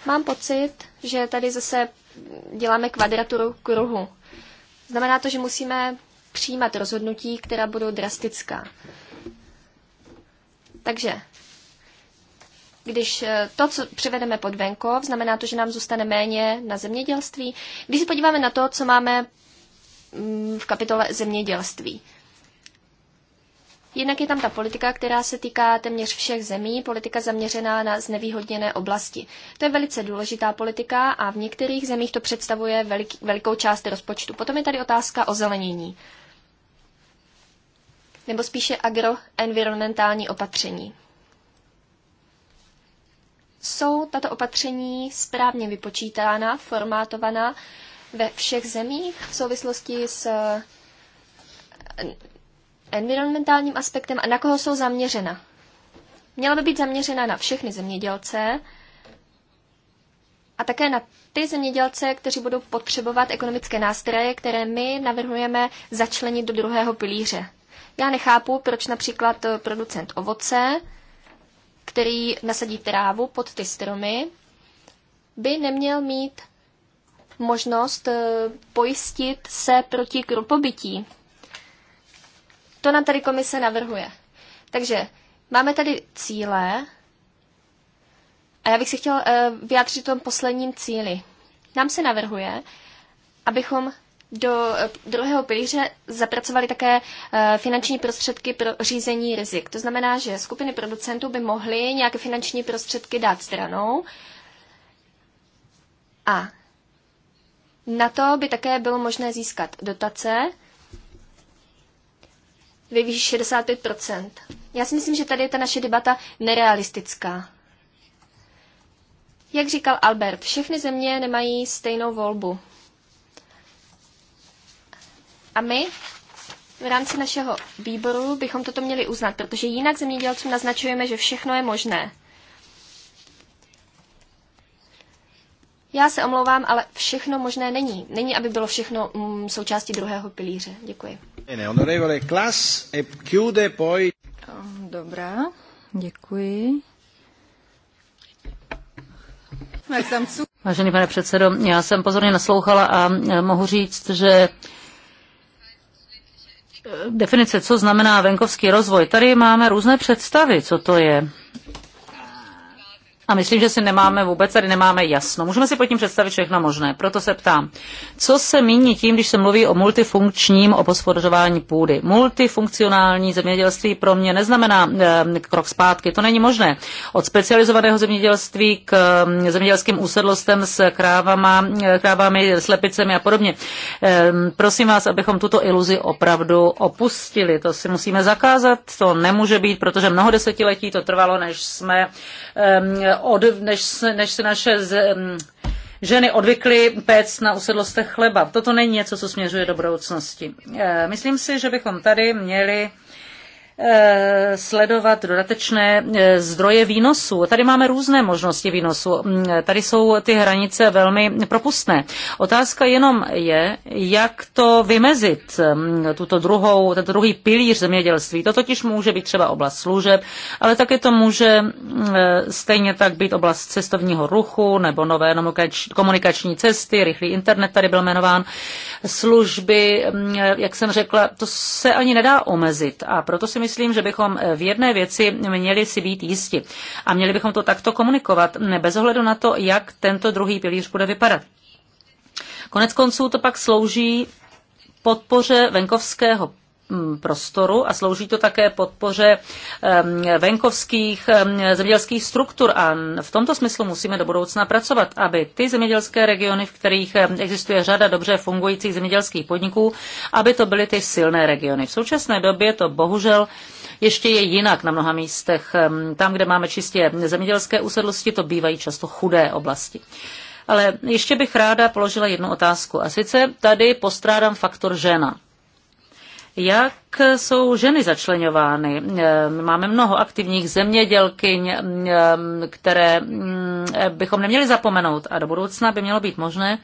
mám pocit, že tady zase děláme kvadraturu kruhu. Znamená to, že musíme přijímat rozhodnutí, která budou drastická. Takže když eh, to, co přivedeme pod venkov, znamená to, že nám zůstane méně na zemědělství. Když se podíváme na to, co máme mm, v kapitole zemědělství. Jednak je tam ta politika, která se týká téměř všech zemí, politika zaměřená na znevýhodněné oblasti. To je velice důležitá politika a v některých zemích to představuje velik, velikou část rozpočtu. Potom je tady otázka o zelenění, nebo spíše agroenvironmentální opatření jsou tato opatření správně vypočítána, formátovaná ve všech zemích v souvislosti s eh, environmentálním aspektem a na koho jsou zaměřena. Měla by být zaměřena na všechny zemědělce a také na ty zemědělce, kteří budou potřebovat ekonomické nástroje, které my navrhujeme začlenit do druhého pilíře. Já nechápu, proč například producent ovoce který nasadí trávu pod ty stromy, by neměl mít možnost e, pojistit se proti kropobytí. To nám tady komise navrhuje. Takže máme tady cíle a já bych si chtěl e, vyjádřit o tom posledním cíli. Nám se navrhuje, abychom do eh, druhého pilíře zapracovali také eh, finanční prostředky pro řízení rizik. To znamená, že skupiny producentů by mohly nějaké finanční prostředky dát stranou a na to by také bylo možné získat dotace ve výši 65 Já si myslím, že tady je ta naše debata nerealistická. Jak říkal Albert, všechny země nemají stejnou volbu. A my v rámci našeho výboru bychom toto měli uznat, protože jinak zemědělcům naznačujeme, že všechno je možné. Já se omlouvám, ale všechno možné není. Není, aby bylo všechno mm, součástí druhého pilíře. Děkuji. E, oh, dobrá, děkuji. Vážený pane předsedo, já jsem pozorně naslouchala a e, mohu říct, že definice, co znamená venkovský rozvoj. Tady máme různé představy, co to je. A myslím, že si nemáme vůbec, tady nemáme jasno. Můžeme si pod tím představit všechno možné. Proto se ptám, co se míní tím, když se mluví o multifunkčním obospodařování půdy. Multifunkcionální zemědělství pro mě neznamená eh, krok zpátky, to není možné. Od specializovaného zemědělství k eh, zemědělským úsedlostem s krávama, eh, krávami, slepicemi a podobně. Eh, prosím vás, abychom tuto iluzi opravdu opustili. To si musíme zakázat, to nemůže být, protože mnoho desetiletí to trvalo, než jsme eh, od, než, než se naše z, mm, ženy odvykly péct na usedlostech chleba. Toto není něco, co směřuje do budoucnosti. E, myslím si, že bychom tady měli Eh, sledovat dodatečné eh, zdroje výnosů. Tady máme různé možnosti výnosů. Mm, tady jsou ty hranice velmi propustné. Otázka jenom je, jak to vymezit, mm, tuto druhou, tento druhý pilíř zemědělství. To totiž může být třeba oblast služeb, ale také to může mm, stejně tak být oblast cestovního ruchu nebo nové komunikační cesty, rychlý internet tady byl jmenován, služby, jak jsem řekla, to se ani nedá omezit a proto si myslím, myslím, že bychom eh, v jedné věci měli si být jisti a měli bychom to takto komunikovat, bez ohledu na to, jak tento druhý pilíř bude vypadat. Konec konců to pak slouží podpoře venkovského Mm, prostoru a slouží to také podpoře venkovských zemědělských struktur a v tomto smyslu musíme do budoucna pracovat, aby ty zemědělské regiony, v kterých existuje řada dobře fungujících zemědělských podniků, aby to byly ty silné regiony. V současné době to bohužel ještě je jinak na mnoha místech. Tam, kde máme čistě zemědělské usedlosti, to bývají často chudé oblasti. Ale ještě bych ráda položila jednu otázku. A sice tady postrádám faktor žena jak jsou ženy začlenovány. Ehm, máme mnoho aktivních zemědělkyň, ehm, které mm, bychom neměli zapomenout a do budoucna by mělo být možné,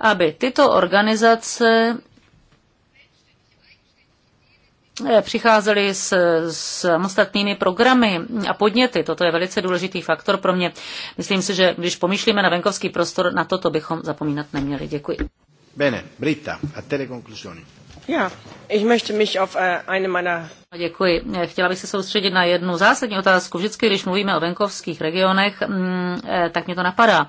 aby tyto organizace eh, přicházeli s, s samostatnými programy a podněty. Toto je velice důležitý faktor pro mě. Myslím si, že když pomýšlíme na venkovský prostor, na toto bychom zapomínat neměli. Děkuji. Bene, Britta, a te le conclusioni ich möchte mich auf äh, eine meiner... Děkuji. Chtěla bych se soustředit na jednu zásadní otázku. Vždycky, když mluvíme o venkovských regionech, mm, eh, tak mě to napadá.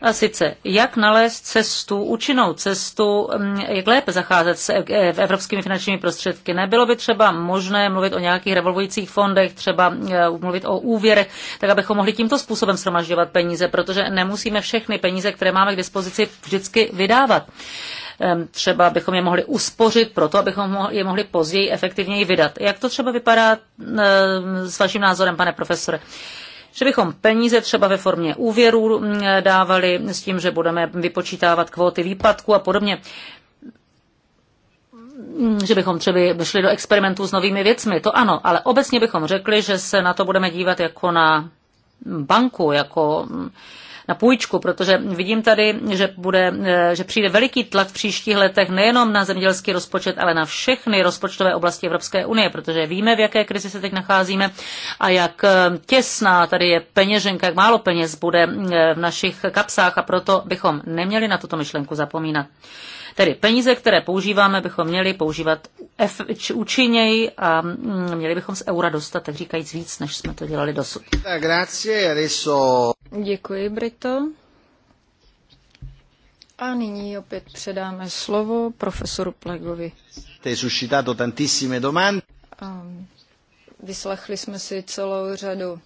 A sice, jak nalézt cestu, účinnou cestu, mm, jak lépe zacházet s eh, evropskými finančními prostředky. Nebylo by třeba možné mluvit o nějakých revolvujících fondech, třeba eh, mluvit o úvěrech, tak abychom mohli tímto způsobem shromažďovat peníze, protože nemusíme všechny peníze, které máme k dispozici, vždycky vydávat třeba bychom je mohli uspořit proto, abychom je mohli později efektivněji vydat. Jak to třeba vypadá s vaším názorem, pane profesore? že bychom peníze třeba ve formě úvěrů dávali s tím, že budeme vypočítávat kvóty výpadku a podobně že bychom třeba šli do experimentů s novými věcmi, to ano, ale obecně bychom řekli, že se na to budeme dívat jako na banku, jako na půjčku, protože vidím tady, že, bude, eh, že přijde veliký tlak v příštích letech nejenom na zemědělský rozpočet, ale na všechny rozpočtové oblasti Evropské unie, protože víme, v jaké krizi se teď nacházíme a jak eh, těsná tady je peněženka, jak málo peněz bude eh, v našich kapsách a proto bychom neměli na tuto myšlenku zapomínat. Tedy peníze, které používáme, bychom měli používat F, účinněji a mm, měli bychom z eura dostat, tak říkajíc, víc, než jsme to dělali dosud. Děkuji, Brito. A nyní opět předáme slovo profesoru Plegovi. Vyslechli jsme si celou řadu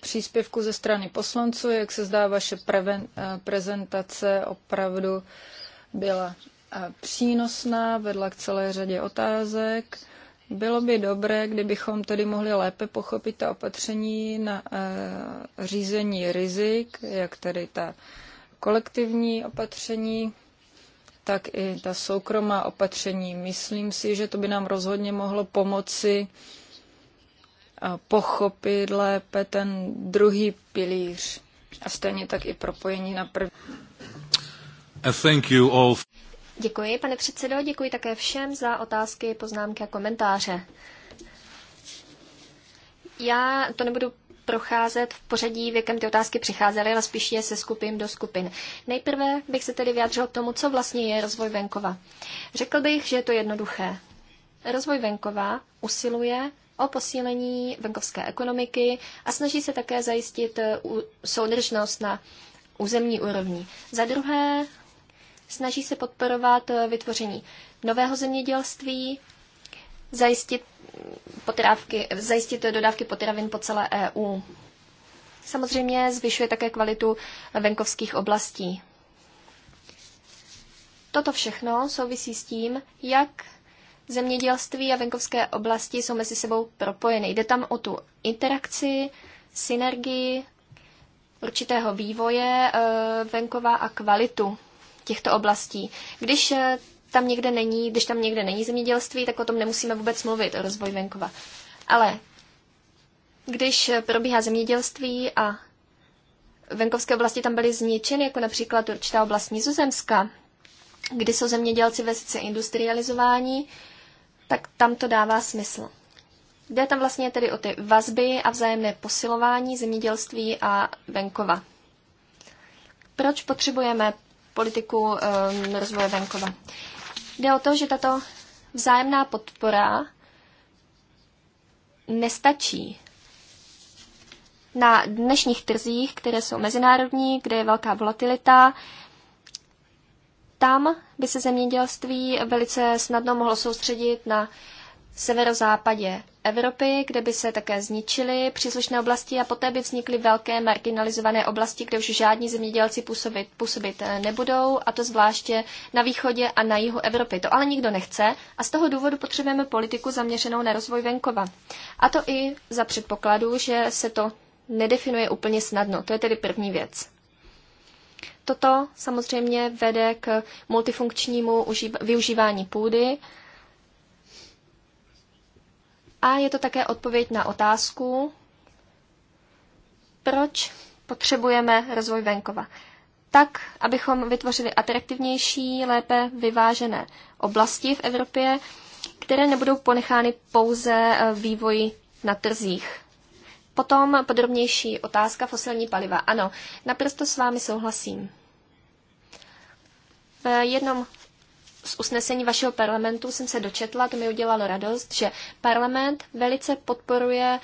příspěvku ze strany poslanců, jak se zdá, vaše preven, eh, prezentace opravdu byla přínosná, vedla k celé řadě otázek. Bylo by dobré, kdybychom tedy mohli lépe pochopit ta opatření na e, řízení rizik, jak tedy ta kolektivní opatření, tak i ta soukromá opatření. Myslím si, že to by nám rozhodně mohlo pomoci e, pochopit lépe ten druhý pilíř a stejně tak i propojení na první. Thank you all. Děkuji, pane předsedo, děkuji také všem za otázky, poznámky a komentáře. Já to nebudu procházet v pořadí, v jakém ty otázky přicházely, ale spíš je se skupin do skupin. Nejprve bych se tedy vyjádřil k tomu, co vlastně je rozvoj venkova. Řekl bych, že je to jednoduché. Rozvoj venkova usiluje o posílení venkovské ekonomiky a snaží se také zajistit eh, soudržnost na územní úrovni. Za druhé, Snaží se podporovat eh, vytvoření nového zemědělství, zajistit, potrávky, zajistit dodávky potravin po celé EU. Samozřejmě zvyšuje také kvalitu venkovských oblastí. Toto všechno souvisí s tím, jak zemědělství a venkovské oblasti jsou mezi sebou propojeny. Jde tam o tu interakci, synergii určitého vývoje eh, venkova a kvalitu těchto oblastí. Když eh, tam někde není, když tam někde není zemědělství, tak o tom nemusíme vůbec mluvit, o rozvoji venkova. Ale když eh, probíhá zemědělství a venkovské oblasti tam byly zničeny, jako například určitá oblast Nizozemska, kdy jsou zemědělci ve sice industrializování, tak tam to dává smysl. Jde tam vlastně tedy o ty vazby a vzájemné posilování zemědělství a venkova. Proč potřebujeme politiku ehm, rozvoje venkova. Jde o to, že tato vzájemná podpora nestačí. Na dnešních trzích, které jsou mezinárodní, kde je velká volatilita, tam by se zemědělství velice snadno mohlo soustředit na severozápadě Evropy, kde by se také zničily příslušné oblasti a poté by vznikly velké marginalizované oblasti, kde už žádní zemědělci působit, působit eh, nebudou, a to zvláště na východě a na jihu Evropy. To ale nikdo nechce a z toho důvodu potřebujeme politiku zaměřenou na rozvoj venkova. A to i za předpokladu, že se to nedefinuje úplně snadno. To je tedy první věc. Toto samozřejmě vede k multifunkčnímu využívání půdy, a je to také odpověď na otázku, proč potřebujeme rozvoj venkova. Tak, abychom vytvořili atraktivnější, lépe vyvážené oblasti v Evropě, které nebudou ponechány pouze eh, vývoji na trzích. Potom podrobnější otázka fosilní paliva. Ano, naprosto s vámi souhlasím. V jednom z usnesení vašeho parlamentu jsem se dočetla, to mi udělalo radost, že parlament velice podporuje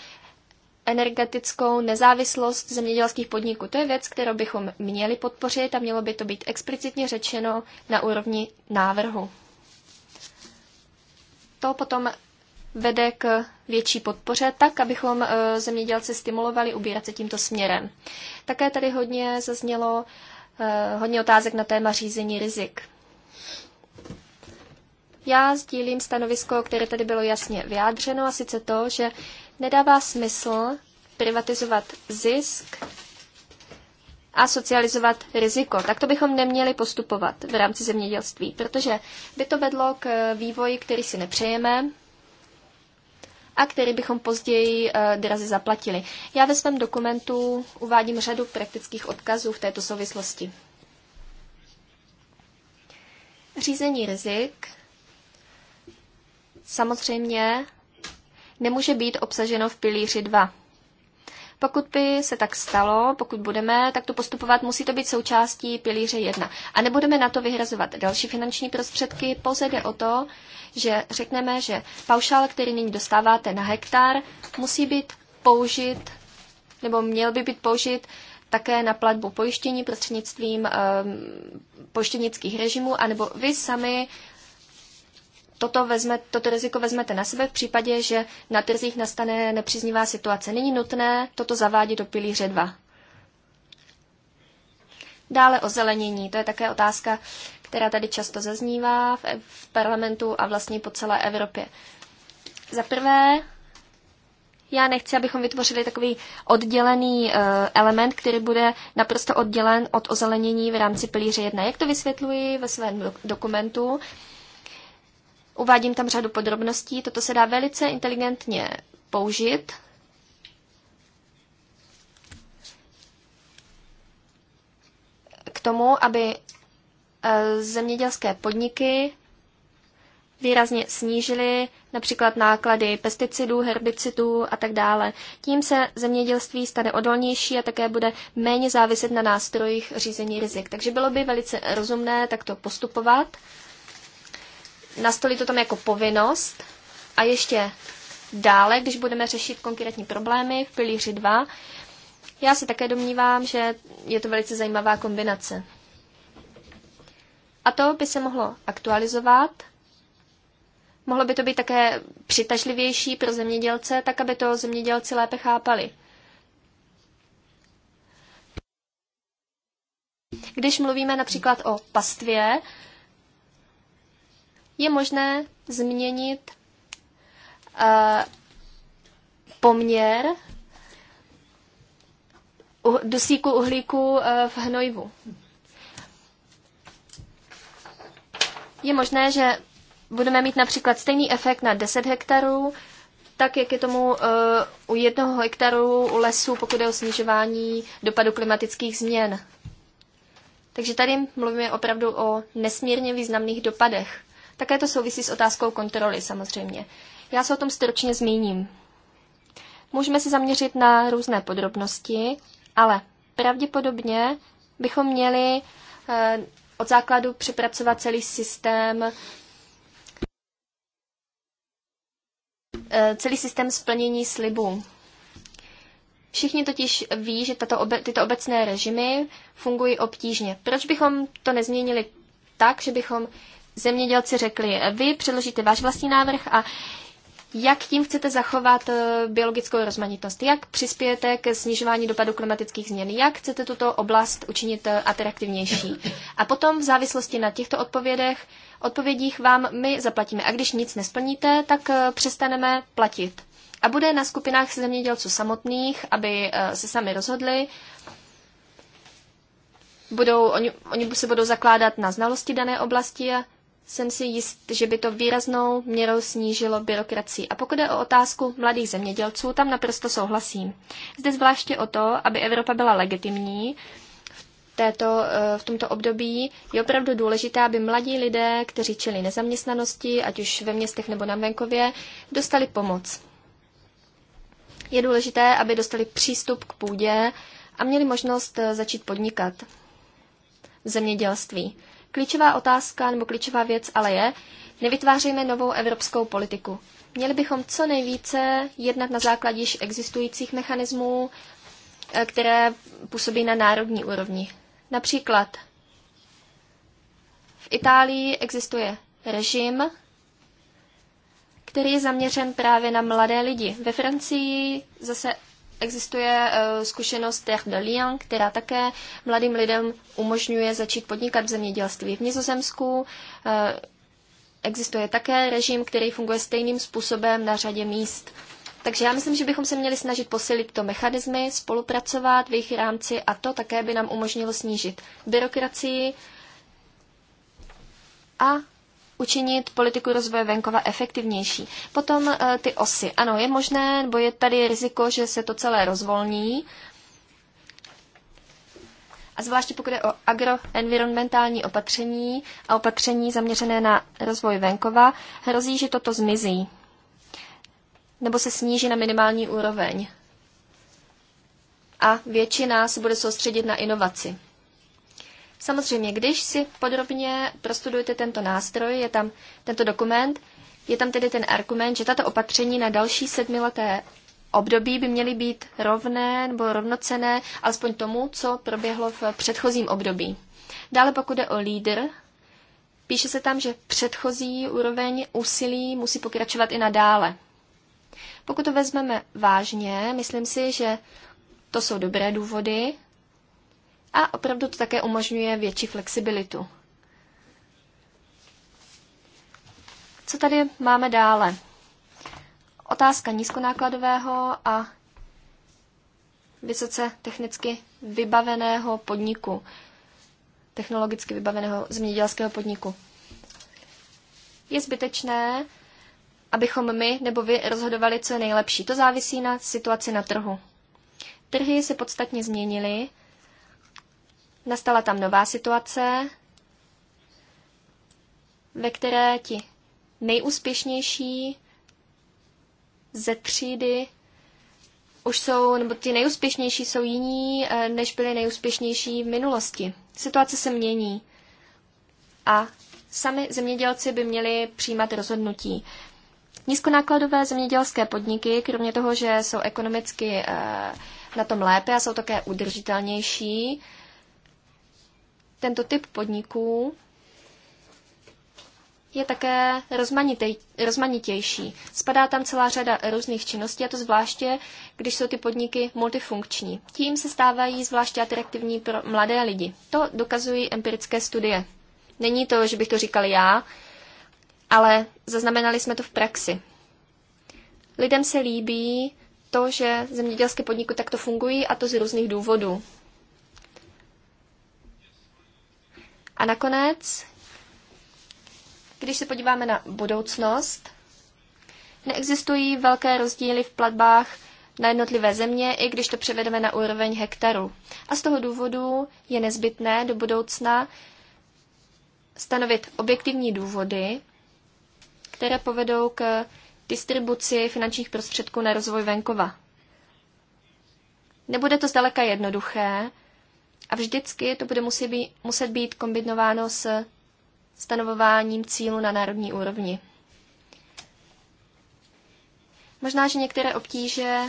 energetickou nezávislost zemědělských podniků. To je věc, kterou bychom měli podpořit a mělo by to být explicitně řečeno na úrovni návrhu. To potom vede k větší podpoře, tak, abychom e, zemědělce stimulovali ubírat se tímto směrem. Také tady hodně zaznělo e, hodně otázek na téma řízení rizik. Já sdílím stanovisko, které tady bylo jasně vyjádřeno, a sice to, že nedává smysl privatizovat zisk a socializovat riziko. Tak to bychom neměli postupovat v rámci zemědělství, protože by to vedlo k vývoji, který si nepřejeme a který bychom později eh, drazy zaplatili. Já ve svém dokumentu uvádím řadu praktických odkazů v této souvislosti. Řízení rizik samozřejmě nemůže být obsaženo v pilíři 2. Pokud by se tak stalo, pokud budeme takto postupovat, musí to být součástí pilíře 1. A nebudeme na to vyhrazovat další finanční prostředky, pouze jde o to, že řekneme, že paušál, který nyní dostáváte na hektar, musí být použit, nebo měl by být použit také na platbu pojištění prostřednictvím um, pojištěnických režimů, anebo vy sami toto, vezme, toto riziko vezmete na sebe v případě, že na trzích nastane nepříznivá situace. Není nutné toto zavádět do pilíře 2. Dále o zelenění. To je také otázka, která tady často zaznívá v, v parlamentu a vlastně po celé Evropě. Za prvé, já nechci, abychom vytvořili takový oddělený uh, element, který bude naprosto oddělen od ozelenění v rámci pilíře 1. Jak to vysvětluji ve svém dokumentu? Uvádím tam řadu podrobností. Toto se dá velice inteligentně použít. K tomu, aby eh, zemědělské podniky výrazně snížily například náklady pesticidů, herbicidů a tak dále. Tím se zemědělství stane odolnější a také bude méně záviset na nástrojích řízení rizik. Takže bylo by velice rozumné takto postupovat nastolit to tam jako povinnost a ještě dále, když budeme řešit konkrétní problémy v pilíři 2, já se také domnívám, že je to velice zajímavá kombinace. A to by se mohlo aktualizovat. Mohlo by to být také přitažlivější pro zemědělce, tak aby to zemědělci lépe chápali. Když mluvíme například o pastvě, je možné změnit eh, poměr dusíku uhlíku eh, v hnojivu. Je možné, že budeme mít například stejný efekt na 10 hektarů, tak jak je tomu eh, u jednoho hektaru u lesů, pokud je o snižování dopadu klimatických změn. Takže tady mluvíme opravdu o nesmírně významných dopadech. Také to souvisí s otázkou kontroly samozřejmě. Já se o tom stručně zmíním. Můžeme se zaměřit na různé podrobnosti, ale pravděpodobně bychom měli eh, od základu přepracovat celý systém eh, celý systém splnění slibů. Všichni totiž ví, že tato obe, tyto obecné režimy fungují obtížně. Proč bychom to nezměnili tak, že bychom zemědělci řekli, vy předložíte váš vlastní návrh a jak tím chcete zachovat eh, biologickou rozmanitost, jak přispějete ke snižování dopadu klimatických změn, jak chcete tuto oblast učinit eh, atraktivnější. A potom v závislosti na těchto odpovědech, odpovědích vám my zaplatíme. A když nic nesplníte, tak eh, přestaneme platit. A bude na skupinách zemědělců samotných, aby se sami rozhodli, budou, oni, oni se budou zakládat na znalosti dané oblasti jsem si jist, že by to výraznou měrou snížilo byrokracii. A pokud je o otázku mladých zemědělců, tam naprosto souhlasím. Zde zvláště o to, aby Evropa byla legitimní, této, eh, v tomto období je opravdu důležité, aby mladí lidé, kteří čelí nezaměstnanosti, ať už ve městech nebo na venkově, dostali pomoc. Je důležité, aby dostali přístup k půdě a měli možnost eh, začít podnikat v zemědělství. Klíčová otázka nebo klíčová věc ale je, nevytvářejme novou evropskou politiku. Měli bychom co nejvíce jednat na základě již existujících mechanismů, eh, které působí na národní úrovni. Například v Itálii existuje režim, který je zaměřen právě na mladé lidi. Ve Francii zase Existuje eh, zkušenost Terre de Lyon, která také mladým lidem umožňuje začít podnikat v zemědělství v Nizozemsku. Eh, existuje také režim, který funguje stejným způsobem na řadě míst. Takže já myslím, že bychom se měli snažit posilit to mechanizmy, spolupracovat v jejich rámci a to také by nám umožnilo snížit byrokracii a učinit politiku rozvoje venkova efektivnější. Potom eh, ty osy. Ano, je možné, nebo je tady riziko, že se to celé rozvolní. A zvláště pokud je o agroenvironmentální opatření a opatření zaměřené na rozvoj venkova, hrozí, že toto zmizí nebo se sníží na minimální úroveň. A většina se bude soustředit na inovaci. Samozřejmě, když si podrobně prostudujete tento nástroj, je tam tento dokument, je tam tedy ten argument, že tato opatření na další sedmileté období by měly být rovné nebo rovnocené alespoň tomu, co proběhlo v předchozím období. Dále pokud je o lídr, píše se tam, že předchozí úroveň úsilí musí pokračovat i nadále. Pokud to vezmeme vážně, myslím si, že to jsou dobré důvody, a opravdu to také umožňuje větší flexibilitu. Co tady máme dále? Otázka nízkonákladového a vysoce technicky vybaveného podniku, technologicky vybaveného zemědělského podniku. Je zbytečné, abychom my nebo vy rozhodovali, co je nejlepší. To závisí na situaci na trhu. Trhy se podstatně změnily Nastala tam nová situace, ve které ti nejúspěšnější ze třídy už jsou, nebo ti nejúspěšnější jsou jiní, eh, než byli nejúspěšnější v minulosti. Situace se mění a sami zemědělci by měli přijímat rozhodnutí. Nízkonákladové zemědělské podniky, kromě toho, že jsou ekonomicky eh, na tom lépe a jsou také udržitelnější, tento typ podniků je také rozmanitější. Spadá tam celá řada různých činností, a to zvláště, když jsou ty podniky multifunkční. Tím se stávají zvláště atraktivní pro mladé lidi. To dokazují empirické studie. Není to, že bych to říkal já, ale zaznamenali jsme to v praxi. Lidem se líbí to, že zemědělské podniky takto fungují, a to z různých důvodů. A nakonec, když se podíváme na budoucnost, neexistují velké rozdíly v platbách na jednotlivé země, i když to převedeme na úroveň hektaru. A z toho důvodu je nezbytné do budoucna stanovit objektivní důvody, které povedou k distribuci finančních prostředků na rozvoj venkova. Nebude to zdaleka jednoduché, a vždycky to bude muset být, muset být kombinováno s stanovováním cílu na národní úrovni. Možná, že některé obtíže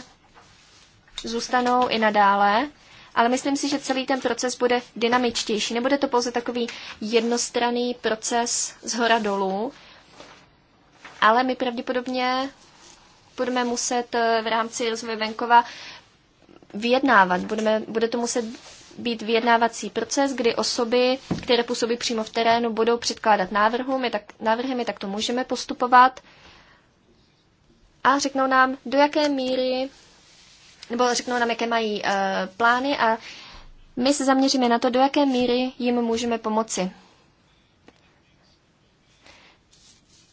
zůstanou i nadále, ale myslím si, že celý ten proces bude dynamičtější. Nebude to pouze takový jednostranný proces z hora dolů, ale my pravděpodobně budeme muset eh, v rámci rozvoje venkova vyjednávat. Budeme, bude to muset být vyjednávací proces, kdy osoby, které působí přímo v terénu, budou předkládat návrhu, my tak, návrhy, my takto můžeme postupovat a řeknou nám, do jaké míry, nebo řeknou nám, jaké mají uh, plány a my se zaměříme na to, do jaké míry jim můžeme pomoci.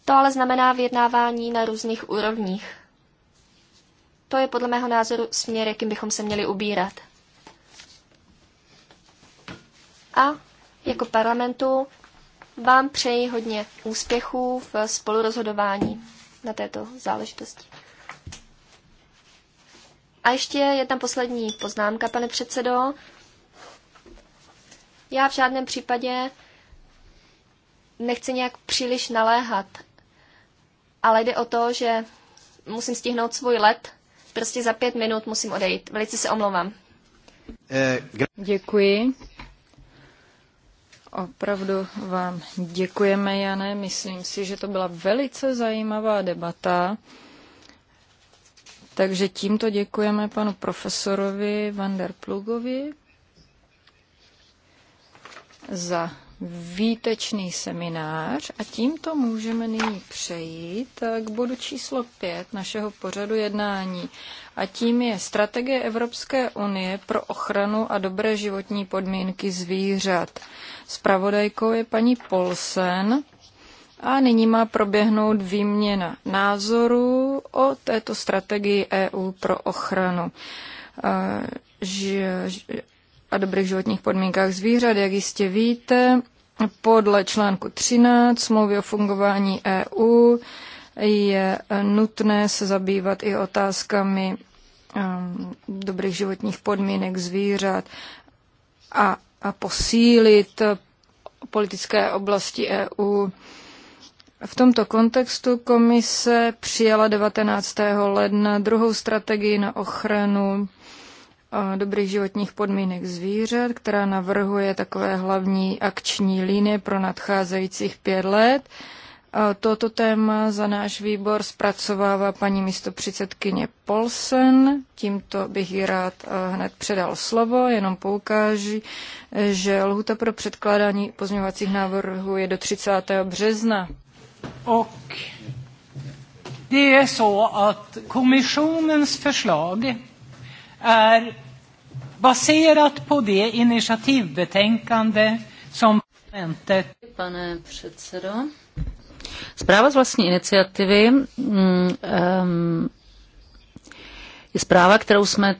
To ale znamená vyjednávání na různých úrovních. To je podle mého názoru směr, jakým bychom se měli ubírat a jako parlamentu vám přeji hodně úspěchů v spolurozhodování na této záležitosti. A ještě je tam poslední poznámka, pane předsedo. Já v žádném případě nechci nějak příliš naléhat, ale jde o to, že musím stihnout svůj let. Prostě za pět minut musím odejít. Velice se omlouvám. Eh, Děkuji. Opravdu vám děkujeme, Jane. Myslím si, že to byla velice zajímavá debata. Takže tímto děkujeme panu profesorovi Van der Plugovi za výtečný seminář a tímto můžeme nyní přejít eh, k bodu číslo 5 našeho pořadu jednání a tím je strategie Evropské unie pro ochranu a dobré životní podmínky zvířat. Spravodajkou je paní Polsen a nyní má proběhnout výměna názorů o této strategii EU pro ochranu eh, a dobrých životních podmínkách zvířat. Jak jistě víte, podle článku 13 smlouvy o fungování EU je nutné se zabývat i otázkami ehm, dobrých životních podmínek zvířat a, a posílit politické oblasti EU. V tomto kontextu komise přijala 19. ledna druhou strategii na ochranu dobrých životních podmínek zvířat, která navrhuje takové hlavní akční linie pro nadcházejících pět let. Toto téma za náš výbor zpracovává paní místopředsedkyně Polsen. Tímto bych ji rád eh, hned předal slovo, jenom poukáži, eh, že lhuta pro předkládání pozměňovacích návrhů je do 30. března. Ok. det är så att kommissionens förslag är baserat på det initiativbetänkande som Pane předsedo, zpráva z vlastní iniciativy um, je zpráva, kterou jsme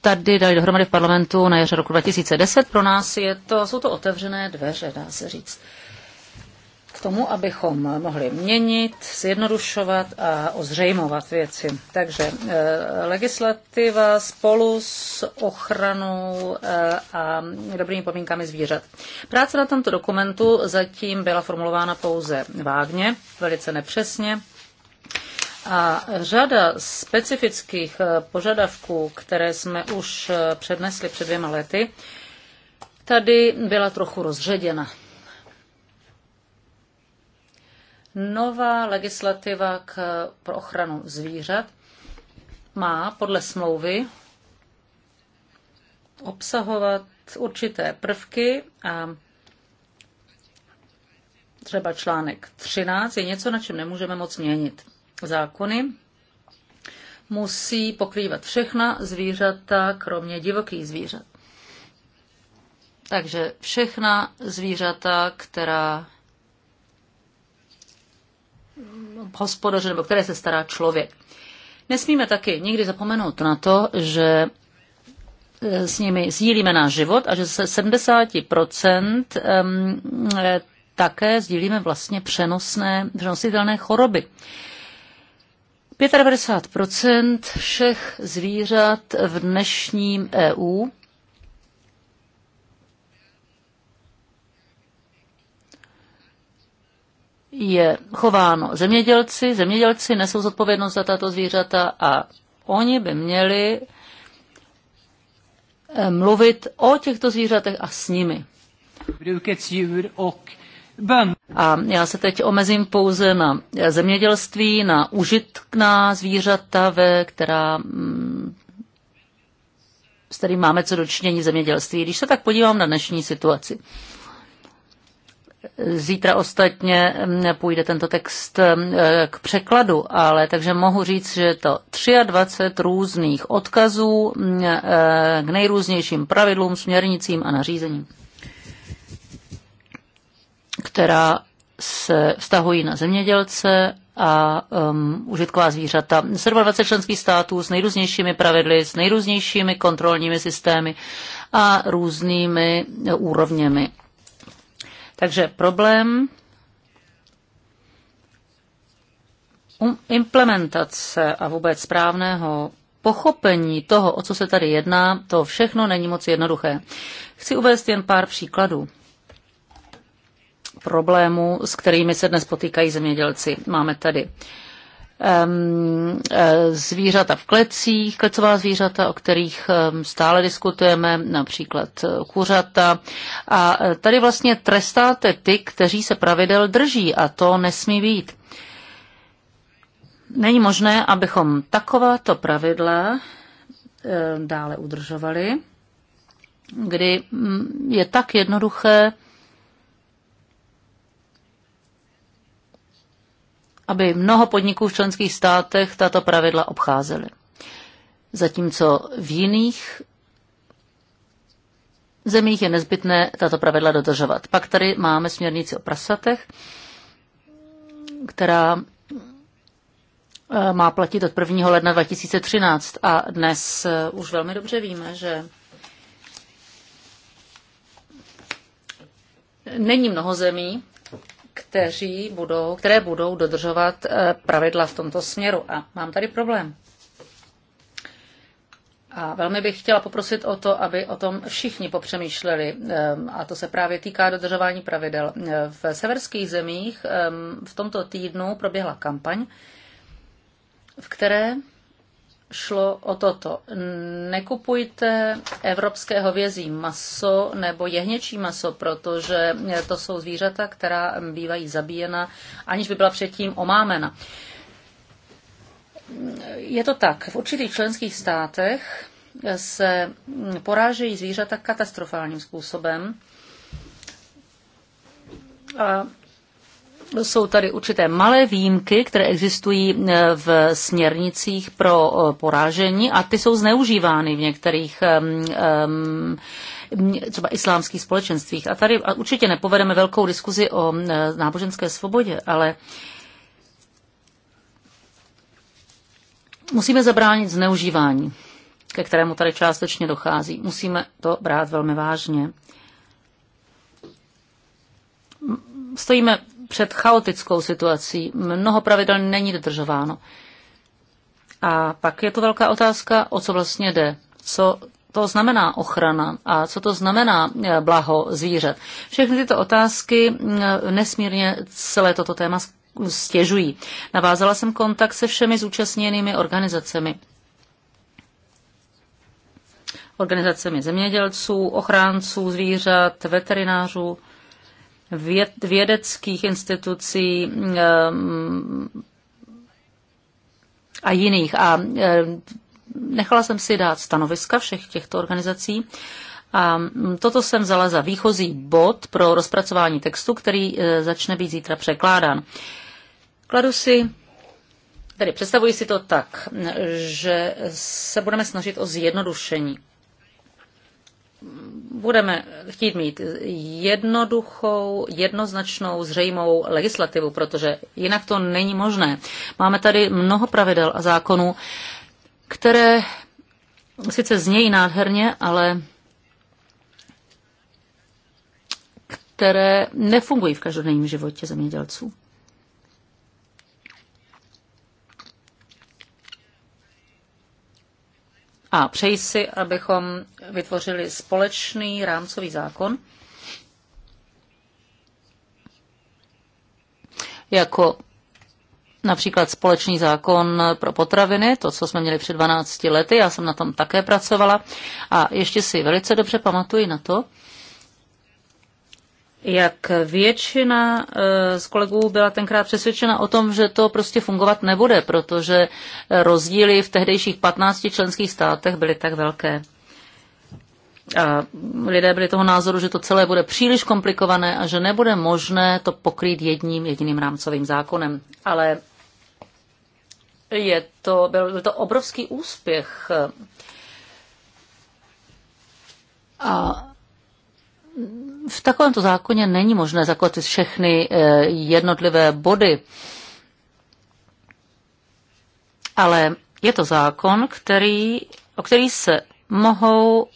tady dali dohromady v parlamentu na jaře roku 2010. Pro nás je to, jsou to otevřené dveře, dá se říct. Uh, k tomu, abychom mohli měnit, zjednodušovat a ozřejmovat věci. Takže eh, legislativa spolu s ochranou eh, a dobrými podmínkami zvířat. Práce na tomto dokumentu zatím byla formulována pouze vágně, velice nepřesně. A řada specifických eh, požadavků, které jsme už přednesli před dvěma lety, tady byla trochu rozředěna nová legislativa k, pro ochranu zvířat má podle smlouvy obsahovat určité prvky a třeba článek 13 je něco, na čem nemůžeme moc měnit. Zákony musí pokrývat všechna zvířata, kromě divokých zvířat. Takže všechna zvířata, která hospodaře nebo které se stará člověk. Nesmíme taky nikdy zapomenout na to, že e, s nimi sdílíme náš život a že se 70% e, také sdílíme vlastně přenosné, přenositelné choroby. 95% všech zvířat v dnešním EU je chováno zemědělci, zemědělci nesou zodpovědnost za tato zvířata a oni by měli eh, mluvit o těchto zvířatech a s nimi. A já se teď omezím pouze na zemědělství, na užitná zvířata, ve která, mm, s kterým máme co dočinění v zemědělství. Když se tak podívám na dnešní situaci, Zítra ostatně mm, půjde tento text mm, k překladu, ale takže mohu říct, že je to 23 různých odkazů mm, e, k nejrůznějším pravidlům, směrnicím a nařízením, která se vztahují na zemědělce a um, užitková zvířata. 27 členských států s nejrůznějšími pravidly, s nejrůznějšími kontrolními systémy a různými úrovněmi takže problém implementace a vůbec správného pochopení toho, o co se tady jedná, to všechno není moc jednoduché. Chci uvést jen pár příkladů problémů, s kterými se dnes potýkají zemědělci. Máme tady uh, E, zvířata v klecích, klecová zvířata, o kterých stále diskutujeme, například e, kuřata. A e, tady vlastně trestáte ty, kteří se pravidel drží a to nesmí být. Není možné, abychom takováto pravidla dále udržovali, kdy mm, je tak jednoduché aby mnoho podniků v členských státech tato pravidla obcházely. Zatímco v jiných zemích je nezbytné tato pravidla dodržovat. Pak tady máme směrnici o prasatech, která eh, má platit od 1. ledna 2013 a dnes eh, už velmi dobře víme, že není mnoho zemí, kteří budou, které budou dodržovat eh, pravidla v tomto směru. A mám tady problém. A velmi bych chtěla poprosit o to, aby o tom všichni popřemýšleli. Ehm, a to se právě týká dodržování pravidel. Eh, v severských zemích ehm, v tomto týdnu proběhla kampaň, v které šlo o toto. Nekupujte evropské hovězí maso nebo jehněčí maso, protože to jsou zvířata, která bývají zabíjena, aniž by byla předtím omámena. Je to tak. V určitých členských státech se porážejí zvířata katastrofálním způsobem. A jsou tady určité malé výjimky, které existují eh, v směrnicích pro eh, porážení a ty jsou zneužívány v některých ehm, ehm, třeba islámských společenstvích. A tady určitě nepovedeme velkou diskuzi o eh, náboženské svobodě, ale musíme zabránit zneužívání, ke kterému tady částečně dochází. Musíme to brát velmi vážně. Stojíme před chaotickou situací. Mnoho pravidel není dodržováno. A pak je to velká otázka, o co vlastně jde. Co to znamená ochrana a co to znamená eh, blaho zvířat. Všechny tyto otázky eh, nesmírně celé toto téma stěžují. Navázala jsem kontakt se všemi zúčastněnými organizacemi. Organizacemi zemědělců, ochránců zvířat, veterinářů, věd, vědeckých institucí ehm, a jiných. A ehm, nechala jsem si dát stanoviska všech těchto organizací. A mm, toto jsem vzala za výchozí bod pro rozpracování textu, který e, začne být zítra překládán. Kladu si, tedy představuji si to tak, že se budeme snažit o zjednodušení budeme chtít mít jednoduchou, jednoznačnou, zřejmou legislativu, protože jinak to není možné. Máme tady mnoho pravidel a zákonů, které sice znějí nádherně, ale které nefungují v každodenním životě zemědělců. a přeji si, abychom vytvořili společný rámcový zákon jako například společný zákon pro potraviny, to, co jsme měli před 12 lety, já jsem na tom také pracovala a ještě si velice dobře pamatuji na to, jak většina eh, z kolegů byla tenkrát přesvědčena o tom, že to prostě fungovat nebude, protože rozdíly v tehdejších 15 členských státech byly tak velké. A lidé byli toho názoru, že to celé bude příliš komplikované a že nebude možné to pokrýt jedním jediným rámcovým zákonem. Ale je to, byl, to obrovský úspěch. A v takovémto zákoně není možné zakotvit všechny eh, jednotlivé body, ale je to zákon, který, o který se mohou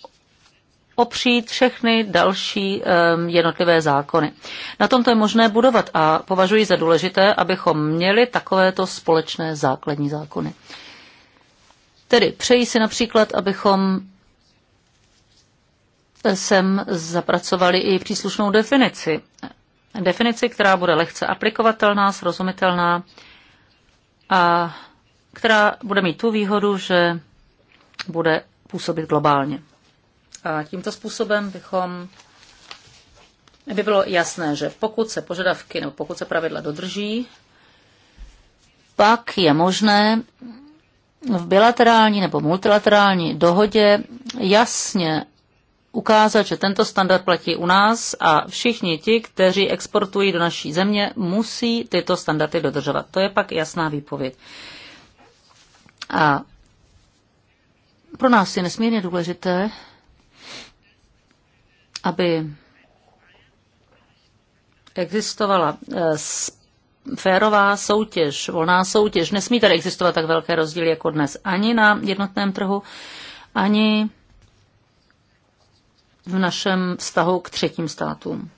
opřít všechny další ehm, jednotlivé zákony. Na tomto je možné budovat a považuji za důležité, abychom měli takovéto společné základní zákony. Tedy přeji si například, abychom jsem zapracovali i příslušnou definici. Definici, která bude lehce aplikovatelná, srozumitelná a která bude mít tu výhodu, že bude působit globálně. A tímto způsobem bychom by bylo jasné, že pokud se požadavky nebo pokud se pravidla dodrží, pak je možné v bilaterální nebo multilaterální dohodě jasně ukázat, že tento standard platí u nás a všichni ti, kteří exportují do naší země, musí tyto standardy dodržovat. To je pak jasná výpověď. A pro nás je nesmírně důležité, aby existovala eh, férová soutěž, volná soutěž. Nesmí tady existovat tak velké rozdíly jako dnes ani na jednotném trhu, ani v našem vztahu k třetím státům.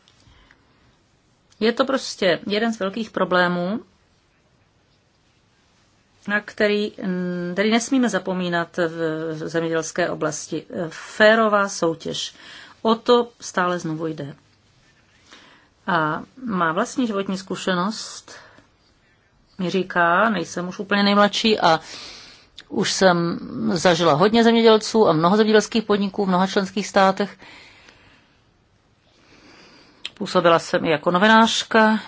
Je to prostě jeden z velkých problémů, na který, který nesmíme zapomínat v zemědělské oblasti. Férová soutěž. O to stále znovu jde. A má vlastní životní zkušenost mi říká, nejsem už úplně nejmladší a už jsem zažila hodně zemědělců a mnoho zemědělských podniků v mnoha členských státech. Působila jsem i jako novinářka.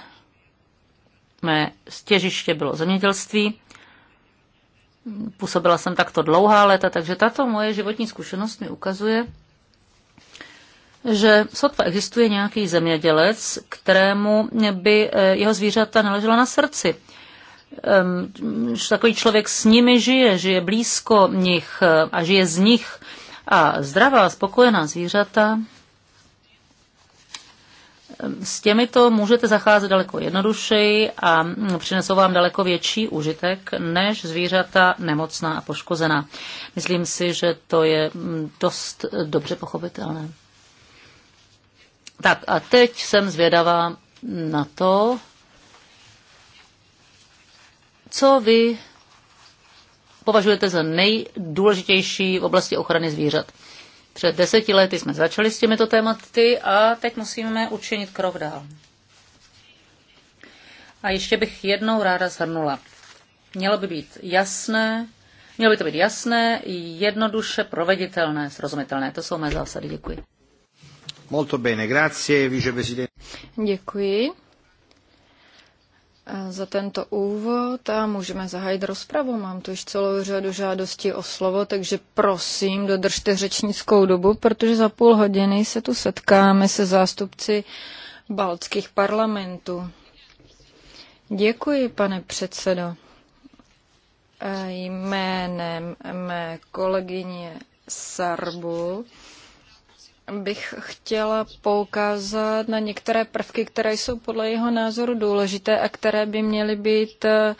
Mé stěžiště bylo zemědělství. Působila jsem takto dlouhá léta, takže tato moje životní zkušenost mi ukazuje, že sotva existuje nějaký zemědělec, kterému by eh, jeho zvířata neležela na srdci že takový člověk s nimi žije, žije blízko nich eh, a žije z nich. A zdravá, spokojená zvířata, s těmito můžete zacházet daleko jednodušeji a mm, přinesou vám daleko větší užitek než zvířata nemocná a poškozená. Myslím si, že to je mm, dost dobře pochopitelné. Tak a teď jsem zvědavá na to, co vy považujete za nejdůležitější v oblasti ochrany zvířat? Před deseti lety jsme začali s těmito tématy a teď musíme učinit krok dál. A ještě bych jednou ráda zhrnula. Mělo by být jasné, mělo by to být jasné, jednoduše proveditelné, srozumitelné. To jsou mé zásady. Děkuji. Molto bene, grazie, viceprezident. Děkuji za tento úvod a můžeme zahájit rozpravu. Mám tu již celou řadu žádostí o slovo, takže prosím, dodržte řečnickou dobu, protože za půl hodiny se tu setkáme se zástupci baltských parlamentů. Děkuji, pane předsedo. E, jménem mé kolegyně Sarbu bych chtěla poukázat na některé prvky, které jsou podle jeho názoru důležité a které by měly být eh,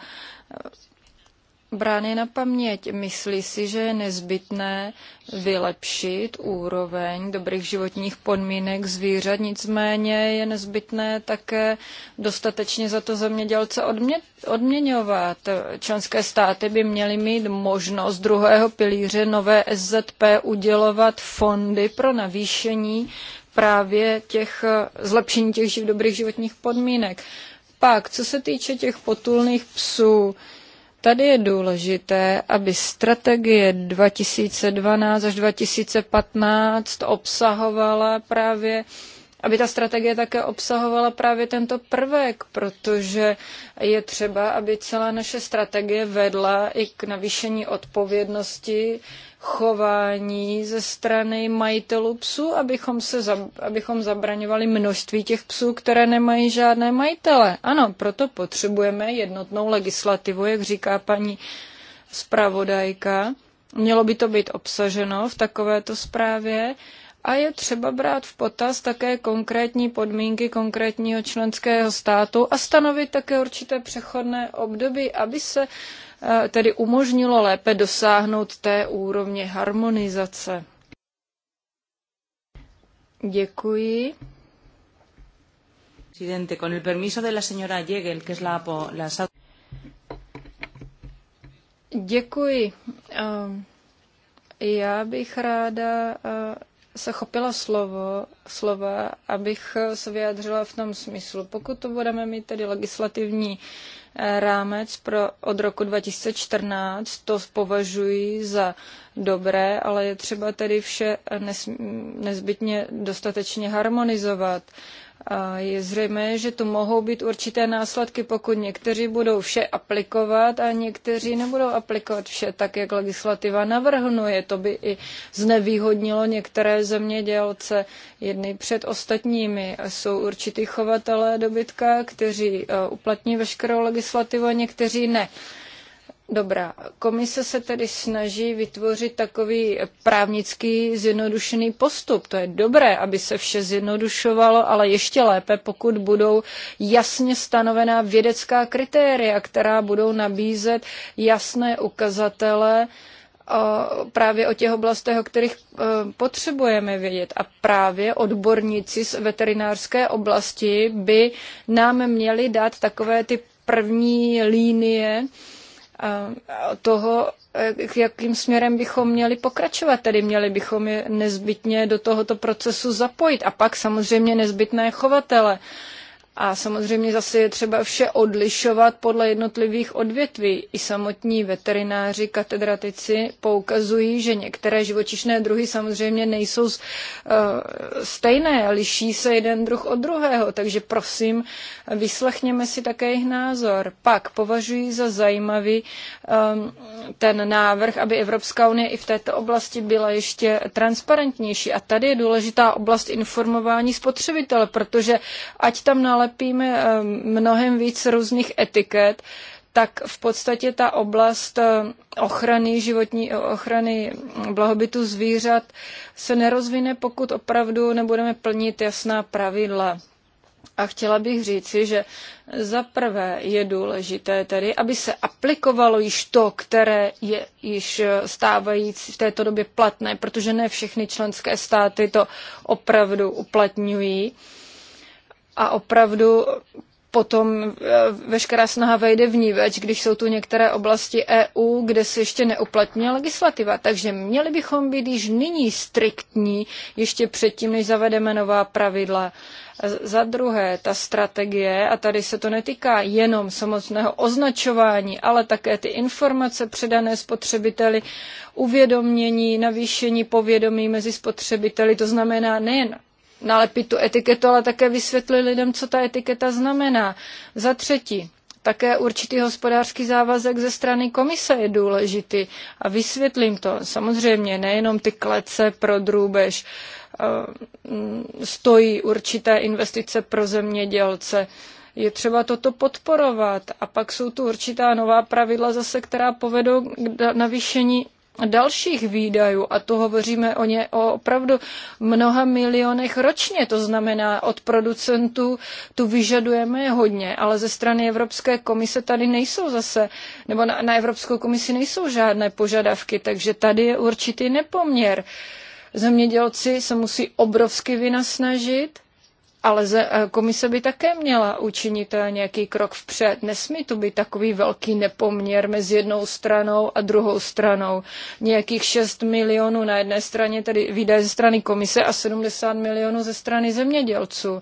brány na paměť. Myslí si, že je nezbytné vylepšit úroveň dobrých životních podmínek zvířat, nicméně je nezbytné také dostatečně za to zemědělce odmě- odměňovat. Členské státy by měly mít možnost druhého pilíře nové SZP udělovat fondy pro navýšení právě těch zlepšení těch dobrých životních podmínek. Pak, co se týče těch potulných psů, Tady je důležité, aby strategie 2012 až 2015 obsahovala právě aby ta strategie také obsahovala právě tento prvek, protože je třeba, aby celá naše strategie vedla i k navýšení odpovědnosti chování ze strany majitelů psů, abychom, se za, abychom zabraňovali množství těch psů, které nemají žádné majitele. Ano, proto potřebujeme jednotnou legislativu, jak říká paní zpravodajka. Mělo by to být obsaženo v takovéto zprávě a je třeba brát v potaz také konkrétní podmínky konkrétního členského státu a stanovit také určité přechodné období, aby se Eh, tedy umožnilo lépe dosáhnout té úrovně harmonizace. Děkuji. Presidente, con el permiso de la señora Jegel, que es la, la... Děkuji. Ehm, já bych ráda eh, se chopila slovo, slova, abych se vyjádřila v tom smyslu. Pokud to budeme mít tedy legislativní rámec pro od roku 2014. To považuji za dobré, ale je třeba tedy vše nezbytně dostatečně harmonizovat. je zřejmé, že tu mohou být určité následky, pokud někteří budou vše aplikovat a někteří nebudou aplikovat vše tak, jak legislativa navrhnuje. To by i znevýhodnilo některé zemědělce jedny před ostatními. jsou určitý chovatelé dobytka, kteří e, uplatní veškerou legislativu a někteří ne. Dobrá, komise se tedy snaží vytvořit takový právnický zjednodušený postup. To je dobré, aby se vše zjednodušovalo, ale ještě lépe, pokud budou jasně stanovená vědecká kritéria, která budou nabízet jasné ukazatele, právě o těch oblastech, o kterých e, potřebujeme vědět. A právě odborníci z veterinářské oblasti by nám měli dát takové ty první línie, toho, eh, k jakým směrem bychom měli pokračovat. Tedy měli bychom je nezbytně do tohoto procesu zapojit a pak samozřejmě nezbytné chovatele. A samozřejmě zase je třeba vše odlišovat podle jednotlivých odvětví. I samotní veterináři, katedratici poukazují, že některé živočišné druhy samozřejmě nejsou uh, stejné, liší se jeden druh od druhého, takže prosím, vyslechněme si také jejich názor. Pak považuji za zajímavý um, ten návrh, aby Evropská unie i v této oblasti byla ještě transparentnější. A tady je důležitá oblast informování spotřebitele, protože ať tam nalepe nalepíme eh, mnohem víc různých etiket, tak v podstatě ta oblast eh, ochrany životní, eh, ochrany blahobytu zvířat se nerozvine, pokud opravdu nebudeme plnit jasná pravidla. A chtěla bych říci, že za prvé je důležité tedy, aby se aplikovalo již to, které je již stávající v této době platné, protože ne všechny členské státy to opravdu uplatňují a opravdu potom eh, veškerá snaha vejde v ní več, když jsou tu některé oblasti EU, kde se ještě neuplatnila legislativa. Takže měli bychom být již nyní striktní, ještě předtím, než zavedeme nová pravidla. Za druhé, ta strategie, a tady se to netýká jenom samotného označování, ale také ty informace předané spotřebiteli, uvědomění, navýšení povědomí mezi spotřebiteli, to znamená nejen nalepit tu etiketu, ale také vysvětlit lidem, co ta etiketa znamená. Za třetí, také určitý hospodářský závazek ze strany komise je důležitý. A vysvětlím to. Samozřejmě nejenom ty klece pro drůbež eh, stojí určité investice pro zemědělce. Je třeba toto podporovat. A pak jsou tu určitá nová pravidla zase, která povedou k navýšení dalších výdajů a tu hovoříme o ně o opravdu mnoha milionech ročně, to znamená od producentů tu vyžadujeme hodně, ale ze strany Evropské komise tady nejsou zase, nebo na, na Evropskou komisi nejsou žádné požadavky, takže tady je určitý nepoměr. Zemědělci se musí obrovsky vynasnažit, ale eh, komise by také měla učinit eh, nějaký krok vpřed. Nesmí tu být takový velký nepoměr mezi jednou stranou a druhou stranou. Nějakých 6 milionů na jedné straně, tedy výdaje ze strany komise a 70 milionů ze strany zemědělců.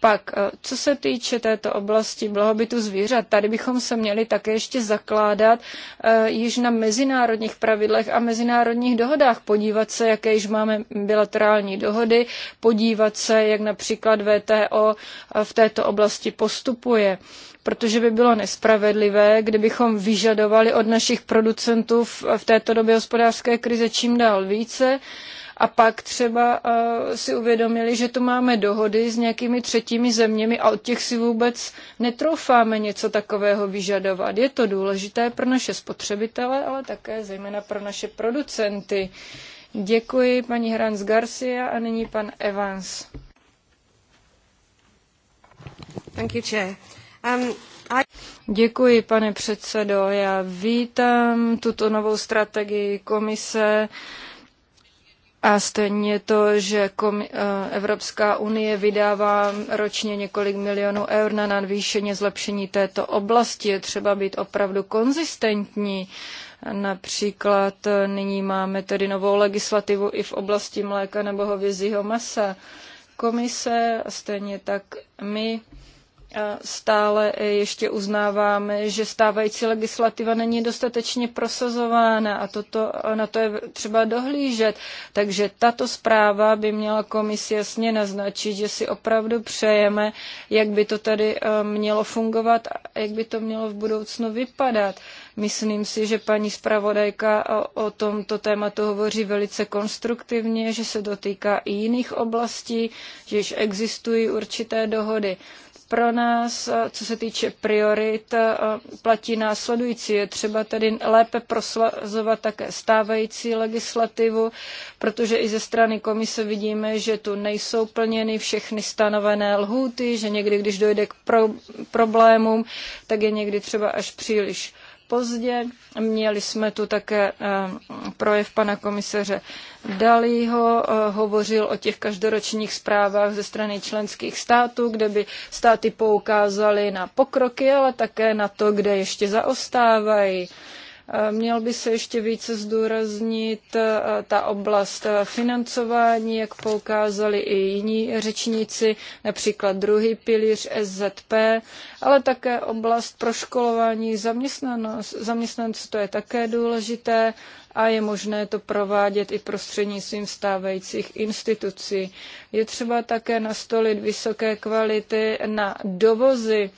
Pak, eh, co se týče této oblasti blahobytu zvířat, tady bychom se měli také ještě zakládat eh, již na mezinárodních pravidlech a mezinárodních dohodách, podívat se, jaké již máme bilaterální dohody, podívat se, jak například VTO eh, v této oblasti postupuje protože by bylo nespravedlivé, kdybychom vyžadovali od našich producentů v, této době hospodářské krize čím dál více, a pak třeba eh, si uvědomili, že tu máme dohody s nějakými třetími zeměmi a od těch si vůbec netroufáme něco takového vyžadovat. Je to důležité pro naše spotřebitele, ale také zejména pro naše producenty. Děkuji paní Hrans Garcia a nyní pan Evans. Thank you, Chair. Um, Děkuji, pane předsedo. Já vítám tuto novou strategii komise. Uh, a stejně to, že eh, Evropská unie vydává ročně několik milionů eur na navýšení zlepšení této oblasti, je třeba být opravdu konzistentní. Například eh, nyní máme tedy novou legislativu i v oblasti mléka nebo hovězího masa. Komise, stejně tak my stále ještě uznáváme, že stávající legislativa není dostatečně prosazována a toto, na to je třeba dohlížet. Takže tato zpráva by měla komisi jasně naznačit, že si opravdu přejeme, jak by to tady eh, mělo fungovat a jak by to mělo v budoucnu vypadat. Myslím si, že paní zpravodajka eh, o tomto tématu hovoří velice konstruktivně, že se dotýká i jiných oblastí, že již existují určité dohody pro nás, eh, co se týče priorit, eh, platí následující. Je třeba tedy lépe prosazovat také stávající legislativu, protože i ze strany komise vidíme, že tu nejsou plněny všechny stanovené lhůty, že někdy, když dojde k pro- problémům, tak je někdy třeba až příliš pozdě. Měli jsme tu také eh, projev pana komisaře Dalího eh, hovořil o těch každoročních zprávách ze strany členských států, kde by státy poukázaly na pokroky, ale také na to, kde ještě zaostávají. Eh, měl by se ještě více zdůraznit eh, ta oblast financování, jak poukázali i jiní řečníci, například druhý pilíř SZP, ale také oblast proškolování zaměstnanců, to je také důležité, a je možné to provádět i prostřednictvím stávajících institucí. Je třeba také nastolit vysoké kvality na dovozy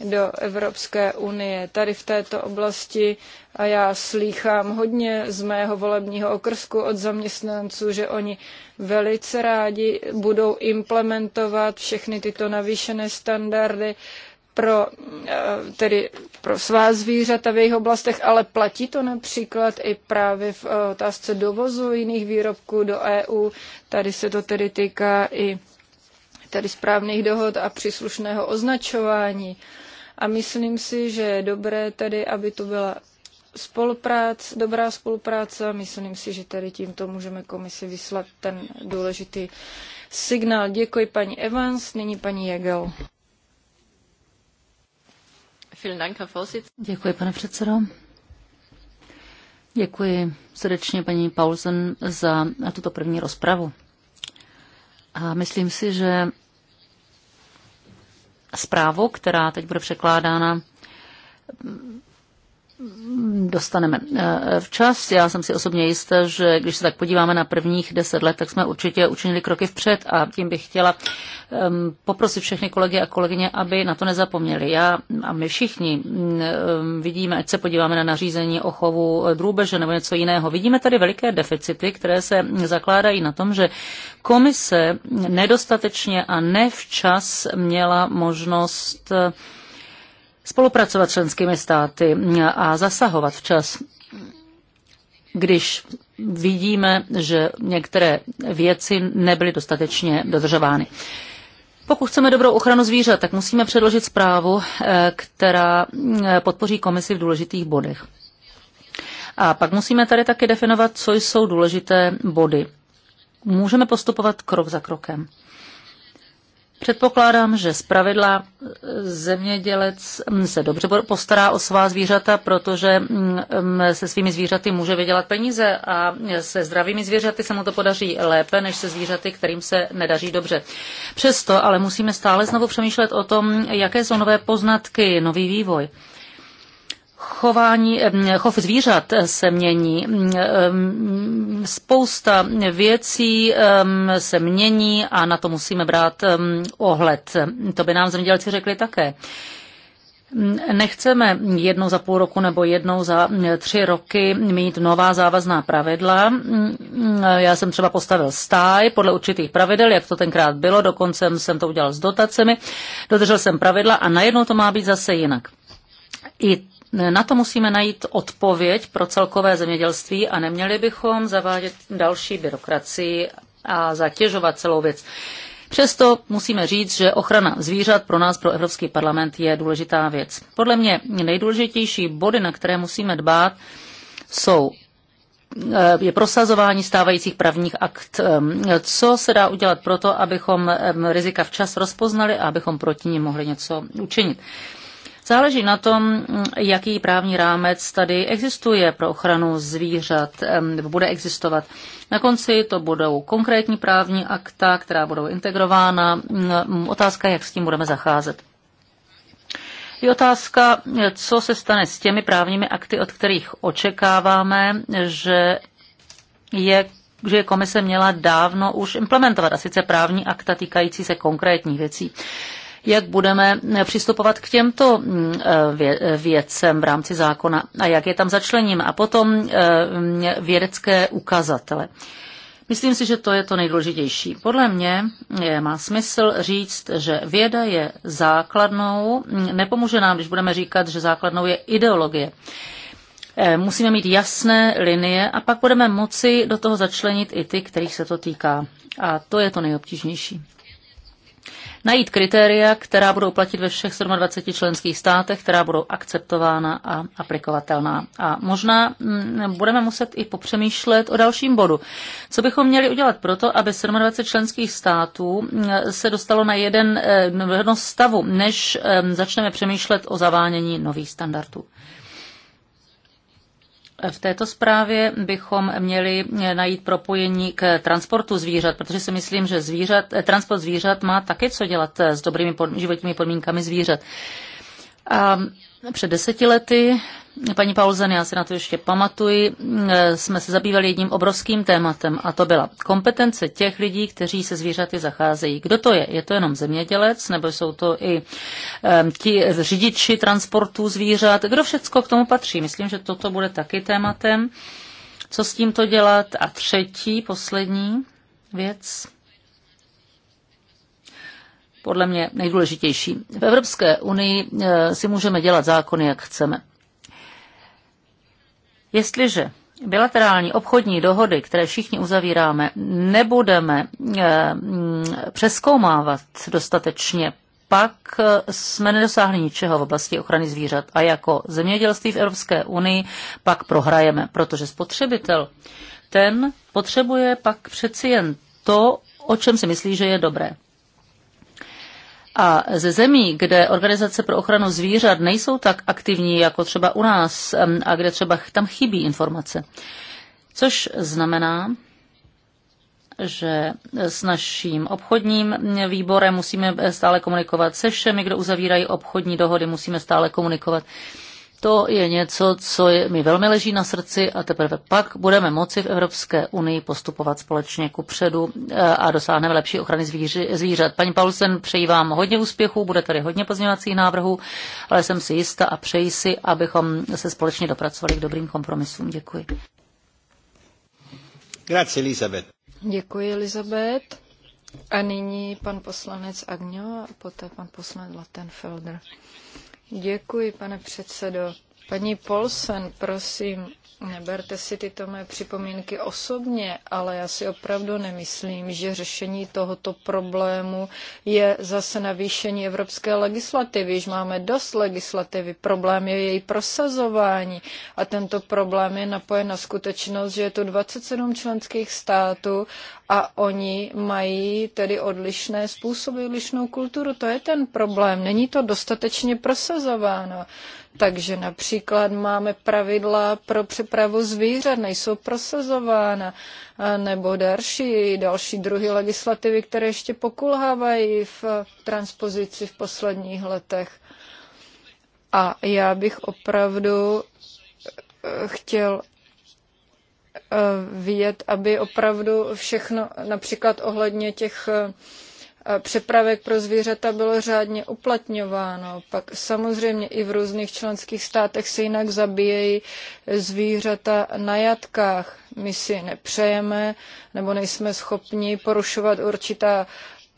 do Evropské unie. Tady v této oblasti a já slýchám hodně z mého volebního okrsku od zaměstnanců, že oni velice rádi budou implementovat všechny tyto navýšené standardy pro, eh, tedy pro svá zvířata v jejich oblastech, ale platí to například i právě v eh, otázce dovozu jiných výrobků do EU. Tady se to tedy týká i tady správných dohod a příslušného označování. A myslím si, že je dobré tedy, aby to byla spolupráce, dobrá spolupráce. Myslím si, že tady tímto můžeme komisi vyslat ten důležitý signál. Děkuji paní Evans, nyní paní Jagel. Děkuji, pane předsedo. Děkuji srdečně paní Paulsen za tuto první rozpravu. A myslím si, že zprávu, která teď bude překládána, dostaneme eh, včas. Já jsem si osobně jistá, že když se tak podíváme na prvních deset let, tak jsme určitě učinili kroky vpřed a tím bych chtěla ehm, poprosit všechny kolegy a kolegyně, aby na to nezapomněli. Já a my všichni mm, ehm, vidíme, ať se podíváme na nařízení o chovu eh, drůbeže nebo něco jiného. Vidíme tady veliké deficity, které se zakládají na tom, že komise nedostatečně a nevčas měla možnost eh, spolupracovat s členskými státy a zasahovat včas, když vidíme, že některé věci nebyly dostatečně dodržovány. Pokud chceme dobrou ochranu zvířat, tak musíme předložit zprávu, eh, která eh, podpoří komisi v důležitých bodech. A pak musíme tady také definovat, co jsou důležité body. Můžeme postupovat krok za krokem. Předpokládám, že pravidla eh, zemědělec hm, se dobře postará o svá zvířata, protože hm, hm, se svými zvířaty může vydělat peníze a eh, se zdravými zvířaty se mu to podaří lépe, než se zvířaty, kterým se nedaří dobře. Přesto ale musíme stále znovu přemýšlet o tom, jaké jsou nové poznatky, nový vývoj chování, eh, chov zvířat se mění. Eh, mm, spousta věcí eh, se mění a na to musíme brát ohled. To by nám zemědělci řekli také. Mm, nechceme jednou za půl roku nebo jednou za mm, tři roky mít nová závazná pravidla. Já jsem třeba postavil stáj podle určitých pravidel, jak to tenkrát bylo, dokonce jsem to udělal s dotacemi, dodržel jsem pravidla a najednou to má být zase jinak. I na to musíme najít odpověď pro celkové zemědělství a neměli bychom zavádět další byrokracii a zatěžovat celou věc. Přesto musíme říct, že ochrana zvířat pro nás, pro Evropský parlament, je důležitá věc. Podle mě nejdůležitější body, na které musíme dbát, jsou eh, je prosazování stávajících právních akt. Eh, co se dá udělat proto, abychom eh, rizika včas rozpoznali a abychom proti ním mohli něco učinit? Záleží na tom, jaký právní rámec tady existuje pro ochranu zvířat, nebo bude existovat. Na konci to budou konkrétní právní akta, která budou integrována. Mm, otázka, jak s tím budeme zacházet. Je otázka, co se stane s těmi právními akty, od kterých očekáváme, že je že komise měla dávno už implementovat, a sice právní akta týkající se konkrétních věcí jak budeme přistupovat k těmto mm, eh, věcem v rámci zákona a jak je tam začlením. A potom eh, vědecké ukazatele. Myslím si, že to je to nejdůležitější. Podle mě má smysl říct, že věda je základnou, mm, nepomůže nám, když budeme říkat, že základnou je ideologie. Eh, musíme mít jasné linie a pak budeme moci do toho začlenit i ty, kterých se to týká. A to je to nejobtížnější najít kritéria, která budou platit ve všech 27 členských státech, která budou akceptována a aplikovatelná. A možná mm, budeme muset i popřemýšlet o dalším bodu. Co bychom měli udělat proto, aby 27 členských států mm, se dostalo na jeden, eh, stavu, než eh, začneme přemýšlet o zavánění nových standardů. V této zprávě bychom měli najít propojení k transportu zvířat, protože si myslím, že zvířat, transport zvířat má také co dělat s dobrými pod, životními podmínkami zvířat. A před deseti lety, paní Paulzen, já si na to ještě pamatuji, eh, jsme se zabývali jedním obrovským tématem a to byla kompetence těch lidí, kteří se zvířaty zacházejí. Kdo to je? Je to jenom zemědělec nebo jsou to i um, ti řidiči transportů zvířat? Kdo všecko k tomu patří? Myslím, že toto bude taky tématem. Co s tímto dělat? A třetí, poslední věc podle mě nejdůležitější. V Evropské unii eh, si můžeme dělat zákony, jak chceme. Jestliže bilaterální obchodní dohody, které všichni uzavíráme, nebudeme eh, mm, přeskoumávat dostatečně, pak eh, jsme nedosáhli ničeho v oblasti ochrany zvířat a jako zemědělství v Evropské unii pak prohrajeme, protože spotřebitel ten potřebuje pak přeci jen to, o čem si myslí, že je dobré. A ze zemí, kde organizace pro ochranu zvířat nejsou tak aktivní jako třeba u nás a kde třeba tam chybí informace. Což znamená, že s naším obchodním výborem musíme eh, stále komunikovat se všemi, kdo uzavírají obchodní dohody, musíme stále komunikovat to je něco, co je, mi velmi leží na srdci a teprve pak budeme moci v Evropské unii postupovat společně ku předu eh, a dosáhneme lepší ochrany zvíři, zvířat. Paní Paulsen, přeji vám hodně úspěchů, bude tady hodně pozměňovacích návrhů, ale jsem si jista a přeji si, abychom se společně dopracovali k dobrým kompromisům. Děkuji. Grazie, Elizabeth. Děkuji, Elizabeth. A nyní pan poslanec Agňo a poté pan poslanec Latenfelder. Děkuji, pane předsedo. Paní Polsen, prosím, Neberte si tyto mé připomínky osobně, ale já si opravdu nemyslím, že řešení tohoto problému je zase navýšení evropské legislativy. že máme dost legislativy, problém je její prosazování a tento problém je napojen na skutečnost, že je tu 27 členských států a oni mají tedy odlišné způsoby, odlišnou kulturu. To je ten problém. Není to dostatečně prosazováno. Takže například máme pravidla pro přepravu zvířat, nejsou prosazována, nebo další, další druhy legislativy, které ještě pokulhávají v transpozici v posledních letech. A já bych opravdu eh, chtěl eh, vidět, aby opravdu všechno, například ohledně těch eh, přepravek pro zvířata bylo řádně uplatňováno. Pak samozřejmě i v různých členských státech se jinak zabíjejí zvířata na jatkách. My si nepřejeme nebo nejsme schopni porušovat určitá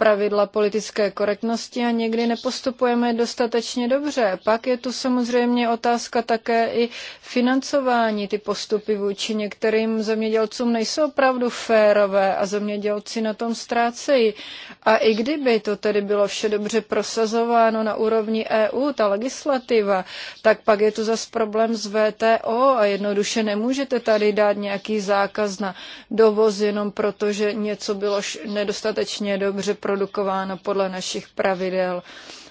pravidla politické korektnosti a někdy nepostupujeme dostatečně dobře. Pak je tu samozřejmě otázka také i financování. Ty postupy vůči některým zemědělcům nejsou opravdu férové a zemědělci na tom ztrácejí. A i kdyby to tedy bylo vše dobře prosazováno na úrovni EU, ta legislativa, tak pak je tu zas problém s VTO a jednoduše nemůžete tady dát nějaký zákaz na dovoz jenom proto, že něco bylo nedostatečně dobře prosazováno produkováno podle našich pravidel.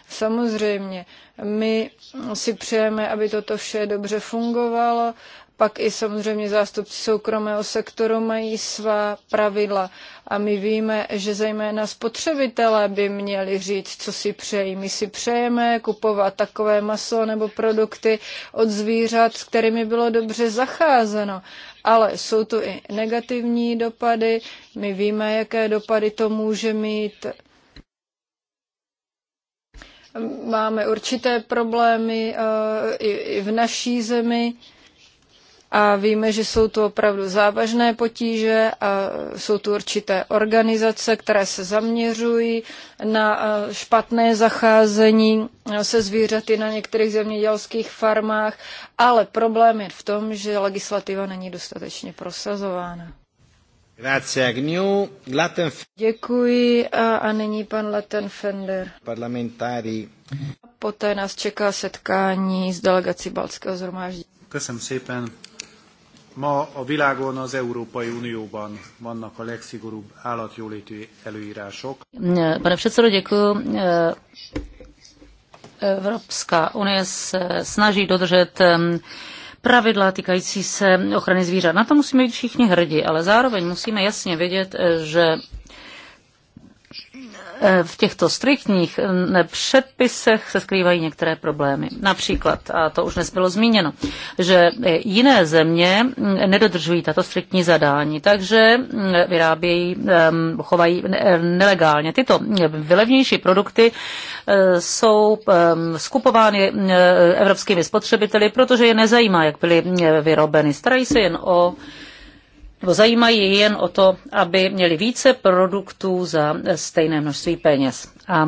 Samozřejmě, my si přejeme, aby toto vše dobře fungovalo, pak i samozřejmě zástupci soukromého sektoru mají svá pravidla. A my víme, že zejména spotřebitelé by měli říct, co si přejí. My si přejeme kupovat takové maso nebo produkty od zvířat, s kterými bylo dobře zacházeno. Ale jsou tu i negativní dopady. My víme, jaké dopady to může mít. Máme určité problémy eh, i v naší zemi a víme, že jsou tu opravdu závažné potíže a jsou tu určité organizace, které se zaměřují na špatné zacházení se zvířaty na některých zemědělských farmách, ale problém je v tom, že legislativa není dostatečně prosazována. Děkuji a, a nyní pan Lattenfender. Parlamentári. Poté nás čeká setkání s delegací Balckého zhromáždění. Köszönöm Ma a világon az Európai Unióban vannak a legszigorúbb állatjóléti előírások. Pane předsedo, děkuji. Evropská unie se snaží dodržet pravidla týkající se ochrany zvířat. Na to musíme být všichni hrdí, ale zároveň musíme jasně vědět, že Eh, v těchto striktních eh, předpisech se skrývají některé problémy. Například, a to už dnes bylo zmíněno, že eh, jiné země mm, nedodržují tato striktní zadání, takže mm, vyrábějí, ehm, chovají nelegálně. Tyto vylevnější produkty jsou ehm, skupovány evropskými spotřebiteli, protože je nezajímá, jak byly mm, vyrobeny. Starají se jen o nebo zajímají jen o to, aby měli více produktů za stejné množství peněz. A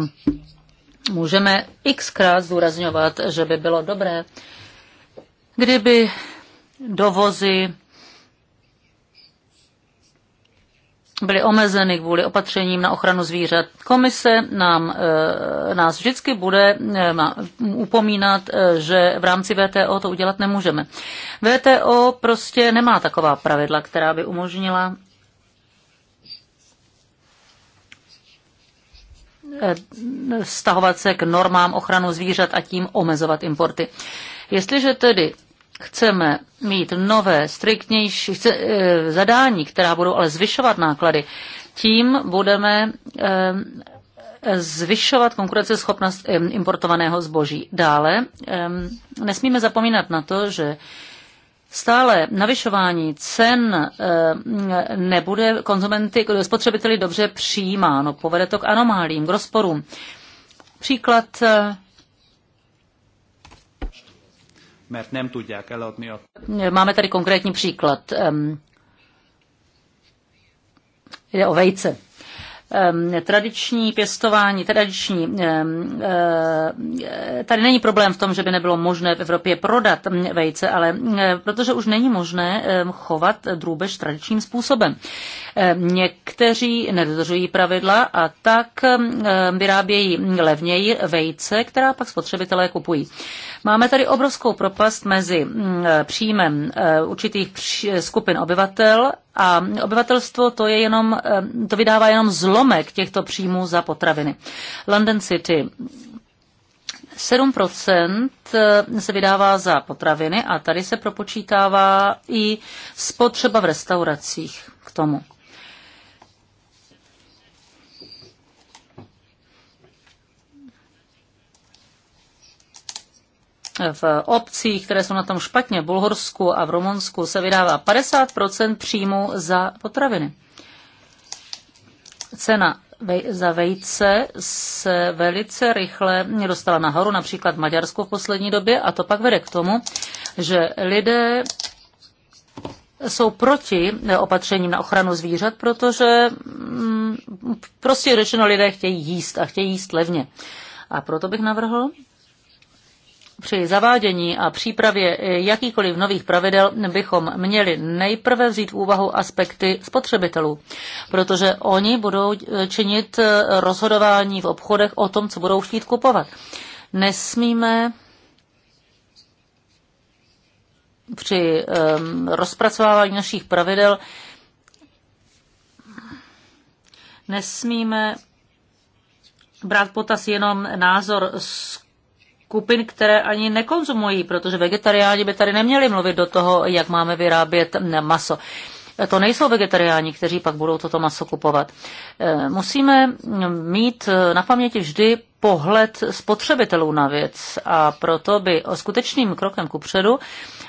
můžeme xkrát zdůrazňovat, že by bylo dobré, kdyby dovozy byly omezeny kvůli opatřením na ochranu zvířat. Komise nám, e, nás vždycky bude e, upomínat, e, že v rámci VTO to udělat nemůžeme. VTO prostě nemá taková pravidla, která by umožnila stahovat se k normám ochranu zvířat a tím omezovat importy. Jestliže tedy chceme mít nové, striktnější chce, e, zadání, která budou ale zvyšovat náklady, tím budeme e, zvyšovat konkurenceschopnost eh, importovaného zboží. Dále nesmíme zapomínat na to, že stále navyšování cen nebude konzumenty, spotřebiteli dobře přijímáno. Povede to k anomálím, k rozporům. Příklad mert nem tudják eladni a... Máme tady konkrétní příklad. Jde o vejce tradiční pěstování, tradiční, eh, tady není problém v tom, že by nebylo možné v Evropě prodat vejce, ale protože už není možné chovat drůbež tradičním způsobem. Někteří nedodržují pravidla a tak vyrábějí levněji vejce, která pak spotřebitelé kupují. Máme tady obrovskou propast mezi mm, eh, příjmem eh, určitých skupin obyvatel a obyvatelstvo to, je jenom, eh, to vydává jenom zlomek těchto příjmů za potraviny. London City 7% se vydává za potraviny a tady se propočítává i spotřeba v restauracích k tomu. v obcích, které jsou na tom špatně, v Bulhorsku a v Rumunsku, se vydává 50% příjmu za potraviny. Cena za vejce se velice rychle dostala nahoru, například v Maďarsku v poslední době, a to pak vede k tomu, že lidé jsou proti opatřením na ochranu zvířat, protože mm, prostě řečeno lidé chtějí jíst a chtějí jíst levně. A proto bych navrhl, při zavádění a přípravě jakýchkoliv nových pravidel bychom měli nejprve vzít v úvahu aspekty spotřebitelů, protože oni budou činit rozhodování v obchodech o tom, co budou chtít kupovat. Nesmíme při um, rozpracovávání našich pravidel nesmíme brát potaz jenom názor skupin, které ani nekonzumují, protože vegetariáni by tady neměli mluvit do toho, jak máme vyrábět maso. To nejsou vegetariáni, kteří pak budou toto maso kupovat. Eh, musíme mít na paměti vždy pohled spotřebitelů na věc a proto by skutečným krokem kupředu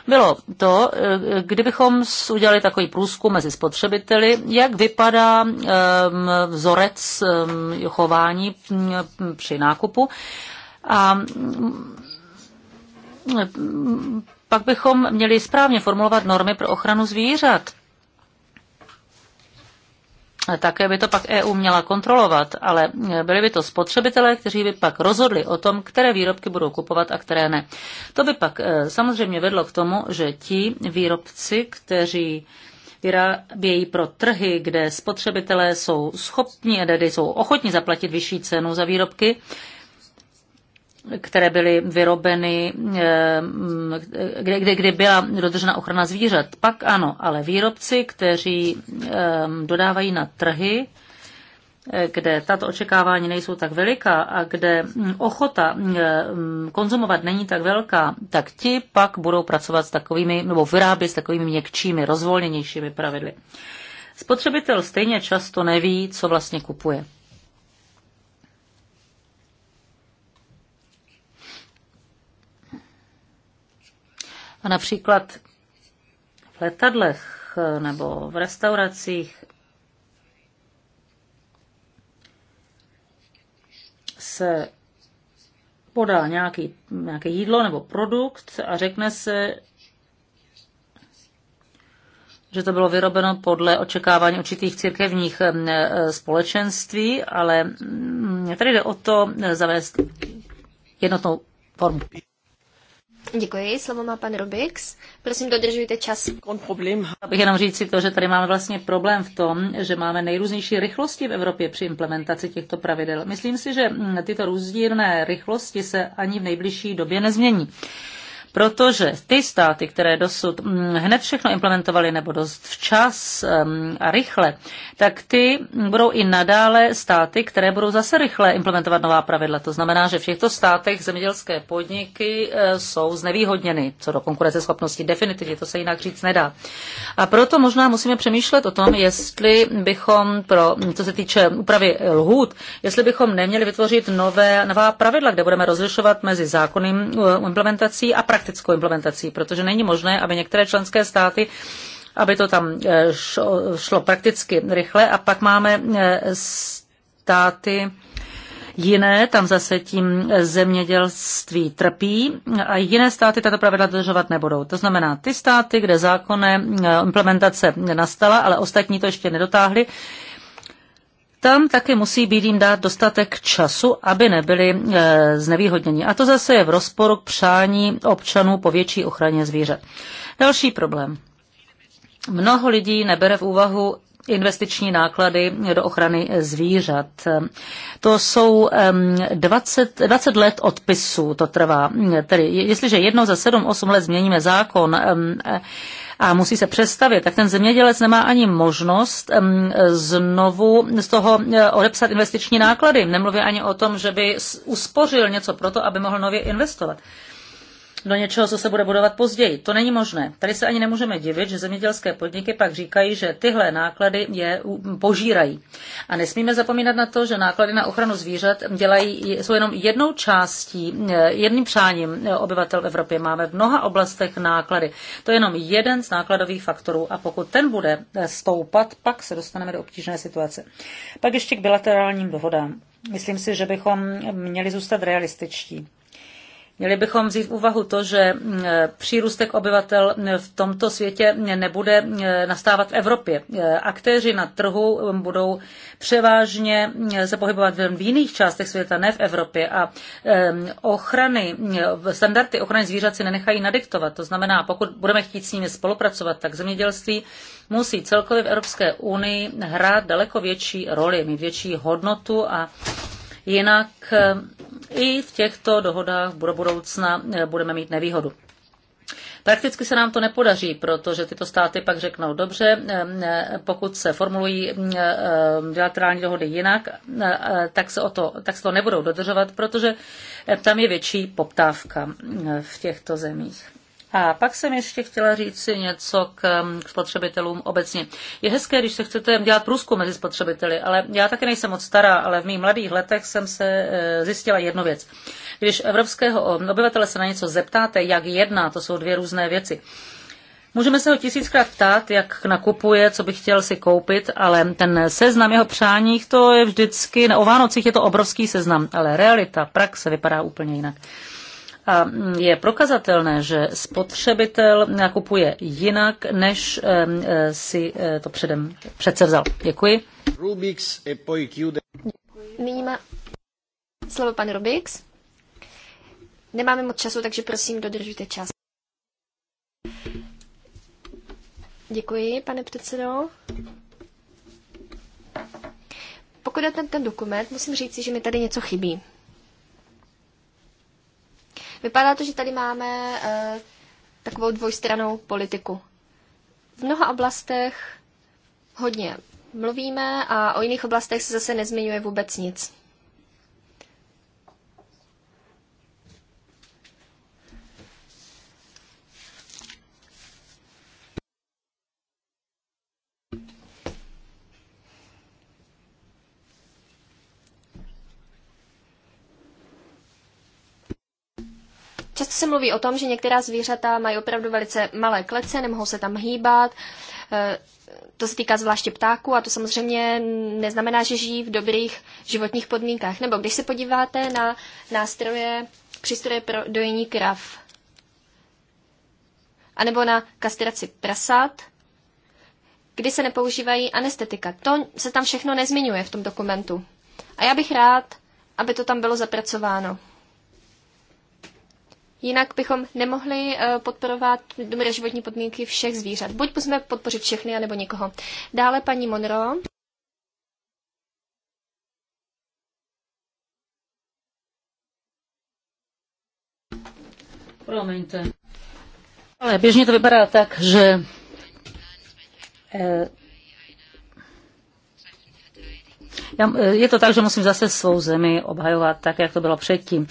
bylo to, eh, kdybychom udělali takový průzkum mezi spotřebiteli, jak vypadá eh, vzorec chování mm, při nákupu a pak bychom měli správně formulovat normy pro ochranu zvířat. Také by to pak EU měla kontrolovat, ale byli by to spotřebitelé, kteří by pak rozhodli o tom, které výrobky budou kupovat a které ne. To by pak e, samozřejmě vedlo k tomu, že ti výrobci, kteří vyrábějí pro trhy, kde spotřebitelé jsou schopni a jsou ochotni zaplatit vyšší cenu za výrobky, které byly vyrobeny, eh, kde, kde, kde byla dodržena ochrana zvířat. Pak ano, ale výrobci, kteří ehm, dodávají na trhy, eh, kde tato očekávání nejsou tak veliká a kde hm, ochota ehm, konzumovat není tak velká, tak ti pak budou pracovat s takovými, nebo vyrábět s takovými měkčími, rozvolněnějšími pravidly. Spotřebitel stejně často neví, co vlastně kupuje. A například v letadlech eh, nebo v restauracích se podá nějaký, nějaké jídlo nebo produkt a řekne se, že to bylo vyrobeno podle očekávání určitých církevních eh, společenství, ale mm, tady jde o to zavést jednotnou formu. Děkuji, slovo má pan Rubix. Prosím, dodržujte čas. Problém. Abych jenom říci to, že tady máme vlastně problém v tom, že máme nejrůznější rychlosti v Evropě při implementaci těchto pravidel. Myslím si, že tyto rozdílné rychlosti se ani v nejbližší době nezmění protože ty státy, které dosud mm, hned všechno implementovaly nebo dost včas mm, a rychle, tak ty budou i nadále státy, které budou zase rychle implementovat nová pravidla. To znamená, že v těchto státech zemědělské podniky e, jsou znevýhodněny co do konkurenceschopnosti. Definitivně to se jinak říct nedá. A proto možná musíme přemýšlet o tom, jestli bychom pro, co se týče úpravy lhůt, jestli bychom neměli vytvořit nové, nová pravidla, kde budeme rozlišovat mezi zákonným e, implementací a praktickým praktickou implementací, protože není možné, aby některé členské státy aby to tam eh, šlo prakticky rychle. A pak máme eh, státy jiné, tam zase tím eh, zemědělství trpí a jiné státy tato pravidla dodržovat nebudou. To znamená, ty státy, kde zákonné implementace nastala, ale ostatní to ještě nedotáhly, tam také musí být jim dát dostatek času, aby nebyli e, znevýhodněni. A to zase je v rozporu k přání občanů po větší ochraně zvířat. Další problém. Mnoho lidí nebere v úvahu investiční náklady do ochrany zvířat. To jsou 20, 20 let odpisů, to trvá. Tedy, jestliže jednou za 7-8 let změníme zákon, a musí se přestavit, tak ten zemědělec nemá ani možnost znovu z toho e, odepsat investiční náklady. Nemluví ani o tom, že by uspořil něco proto, aby mohl nově investovat do něčeho, co se bude budovat později. To není možné. Tady se ani nemůžeme divit, že zemědělské podniky pak říkají, že tyhle náklady je požírají. A nesmíme zapomínat na to, že náklady na ochranu zvířat dělají, jsou jenom jednou částí, eh, jedným přáním eh, obyvatel v Evropě. Máme v mnoha oblastech náklady. To je jenom jeden z nákladových faktorů a pokud ten bude eh, stoupat, pak se dostaneme do obtížné situace. Pak ještě k bilaterálním dohodám. Myslím si, že bychom měli zůstat realističtí. Měli bychom vzít v úvahu to, že přírůstek obyvatel v tomto světě nebude nastávat v Evropě. Aktéři na trhu budou převážně se pohybovat v jiných částech světa, ne v Evropě. A ochrany, standardy ochrany zvířat si nenechají nadiktovat. To znamená, pokud budeme chtít s nimi spolupracovat, tak zemědělství musí celkově v Evropské unii hrát daleko větší roli, mít větší hodnotu a Jinak eh, i v těchto dohodách do budoucna eh, budeme mít nevýhodu. Prakticky se nám to nepodaří, protože tyto státy pak řeknou, dobře, eh, pokud se formulují bilaterální dohody jinak, tak se, o to, tak se to nebudou dodržovat, protože tam je větší poptávka v těchto zemích. A pak jsem ještě chtěla říct si něco um, k spotřebitelům obecně. Je hezké, když se chcete dělat průzkum mezi spotřebiteli, ale já taky nejsem moc stará, ale v mých mladých letech jsem se eh, zjistila jednu věc. Když evropského obyvatele se na něco zeptáte, jak jedná, to jsou dvě různé věci. Můžeme se ho tisíckrát ptát, jak nakupuje, co by chtěl si koupit, ale ten seznam jeho přáních, to je vždycky, o Vánocích je to obrovský seznam, ale realita, praxe vypadá úplně jinak. A je prokazatelné, že spotřebitel nakupuje jinak, než eh, eh, si eh, to předem přece vzal. Děkuji. Rubix e poi chiude. Nyní má slovo pan Rubix. Nemáme moc času, takže prosím, dodržujte čas. Děkuji, pane předsedo. Pokud je ten, ten dokument, musím říct, že mi tady něco chybí. Vypadá to, že tady máme eh, takovou dvojstranou politiku. V mnoha oblastech hodně mluvíme a o jiných oblastech se zase nezmiňuje vůbec nic. Často se mluví o tom, že některá zvířata mají opravdu velice malé klece, nemohou se tam hýbat. Eh, to se týká zvláště ptáků a to samozřejmě neznamená, že žijí v dobrých životních podmínkách. Nebo když se podíváte na nástroje, přístroje pro dojení krav, nebo na kastraci prasat, kdy se nepoužívají anestetika. To se tam všechno nezmiňuje v tom dokumentu. A já bych rád, aby to tam bylo zapracováno. Jinak bychom nemohli eh, podporovat dobré životní podmínky všech zvířat. Buď musíme podpořit všechny, anebo někoho. Dále paní Monro. Promiňte. Ale běžně to vypadá tak, že eh, Eh, je to tak, že musím zase svou zemi obhajovat tak, jak to bylo předtím.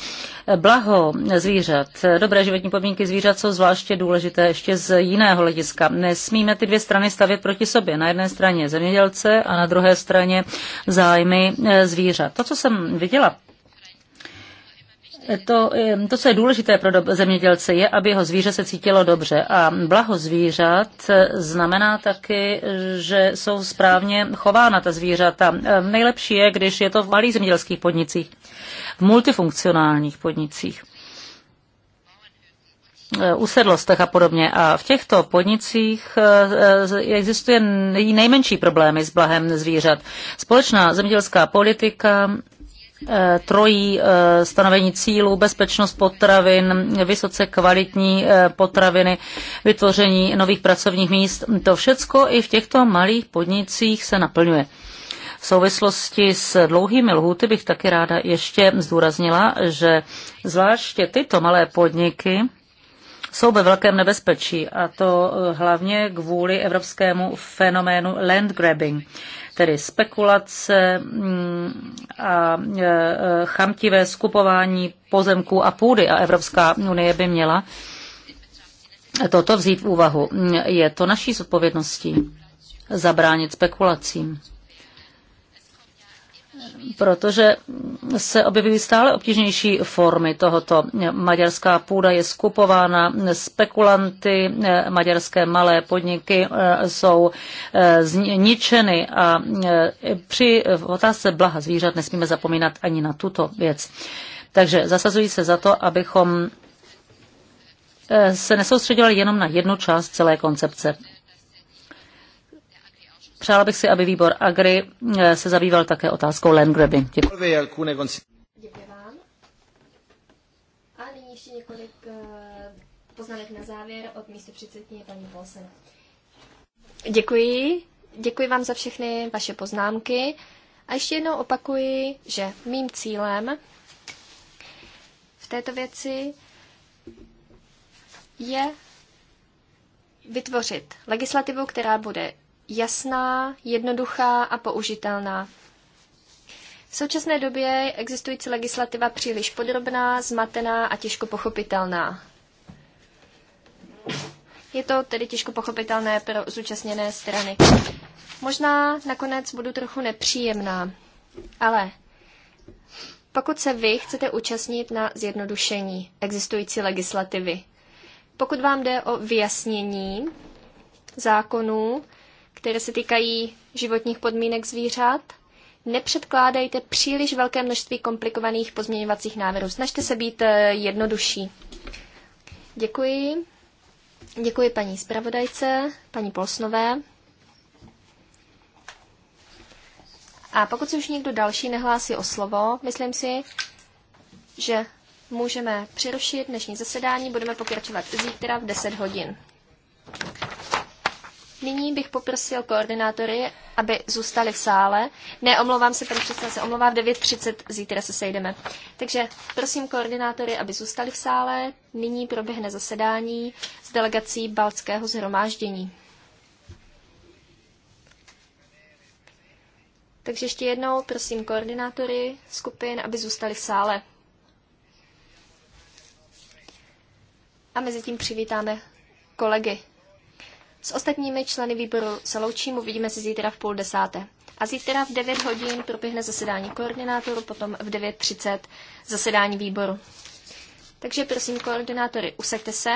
Eh, blaho zvířat, eh, dobré životní podmínky zvířat jsou zvláště důležité ještě z jiného hlediska. Nesmíme ty dvě strany stavět proti sobě. Na jedné straně zemědělce a na druhé straně zájmy zvířat. To, co jsem viděla to, eh, to, co je důležité pro zemědělce, je, aby jeho zvíře se cítilo dobře. A blaho zvířat eh, znamená taky, že jsou správně chována ta zvířata. Eh, nejlepší je, když je to v malých zemědělských podnicích, v multifunkcionálních podnicích usedlostech a podobně. A v těchto podnicích existuje nejmenší problémy s blahem zvířat. Společná zemědělská politika Eh, trojí eh, stanovení cílů, bezpečnost potravin, vysoce kvalitní eh, potraviny, vytvoření nových pracovních míst. To všecko i v těchto malých podnicích se naplňuje. V souvislosti s dlouhými lhůty bych taky ráda ještě zdůraznila, že zvláště tyto malé podniky jsou ve velkém nebezpečí, a to hlavně kvůli evropskému fenoménu land grabbing tedy spekulace mm, a e, chamtivé skupování pozemků a půdy a Evropská unie by měla toto vzít v úvahu. Je to naší zodpovědností zabránit spekulacím protože se objevují stále obtížnější formy tohoto. Maďarská půda je skupována spekulanty, eh, maďarské malé podniky eh, jsou eh, zničeny a při otázce blaha zvířat nesmíme zapomínat ani na tuto věc. Takže zasazují se za to, abychom se nesoustředili jenom na jednu část celé koncepce. Přála bych si, aby výbor Agri eh, se zabýval také otázkou grabbing. Děkuji. Děkuji vám. A nyní ještě několik eh, poznámek na závěr od místo předsedkyně paní Polsen. Děkuji. Děkuji vám za všechny vaše poznámky. A ještě jednou opakuji, že mým cílem v této věci je vytvořit legislativu, která bude jasná, jednoduchá a použitelná. V současné době existující legislativa příliš podrobná, zmatená a těžko pochopitelná. Je to tedy těžko pochopitelné pro zúčastněné strany. Možná nakonec budu trochu nepříjemná, ale pokud se vy chcete účastnit na zjednodušení existující legislativy, pokud vám jde o vyjasnění zákonů, které se týkají životních podmínek zvířat, nepředkládejte příliš velké množství komplikovaných pozměňovacích návrhů. Snažte se být eh, jednodušší. Děkuji. Děkuji paní zpravodajce, paní Polsnové. A pokud se už někdo další nehlásí o slovo, myslím si, že můžeme přerušit dnešní zasedání, budeme pokračovat zítra v 10 hodin. Nyní bych poprosil koordinátory, aby zůstali v sále. Ne, omlouvám se, pane předseda se omlouvá, v 9.30 zítra se sejdeme. Takže prosím koordinátory, aby zůstali v sále. Nyní proběhne zasedání s delegací Balckého zhromáždění. Takže ještě jednou prosím koordinátory skupin, aby zůstali v sále. A mezi tím přivítáme kolegy. S ostatními členy výboru se loučím, uvidíme se zítra v půl desáté. A zítra v 9 hodin proběhne zasedání koordinátoru, potom v 9.30 zasedání výboru. Takže prosím koordinátory, usaďte se.